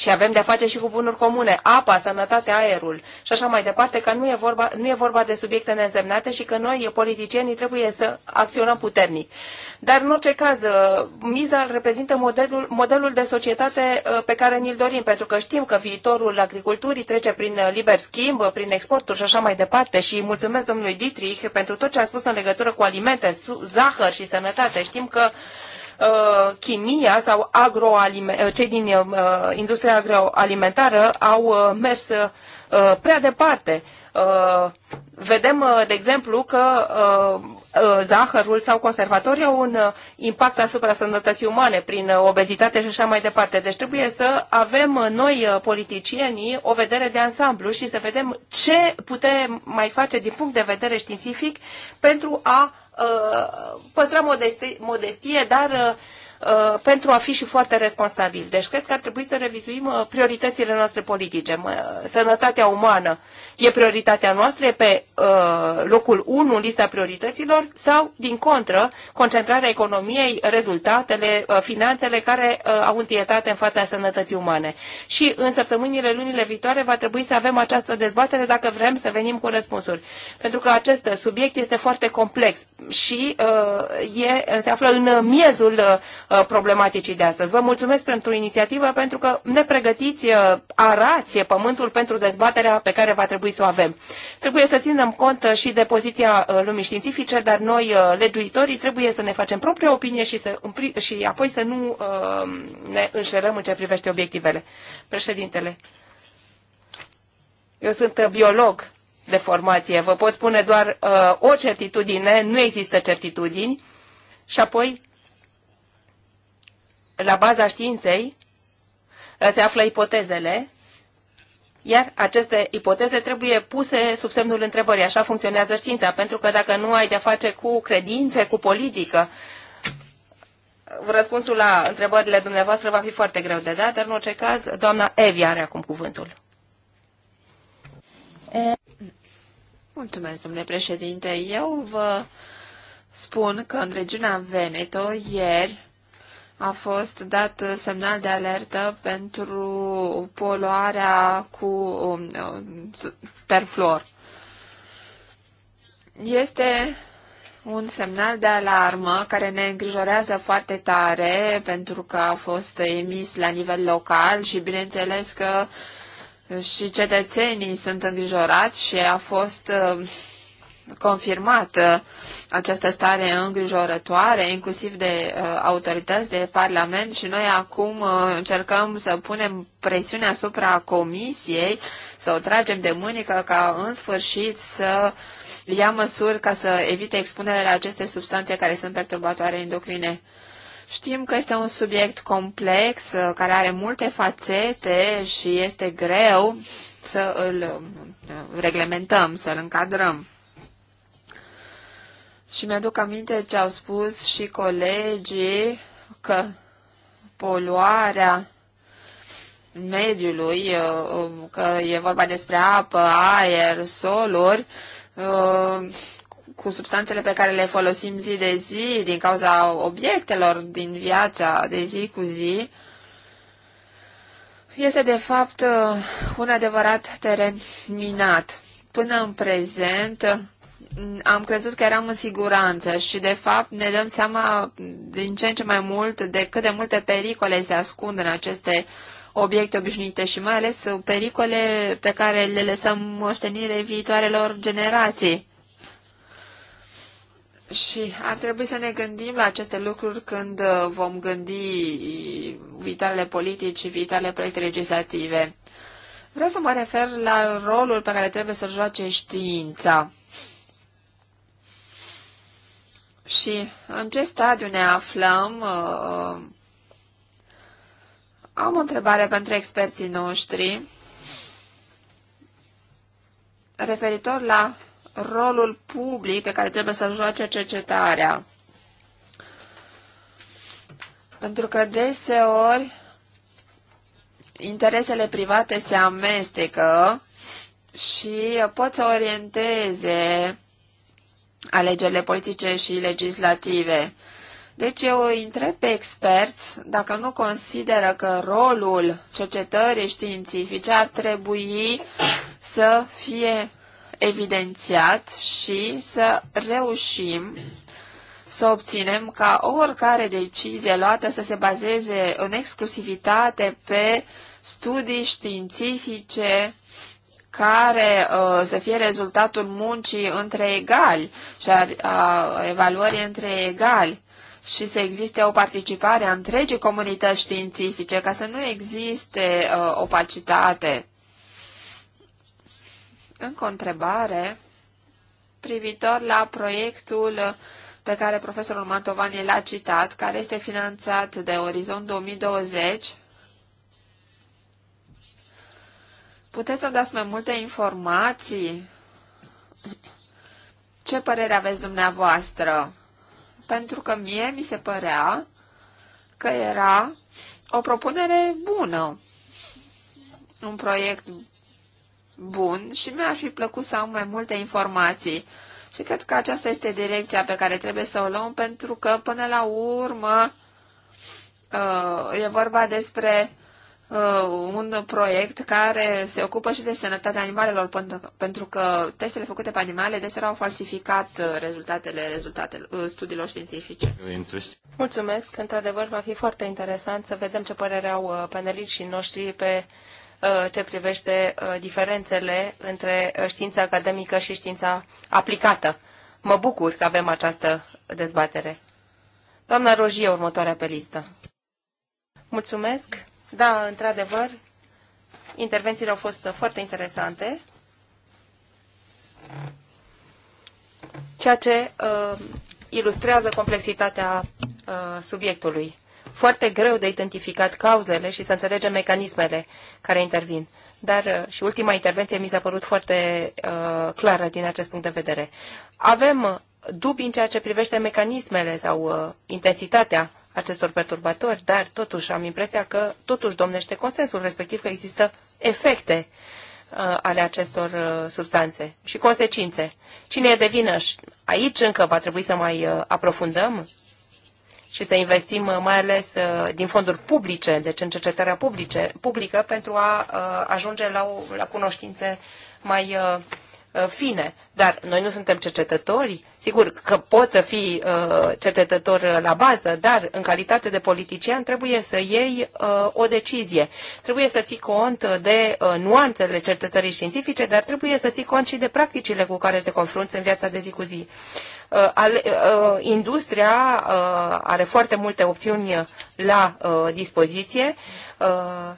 B: și avem de-a face și cu bunuri comune, apa, sănătatea, aerul și așa mai departe, că nu e vorba, nu e vorba de subiecte neînsemnate și că noi, politicienii, trebuie să acționăm puternic. Dar, în orice caz, uh, miza reprezintă modelul, modelul de societate uh, pe care ni-l dorim, pentru că știm că viitorul agriculturii trece prin uh, liber schimb, prin exporturi și așa mai departe și mulțumesc domnului Dietrich pentru tot ce a spus în legătură cu alimente, zahăr și sănătate. Știm că uh, Uh, chimia sau uh, cei din uh, industria agroalimentară au mers prea departe. Vedem, de exemplu, că zahărul sau conservatorii au un impact asupra sănătății umane prin obezitate și așa mai departe. Deci trebuie să avem noi politicienii o vedere de ansamblu și să vedem ce putem mai face din punct de vedere științific pentru a Uh, păstra modestie, modestie dar uh, Uh, pentru a fi și foarte responsabil. Deci cred că ar trebui să revizuim uh, prioritățile noastre politice. Sănătatea umană e prioritatea noastră, e pe uh, locul 1 în lista priorităților sau, din contră, concentrarea economiei, rezultatele, finanțele care au întietate în fața sănătății umane. Și în săptămânile, lunile viitoare va trebui să avem această dezbatere dacă vrem să venim cu răspunsuri. Pentru că acest subiect este foarte complex și uh, e, se află în miezul Uh, problematicii de astăzi. Vă mulțumesc pentru inițiativă, pentru că ne pregătiți, uh, arați pământul pentru dezbaterea pe care va trebui să o avem. Trebuie să ținem cont uh, și de poziția lumii științifice, dar noi, legiuitorii, trebuie să ne facem propria opinie și, să, și apoi să nu ne înșelăm în ce privește obiectivele. Președintele, eu sunt biolog de formație. Vă pot spune doar uh, o certitudine, nu există certitudini. Și apoi la baza științei uh, se află ipotezele, iar aceste ipoteze trebuie puse sub semnul întrebării. Așa funcționează știința, pentru că dacă nu ai de-a face cu credințe, cu politică, răspunsul la întrebările dumneavoastră va fi foarte greu de dat, dar în orice caz, doamna Evi are acum cuvântul.
C: Mulțumesc, domnule președinte. Eu vă spun că în regiunea Veneto, ieri, a fost dat semnal de alertă pentru poluarea cu um, um, perfluor. Este un semnal de alarmă care ne îngrijorează foarte tare pentru că a fost emis la nivel local și bineînțeles că și cetățenii sunt îngrijorați și a fost um, confirmat uh, această stare îngrijorătoare, inclusiv de uh, autorități, de Parlament și noi acum uh, încercăm să punem presiune asupra Comisiei, să o tragem de mânică ca în sfârșit să ia măsuri ca să evite expunerea la aceste substanțe care sunt perturbatoare endocrine. Știm că este un subiect complex, care are multe fațete și este greu să îl reglementăm, să îl încadrăm. Și mi-aduc aminte ce au spus și colegii că poluarea mediului, uh, um, că e vorba despre apă, aer, soluri, uh, cu substanțele pe care le folosim zi de zi din cauza obiectelor din viața de zi cu zi, este de fapt uh, un adevărat teren minat. Până în prezent, am crezut că eram în siguranță și, de fapt, ne dăm seama din ce în ce mai mult de cât de multe pericole se ascund în aceste obiecte obișnuite și mai ales pericole pe care le lăsăm moștenire viitoarelor generații. Și ar trebui să ne gândim la aceste lucruri când uh, vom gândi uh, viitoarele politici și viitoarele proiecte legislative. Vreau să mă refer la rolul pe care trebuie să-l joace știința. Și în ce stadiu ne aflăm? Uh, uh, am o întrebare pentru experții noștri referitor la rolul public pe care trebuie să-l joace cercetarea. Pentru că deseori interesele private se amestecă și pot să orienteze alegerile politice și legislative. Deci eu îi întreb pe experți dacă nu consideră că rolul cercetării științifice ar trebui să fie evidențiat și să reușim să obținem ca oricare decizie luată să se bazeze în exclusivitate pe studii științifice care uh, să fie rezultatul muncii între egali și a, a evaluării între egali și să existe o participare a întregii comunități științifice, ca să nu existe uh, opacitate. Încă o întrebare privitor la proiectul pe care profesorul Mantovani l-a citat, care este finanțat de Orizont 2020 Puteți să dați mai multe informații? Ce părere aveți dumneavoastră? Pentru că mie mi se părea că era o propunere bună, un proiect bun și mi-ar fi plăcut să am mai multe informații. Și cred că aceasta este direcția pe care trebuie să o luăm, pentru că până la urmă uh, e vorba despre Uh, un proiect care se ocupă și de sănătatea animalelor, pentru că testele făcute pe animale deseori au falsificat uh,
B: rezultatele, rezultatele uh, studiilor
C: științifice.
B: Mulțumesc, într-adevăr va fi foarte interesant să vedem ce părere au paneliștii noștri pe ce privește diferențele între știința academică și știința aplicată. Mă bucur că avem această dezbatere. Doamna Rojie, următoarea pe listă. Mulțumesc. Da, într-adevăr, intervențiile au fost foarte interesante. Ceea ce uh, ilustrează complexitatea uh, subiectului. Foarte greu de identificat cauzele și să înțelegem mecanismele care intervin. Dar uh, și ultima intervenție mi s-a părut foarte uh, clară din acest punct de vedere. Avem dubii în ceea ce privește mecanismele sau uh, intensitatea acestor perturbatori, dar totuși am impresia că totuși domnește consensul, respectiv că există efecte uh, ale acestor uh, substanțe și consecințe. Cine e de vină? Aici încă va trebui să mai uh, aprofundăm și să investim uh, mai ales uh, din fonduri publice, deci în cercetarea publice, publică, pentru a uh, ajunge la, o, la cunoștințe mai uh, uh fine. Dar noi nu suntem cercetători, Sigur că poți să fii uh, cercetător la bază, dar în calitate de politician trebuie să iei uh, o decizie. Trebuie să ții cont de uh, nuanțele cercetării științifice, dar trebuie să ții cont și de practicile cu care te confrunți în viața de zi cu zi. Industria are foarte multe opțiuni la dispoziție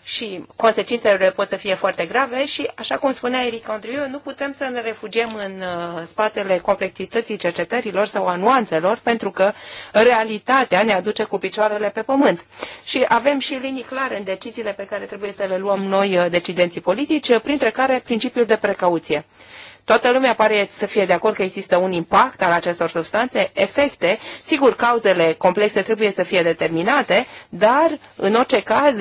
B: și consecințele pot să fie foarte grave și, așa cum spunea Eric Andriu, nu putem să ne refugiem în spatele complexității cercetărilor sau a nuanțelor, pentru că realitatea ne aduce cu picioarele pe pământ. Și avem și linii clare în deciziile pe care trebuie să le luăm noi, uh, decidenții politici, uh, printre care principiul de precauție. Toată lumea pare să fie de acord că există un impact al acestor substanțe, efecte. Sigur, cauzele complexe trebuie să fie determinate, dar, în orice caz,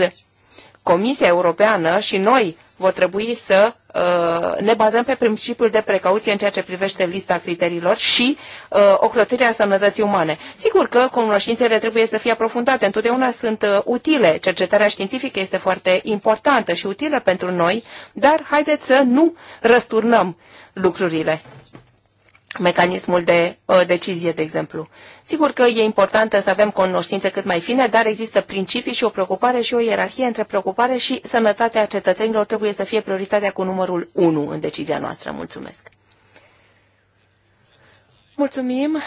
B: Comisia Europeană și noi vor trebui să uh, ne bazăm pe principiul de precauție în ceea ce privește lista criteriilor și uh, ocrotirea sănătății umane. Sigur că cunoștințele trebuie să fie aprofundate, întotdeauna sunt uh, utile, cercetarea științifică este foarte importantă și utilă pentru noi, dar haideți să nu răsturnăm lucrurile mecanismul de uh, decizie, de exemplu. Sigur că e important să avem cunoștințe cât mai fine, dar există principii și o preocupare și o ierarhie între preocupare și sănătatea cetățenilor trebuie să fie prioritatea cu numărul 1 în decizia noastră. Mulțumesc! Mulțumim!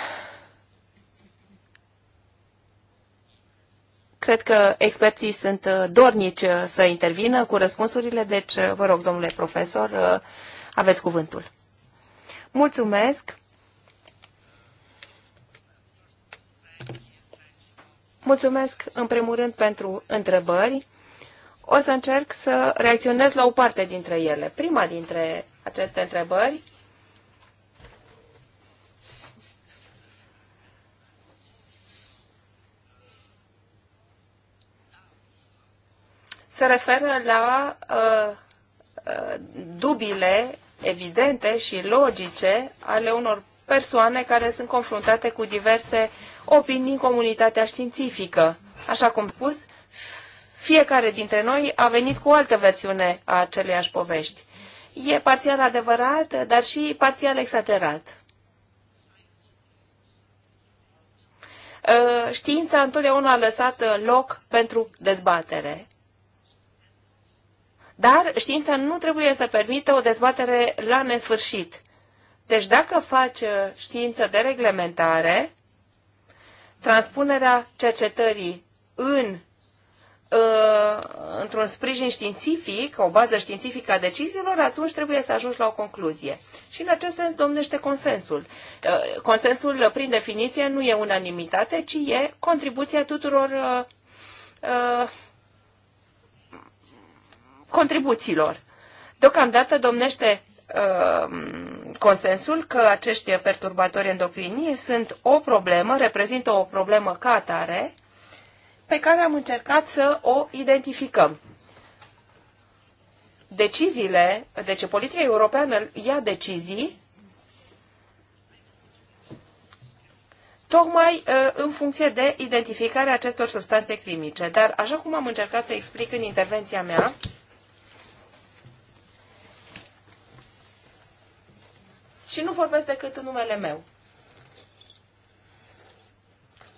B: Cred că experții sunt uh, dornici uh, să intervină cu răspunsurile, deci uh, vă rog, domnule profesor, aveți cuvântul. Mulțumesc! Mulțumesc, în primul rând, pentru întrebări. O să încerc să reacționez la o parte dintre ele. Prima dintre aceste întrebări se referă la uh, uh, dubile evidente și logice ale unor persoane care sunt confruntate cu diverse opinii în comunitatea științifică. Așa cum spus, fiecare dintre noi a venit cu o altă versiune a aceleiași povești. E parțial adevărat, dar și parțial exagerat. Ă, știința întotdeauna a lăsat loc pentru dezbatere. Dar știința nu trebuie să permită o dezbatere la nesfârșit. Deci dacă faci știință de reglementare, transpunerea cercetării în ă, într-un sprijin științific, o bază științifică a deciziilor, atunci trebuie să ajungi la o concluzie. Și în acest sens domnește consensul. Ă, consensul, prin definiție, nu e unanimitate, ci e contribuția tuturor ă, contribuțiilor. Deocamdată domnește uh, consensul că acești perturbatori endocrini sunt o problemă, reprezintă o problemă ca atare, pe care am încercat să o identificăm. Deciziile, deci politica europeană ia decizii tocmai uh, în funcție de identificarea acestor substanțe chimice. Dar, așa cum am încercat să explic în intervenția mea, și nu vorbesc decât în numele meu.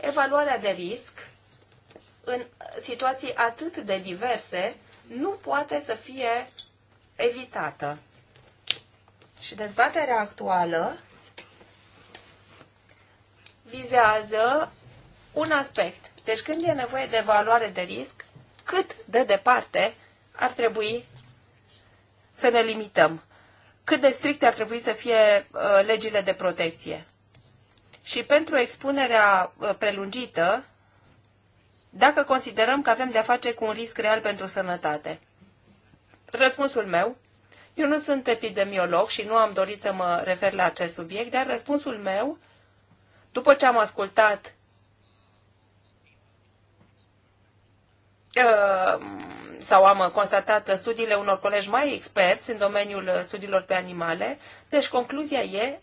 B: Evaluarea de risc în situații atât de diverse nu poate să fie evitată. Și dezbaterea actuală vizează un aspect. Deci când e nevoie de evaluare de risc, cât de departe ar trebui să ne limităm cât de stricte ar trebui să fie uh, legile de protecție. Și pentru expunerea uh, prelungită, dacă considerăm că avem de-a face cu un risc real pentru sănătate. Răspunsul meu, eu nu sunt epidemiolog și nu am dorit să mă refer la acest subiect, dar răspunsul meu, după ce am ascultat uh, sau am constatat studiile unor colegi mai experți în domeniul studiilor pe animale. Deci concluzia e,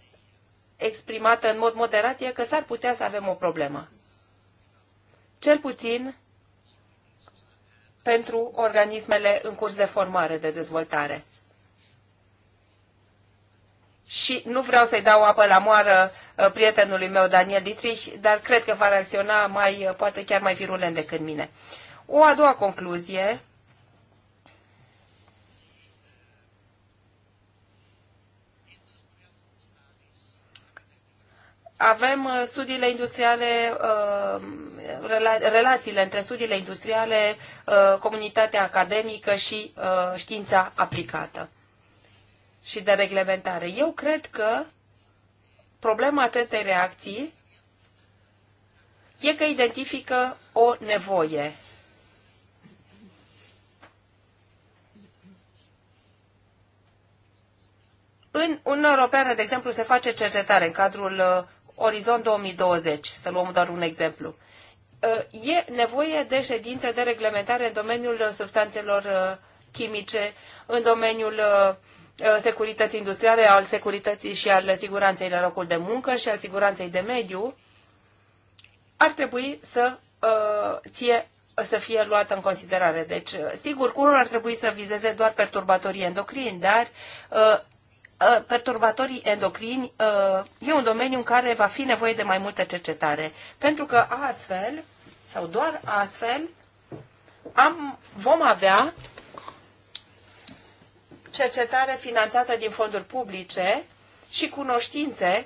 B: exprimată în mod moderat, e că s-ar putea să avem o problemă. Cel puțin pentru organismele în curs de formare, de dezvoltare. Și nu vreau să-i dau apă la moară uh, prietenului meu, Daniel Dietrich, dar cred că va reacționa mai, uh, poate chiar mai virulent decât mine. O a doua concluzie avem uh, studiile industriale, uh, relațiile între studiile industriale, uh, comunitatea academică și știința aplicată și de reglementare. Eu cred că problema acestei reacții e că identifică o nevoie. În Uniunea Europeană, de exemplu, se face cercetare în cadrul Orizont 2020, să luăm doar un exemplu. Uh, e nevoie de ședințe de reglementare în domeniul uh, substanțelor uh, chimice, în domeniul securității industriale, al securității și al siguranței la locul de muncă și al siguranței de mediu, ar trebui să ție să fie luată în considerare. Deci, sigur, unul ar trebui să vizeze doar perturbatorii endocrini, dar Uh, perturbatorii endocrini uh, e un domeniu în care va fi nevoie de mai multă cercetare, pentru că astfel, sau doar astfel, am, vom avea cercetare finanțată din fonduri publice și cunoștințe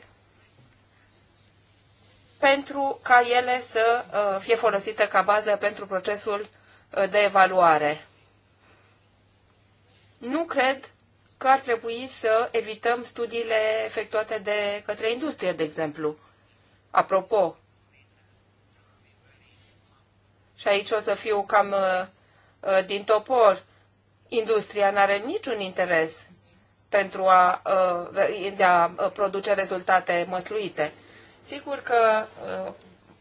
B: pentru ca ele să uh, fie folosite ca bază pentru procesul de evaluare. Nu cred că ar trebui să evităm studiile efectuate de către industrie, de exemplu. Apropo, și aici o să fiu cam uh, uh din topor, industria nu are niciun interes pentru a, uh, de a uh, produce rezultate măsluite. Sigur că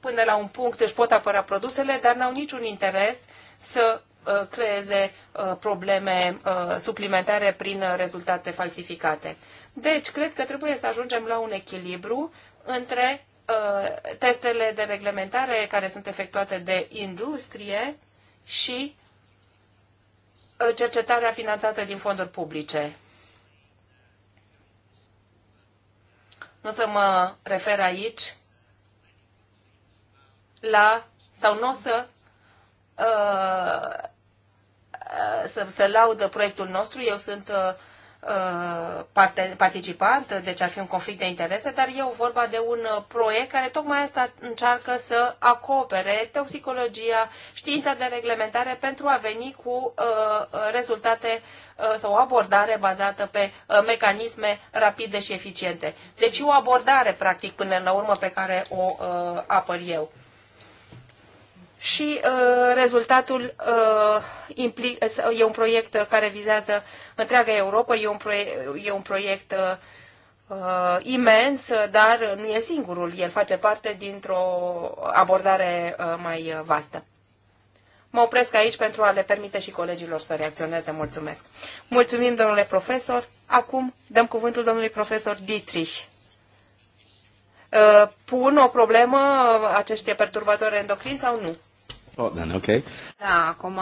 B: până la un punct își pot apăra produsele, dar n-au niciun interes să Uh, creeze uh, probleme uh, suplimentare prin rezultate falsificate. Deci, cred că trebuie să ajungem la un echilibru între testele de reglementare care sunt efectuate de industrie și cercetarea finanțată din fonduri publice. Nu să mă refer aici la, sau nu o să uh, Uh, să, să laudă proiectul nostru. Eu sunt uh, uh, parte, participant, deci ar fi un conflict de interese, dar e o vorba de un proiect care tocmai asta încearcă să acopere toxicologia, știința de reglementare pentru a veni cu rezultate sau o abordare bazată pe mecanisme rapide și eficiente. Deci o abordare, practic, până la urmă, pe care o apăr eu și uh, rezultatul uh, e un proiect care vizează întreaga Europa, e un, proie- e un proiect uh, uh, imens, dar nu e singurul, el face parte dintr-o abordare uh, mai vastă. Mă opresc aici pentru a le permite și colegilor să reacționeze. Mulțumesc. Mulțumim, domnule profesor. Acum dăm cuvântul domnului profesor Dietrich uh, pun o problemă uh, aceștia perturbatori endocrini sau nu? Oh, then, okay. Da,
C: acum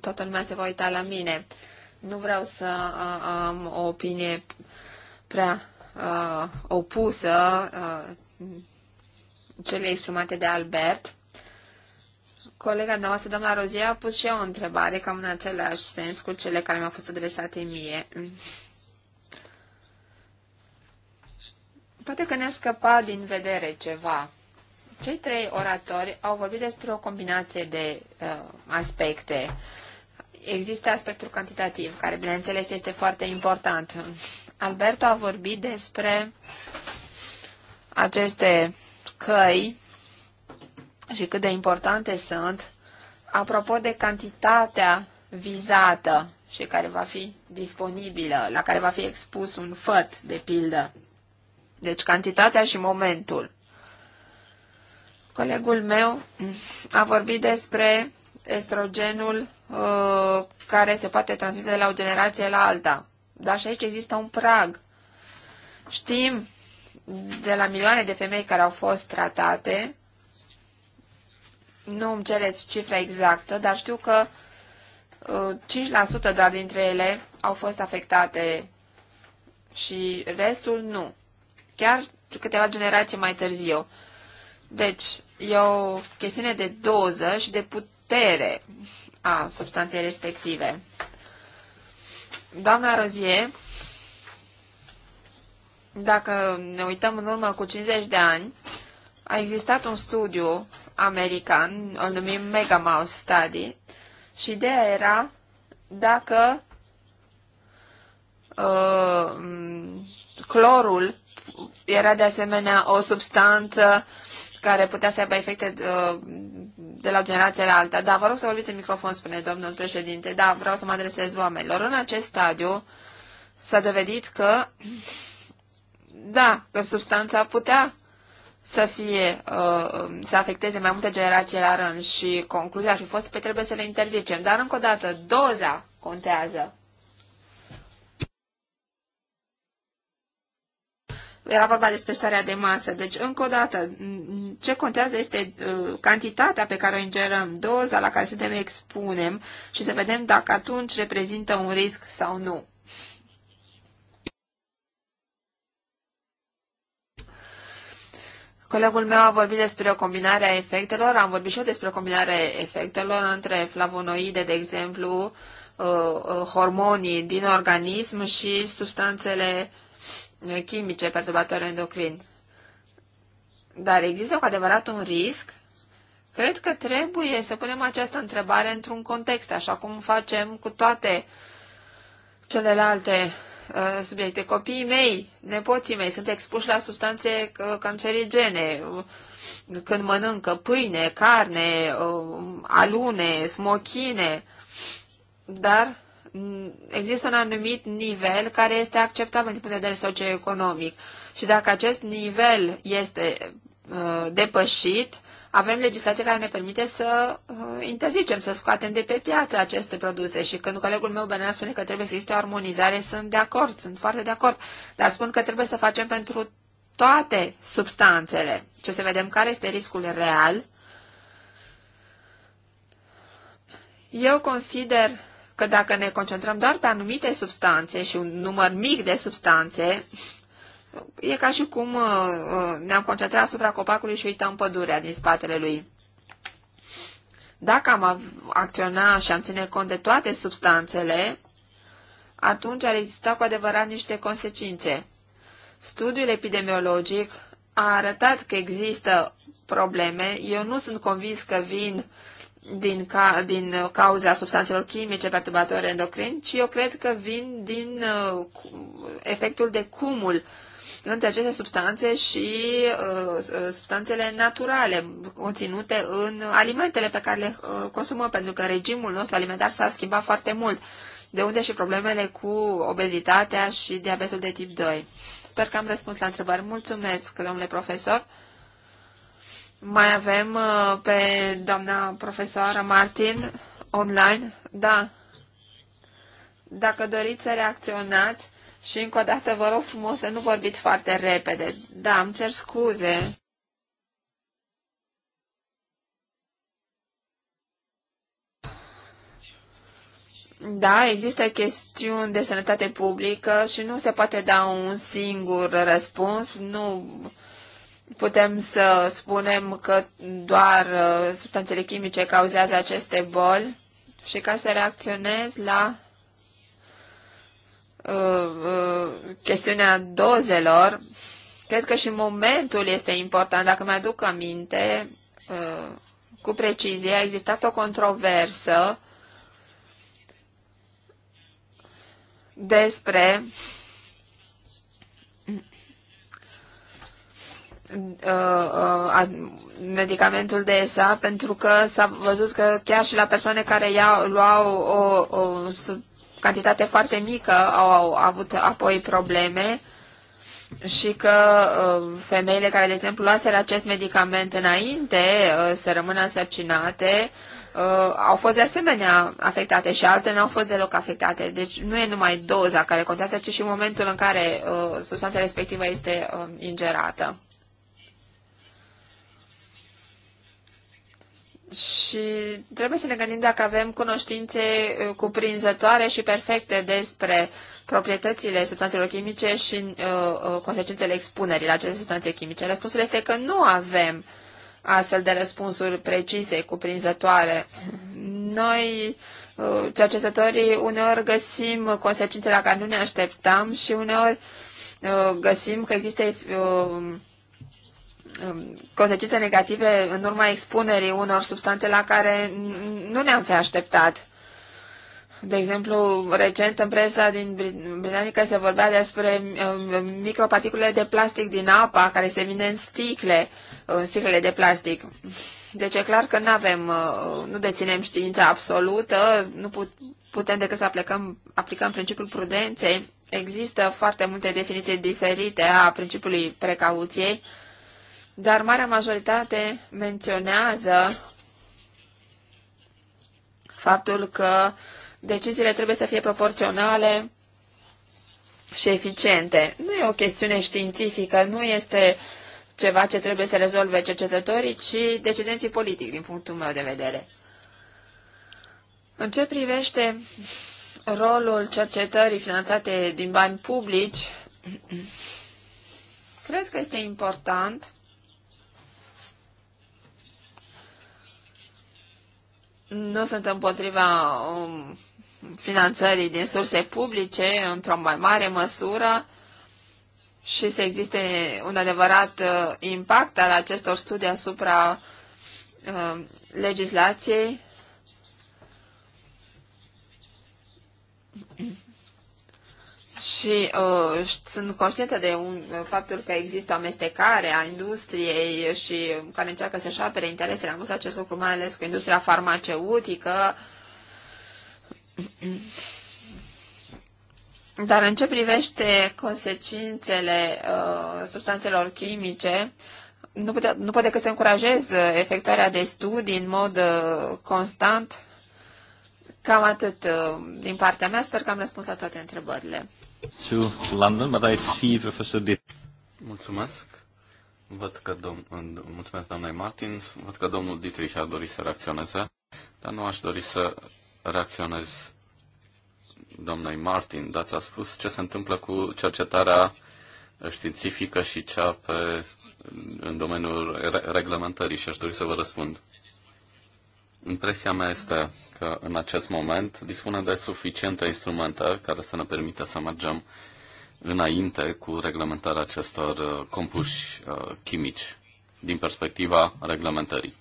C: toată lumea se va uita la mine. Nu vreau să uh, am o opinie prea uh, opusă uh, cele exprimate de Albert. Colega noastră, doamna Rozia, a pus și eu o întrebare cam în același sens cu cele care mi-au fost adresate mie. Poate că ne-a scăpat din vedere ceva. Cei trei oratori au vorbit despre o combinație de uh, aspecte. Există aspectul cantitativ, care, bineînțeles, este foarte important. Alberto a vorbit despre aceste căi și cât de importante sunt, apropo de cantitatea vizată și care va fi disponibilă, la care va fi expus un făt, de pildă. Deci cantitatea și momentul. Colegul meu a vorbit despre estrogenul uh, care se poate transmite de la o generație la alta. Dar și aici există un prag. Știm de la milioane de femei care au fost tratate, nu îmi cereți cifra exactă, dar știu că uh, 5% doar dintre ele au fost afectate și restul nu. Chiar câteva generații mai târziu. Deci, E o chestiune de doză și de putere a substanței respective. Doamna Rozie, dacă ne uităm în urmă cu 50 de ani, a existat un studiu american, îl numim Mega Mouse Study, și ideea era dacă uh, clorul era de asemenea o substanță care putea să aibă efecte uh, de la o generație la alta. Da, vă rog să vorbiți în microfon, spune domnul președinte. Da, vreau să mă adresez oamenilor. În acest stadiu s-a dovedit că, da, că substanța putea să fie, uh, să afecteze mai multe generații la rând și concluzia ar fi fost că trebuie să le interzicem. Dar, încă o dată, doza contează. Era vorba despre sarea de masă. Deci, încă o dată, ce contează este uh, cantitatea pe care o ingerăm, doza la care suntem expunem și să vedem dacă atunci reprezintă un risc sau nu. Colegul meu a vorbit despre o combinare a efectelor, am vorbit și eu despre o combinare a efectelor între flavonoide, de exemplu, uh, uh, hormonii din organism și substanțele chimice perturbatoare endocrin. Dar există cu adevărat un risc? Cred că trebuie să punem această întrebare într-un context, așa cum facem cu toate celelalte uh, subiecte. Copiii mei, nepoții mei sunt expuși la substanțe uh, cancerigene când mănâncă pâine, carne, uh, alune, smochine, dar există un anumit nivel care este acceptabil din punct de vedere socioeconomic. Și dacă acest nivel este uh, depășit, avem legislație care ne permite să uh, interzicem, să scoatem de pe piață aceste produse. Și când colegul meu Benel spune că trebuie să existe o armonizare, sunt de acord, sunt foarte de acord. Dar spun că trebuie să facem pentru toate substanțele. Ce să vedem care este riscul real. Eu consider că dacă ne concentrăm doar pe anumite substanțe și un număr mic de substanțe, e ca și cum uh, uh, ne-am concentrat asupra copacului și uităm pădurea din spatele lui. Dacă am acționa și am ține cont de toate substanțele, atunci ar exista cu adevărat niște consecințe. Studiul epidemiologic a arătat că există probleme. Eu nu sunt convins că vin din, ca, din uh, cauza substanțelor chimice perturbatoare endocrin, ci eu cred că vin din uh, efectul de cumul între aceste substanțe și uh, uh, substanțele naturale conținute în alimentele pe care le uh, consumăm, pentru că regimul nostru alimentar s-a schimbat foarte mult, de unde și problemele cu obezitatea și diabetul de tip 2. Sper că am răspuns la întrebări. Mulțumesc, domnule profesor! Mai avem uh, pe doamna profesoară Martin online? Da. Dacă doriți să reacționați și încă o dată vă rog frumos să nu vorbiți foarte repede. Da, îmi cer scuze. Da, există chestiuni de sănătate publică și nu se poate da un singur răspuns. Nu putem să spunem că doar uh, substanțele chimice cauzează aceste boli și ca să reacționez la
B: uh, uh,
C: chestiunea dozelor, cred că și momentul este important. Dacă mi-aduc aminte, uh, cu precizie, a existat o controversă despre uh, Uh, uh, medicamentul ESA pentru că s-a văzut că chiar și la persoane care iau, luau o, o cantitate foarte mică au, au avut apoi probleme și că uh, femeile care, de exemplu, luaseră acest medicament înainte să rămână însărcinate au fost de asemenea afectate și altele n-au fost deloc afectate. Deci nu e numai doza care contează, ci și momentul în care substanța respectivă este ingerată. și trebuie să ne gândim dacă avem cunoștințe uh, cuprinzătoare și perfecte despre proprietățile substanțelor chimice și uh, uh, consecințele expunerii la aceste substanțe chimice. Răspunsul este că nu avem astfel de răspunsuri precise, cuprinzătoare. Noi, uh, cercetătorii, uneori găsim consecințe la care nu ne așteptam și uneori uh, găsim că există uh, Um, consecințe negative în urma expunerii unor substanțe la care nu ne-am fi așteptat. De exemplu, recent în presa din Britanică se vorbea despre um, microparticule de plastic din apa care se vinde în sticle, în sticlele de plastic. Deci e clar că nu avem, uh, nu deținem știința absolută, nu putem decât să aplicăm, aplicăm principiul prudenței. Există foarte multe definiții diferite a principiului precauției dar marea majoritate menționează faptul că deciziile trebuie să fie proporționale și eficiente. Nu e o chestiune științifică, nu este ceva ce trebuie să rezolve cercetătorii, ci decidenții politici, din punctul meu de vedere. În ce privește rolul cercetării finanțate din bani publici, *clears throat* cred că este important Nu sunt împotriva um, finanțării din surse publice într-o mai mare măsură și să existe un adevărat uh, impact al acestor studii asupra uh, legislației și uh, sunt conștientă de un, uh, faptul că există o amestecare a industriei și um, care încearcă să-și apere interesele. Am văzut acest lucru mai ales cu industria farmaceutică. *clears throat* Dar în ce privește consecințele uh, substanțelor chimice, nu, putea, nu poate decât să încurajez uh, efectuarea de studii în mod uh, constant. Cam atât uh, din partea mea. Sper că am răspuns la toate întrebările.
A: To London, but I see Professor Dit.
D: Mulțumesc. Văd că dom- mulțumesc doamnei Martin. Văd că domnul Dietrich ar dori să reacționeze, dar nu aș dori să reacționez doamnei Martin. Dați a spus ce se întâmplă cu cercetarea științifică și cea pe, în domeniul re- reglementării și aș dori să vă răspund. Impresia mea este că în acest moment dispunem de suficiente instrumente care să ne permită să mergem înainte cu reglementarea acestor uh, compuși uh, chimici din perspectiva reglementării.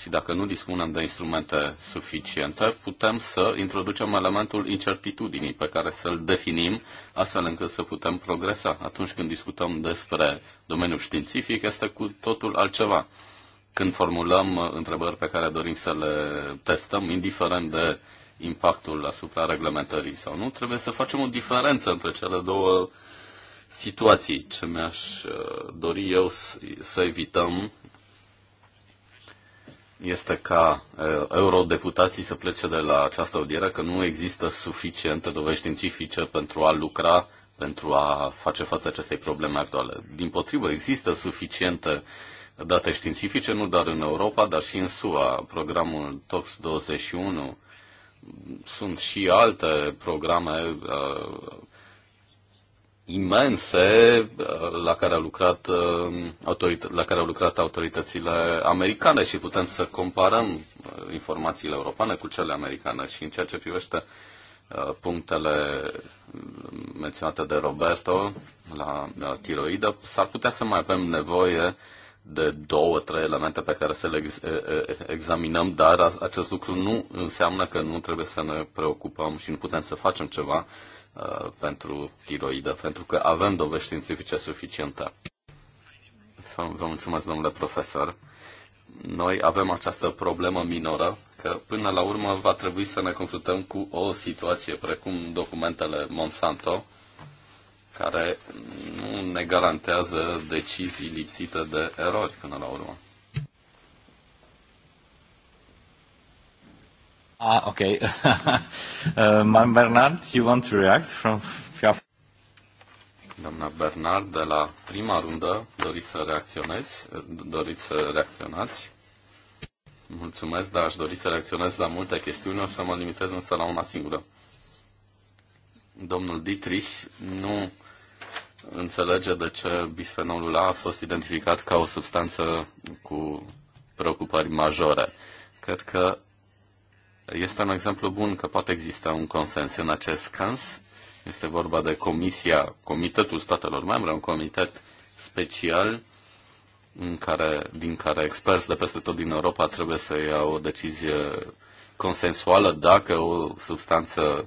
D: Și dacă nu dispunem de instrumente suficiente, putem să introducem elementul incertitudinii pe care să-l definim astfel încât să putem progresa. Atunci când discutăm despre domeniul științific, este cu totul altceva când formulăm uh, întrebări pe care dorim să le testăm, indiferent de impactul asupra reglementării sau nu, trebuie să facem o diferență între cele două situații. Ce mi-aș uh, dori eu să evităm este ca uh, eurodeputații să plece de la această audiere că nu există suficiente dovești științifice pentru a lucra, pentru a face față acestei probleme actuale. Din potrivă, există suficiente uh, date științifice, nu doar în Europa, dar și în SUA. Programul TOX 21 sunt și alte programe uh, imense uh, la care, au lucrat, uh, la care au lucrat autoritățile americane și putem să comparăm uh, informațiile europene cu cele americane și în ceea ce privește uh, punctele uh, menționate de Roberto la la uh, tiroidă, s-ar putea să mai avem nevoie uh, de două, trei elemente pe care să le ex- examinăm, dar acest lucru nu înseamnă că nu trebuie să ne preocupăm și nu putem să facem ceva uh, pentru tiroidă, pentru că avem dovești științifice suficiente. Vă mulțumesc, domnule profesor. Noi avem această problemă minoră că până la urmă va trebui să ne confruntăm cu o situație precum documentele Monsanto, care nu ne garantează decizii lipsite de erori până la urmă.
A: Ah, ok. *laughs* uh, Bernard, you want to react from
D: Doamna Bernard, de la prima rundă, doriți să reacționezi? Doriți să reacționați? Mulțumesc, dar aș dori să reacționez la multe chestiuni, o să mă limitez însă la una singură. Domnul Dietrich nu înțelege de ce bisfenolul A a fost identificat ca o substanță cu preocupări majore. Cred că este un exemplu bun că poate exista un consens în acest caz. Este vorba de Comisia, Comitetul Statelor Membre, un comitet special în care, din care experți de peste tot din Europa trebuie să iau o decizie consensuală dacă o substanță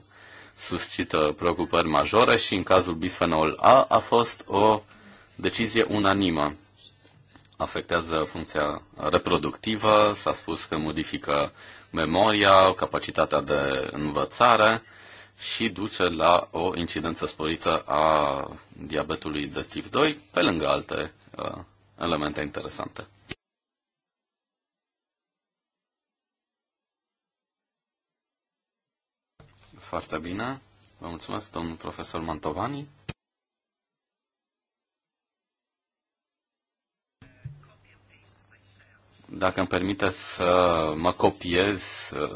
D: suscită preocupări majore și în cazul bisfenol A a fost o decizie unanimă. Afectează funcția reproductivă, s-a spus că modifică memoria, capacitatea de învățare și duce la o incidență sporită a diabetului de tip 2, pe lângă alte uh, elemente interesante. Foarte bine. Vă mulțumesc, domnul profesor Mantovani. Dacă îmi permiteți să mă copiez,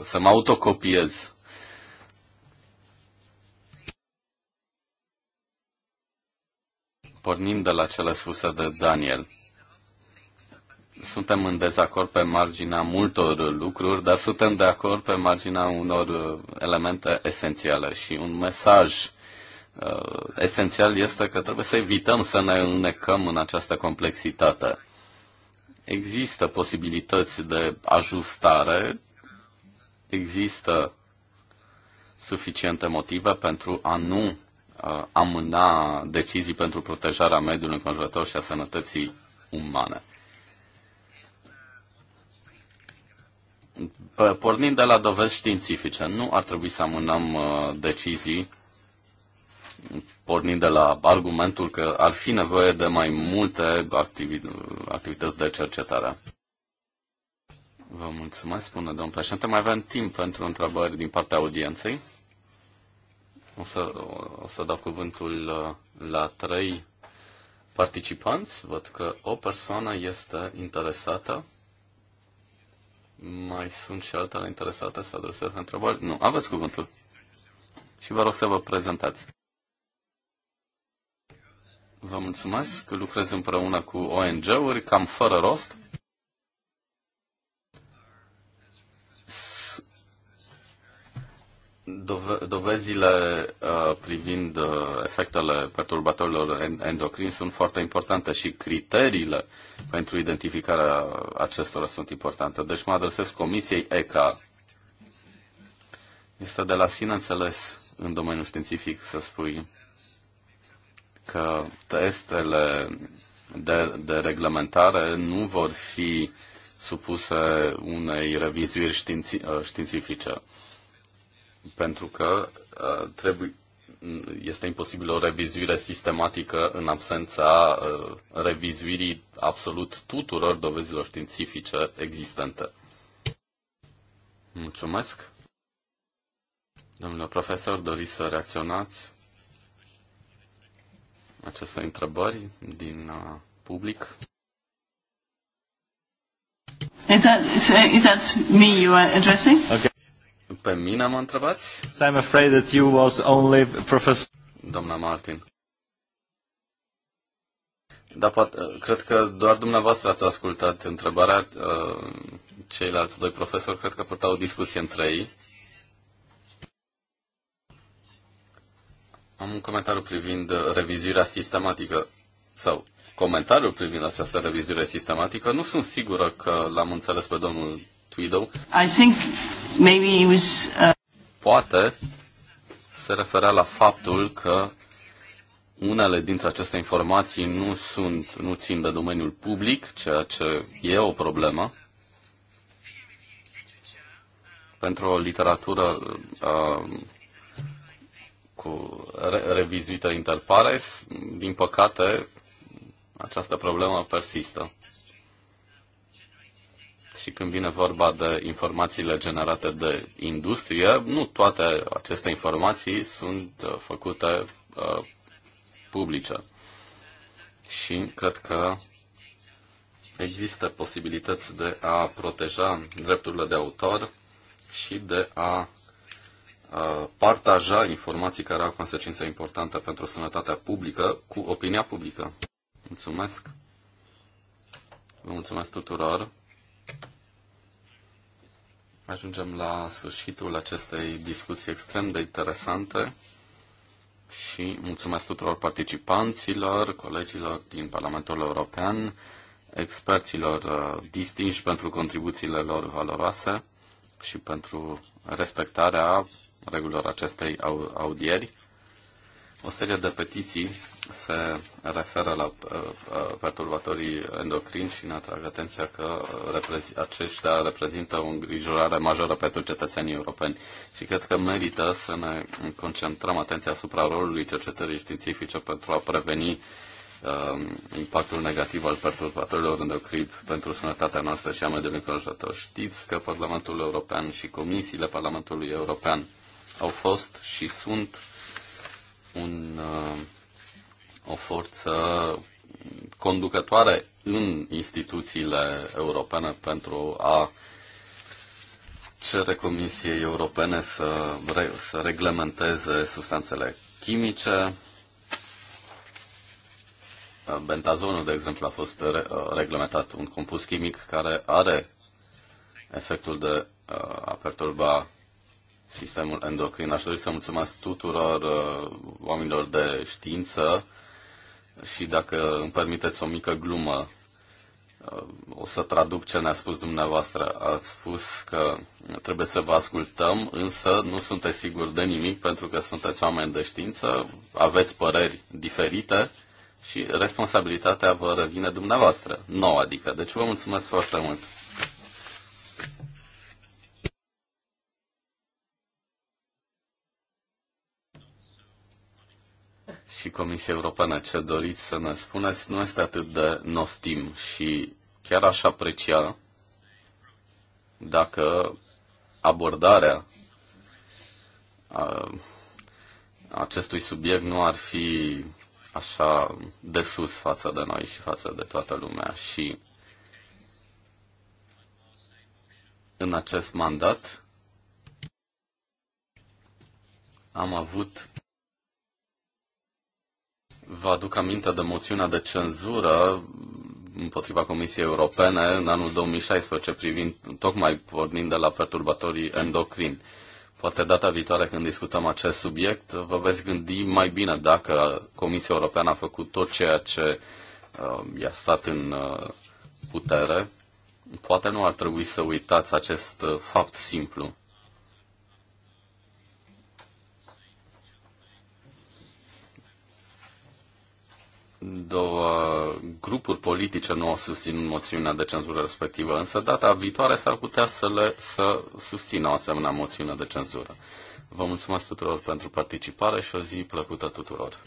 D: să mă autocopiez pornind de la cele spuse de Daniel suntem în dezacord pe marginea multor lucruri, dar suntem de acord pe marginea unor uh, elemente esențiale și un mesaj uh, esențial este că trebuie să evităm să ne înnecăm în această complexitate. Există posibilități de ajustare, există suficiente motive pentru a nu uh, amâna decizii pentru protejarea mediului înconjurător și a sănătății umane. pornind de la dovezi științifice. Nu ar trebui să amânăm uh, decizii pornind de la argumentul că ar fi nevoie de mai multe activi- uh, activități de cercetare. Vă mulțumesc, spune domnul președinte. Mai avem timp pentru întrebări din partea audienței. O să, o să dau cuvântul uh, la trei participanți. Văd că o persoană este interesată. Mai sunt și altele interesate să adreseze întrebări? Nu. Aveți cuvântul. Și vă rog să vă prezentați. Vă mulțumesc că lucrez împreună cu ONG-uri, cam fără rost. Dove- dovezile uh, privind uh, efectele perturbatorilor endocrini sunt foarte importante și criteriile pentru identificarea acestora sunt importante. Deci mă adresez Comisiei ECA. Este de la sine înțeles în domeniul științific să spui că testele de, de reglementare nu vor fi supuse unei revizuiri științi- științifice pentru că uh, trebuie, mm, este imposibil o revizuire sistematică în absența uh, revizuirii absolut tuturor dovezilor științifice existente. Mulțumesc. Domnule profesor, doriți să reacționați aceste întrebări din uh, public?
B: Is that, is that me you are addressing?
D: Okay. Pe mine mă
A: întrebați? I'm afraid that you was only professor...
D: Doamna Martin. Da, poate, cred că doar dumneavoastră ați ascultat întrebarea. Uh, ceilalți doi profesori cred că purtau o discuție între ei. Am un comentariu privind uh, revizuirea sistematică sau comentariul privind această revizuire sistematică. Nu sunt sigură că l-am înțeles pe domnul Tweedle.
B: I think maybe he was, uh...
D: Poate se referea la faptul că unele dintre aceste informații nu sunt, nu țin de domeniul public, ceea ce e o problemă. Pentru o literatură uh, cu re- revizuită interpares, din păcate, această problemă persistă și când vine vorba de informațiile generate de industrie, nu toate aceste informații sunt uh, făcute uh, publice. Și cred că există posibilități de a proteja drepturile de autor și de a uh, partaja informații care au consecințe importante pentru sănătatea publică cu opinia publică. Mulțumesc! Vă mulțumesc tuturor! Ajungem la sfârșitul acestei discuții extrem de interesante și mulțumesc tuturor participanților, colegilor din Parlamentul European, experților uh, distinși pentru contribuțiile lor valoroase și pentru respectarea regulilor acestei audieri. O serie de petiții se referă la uh, uh, perturbatorii endocrini și ne atrag atenția că aceștia reprezintă o îngrijorare majoră pentru cetățenii europeni și cred că merită să ne concentrăm atenția asupra rolului cercetării științifice pentru a preveni um, impactul negativ al perturbatorilor endocrini pentru sănătatea noastră și a mediului înconjurător. Știți că Parlamentul European și comisiile Parlamentului European au fost și sunt un, uh, o forță conducătoare în instituțiile europene pentru a cere Comisiei Europene să, re, să reglementeze substanțele chimice. Bentazonul, de exemplu, a fost re, uh, reglementat, un compus chimic care are efectul de uh, a perturba sistemul endocrin. Aș dori să mulțumesc tuturor uh, oamenilor de știință și dacă îmi permiteți o mică glumă, uh, o să traduc ce ne-a spus dumneavoastră. Ați spus că trebuie să vă ascultăm, însă nu sunteți siguri de nimic pentru că sunteți oameni de știință, aveți păreri diferite și responsabilitatea vă revine dumneavoastră, nouă adică. Deci vă mulțumesc foarte mult! și Comisia Europeană ce doriți să ne spuneți nu este atât de nostim și chiar aș aprecia dacă abordarea acestui subiect nu ar fi așa de sus față de noi și față de toată lumea. Și în acest mandat am avut Vă aduc aminte de moțiunea de cenzură împotriva Comisiei Europene în anul 2016 privind, tocmai pornind de la perturbatorii endocrini. Poate data viitoare când discutăm acest subiect, vă veți gândi mai bine dacă Comisia Europeană a făcut tot ceea ce uh, i-a stat în uh, putere. Poate nu ar trebui să uitați acest uh, fapt simplu. două grupuri politice nu au susținut moțiunea de cenzură respectivă, însă data viitoare s-ar putea să, le, să susțină o asemenea moțiune de cenzură. Vă mulțumesc tuturor pentru participare și o zi plăcută tuturor!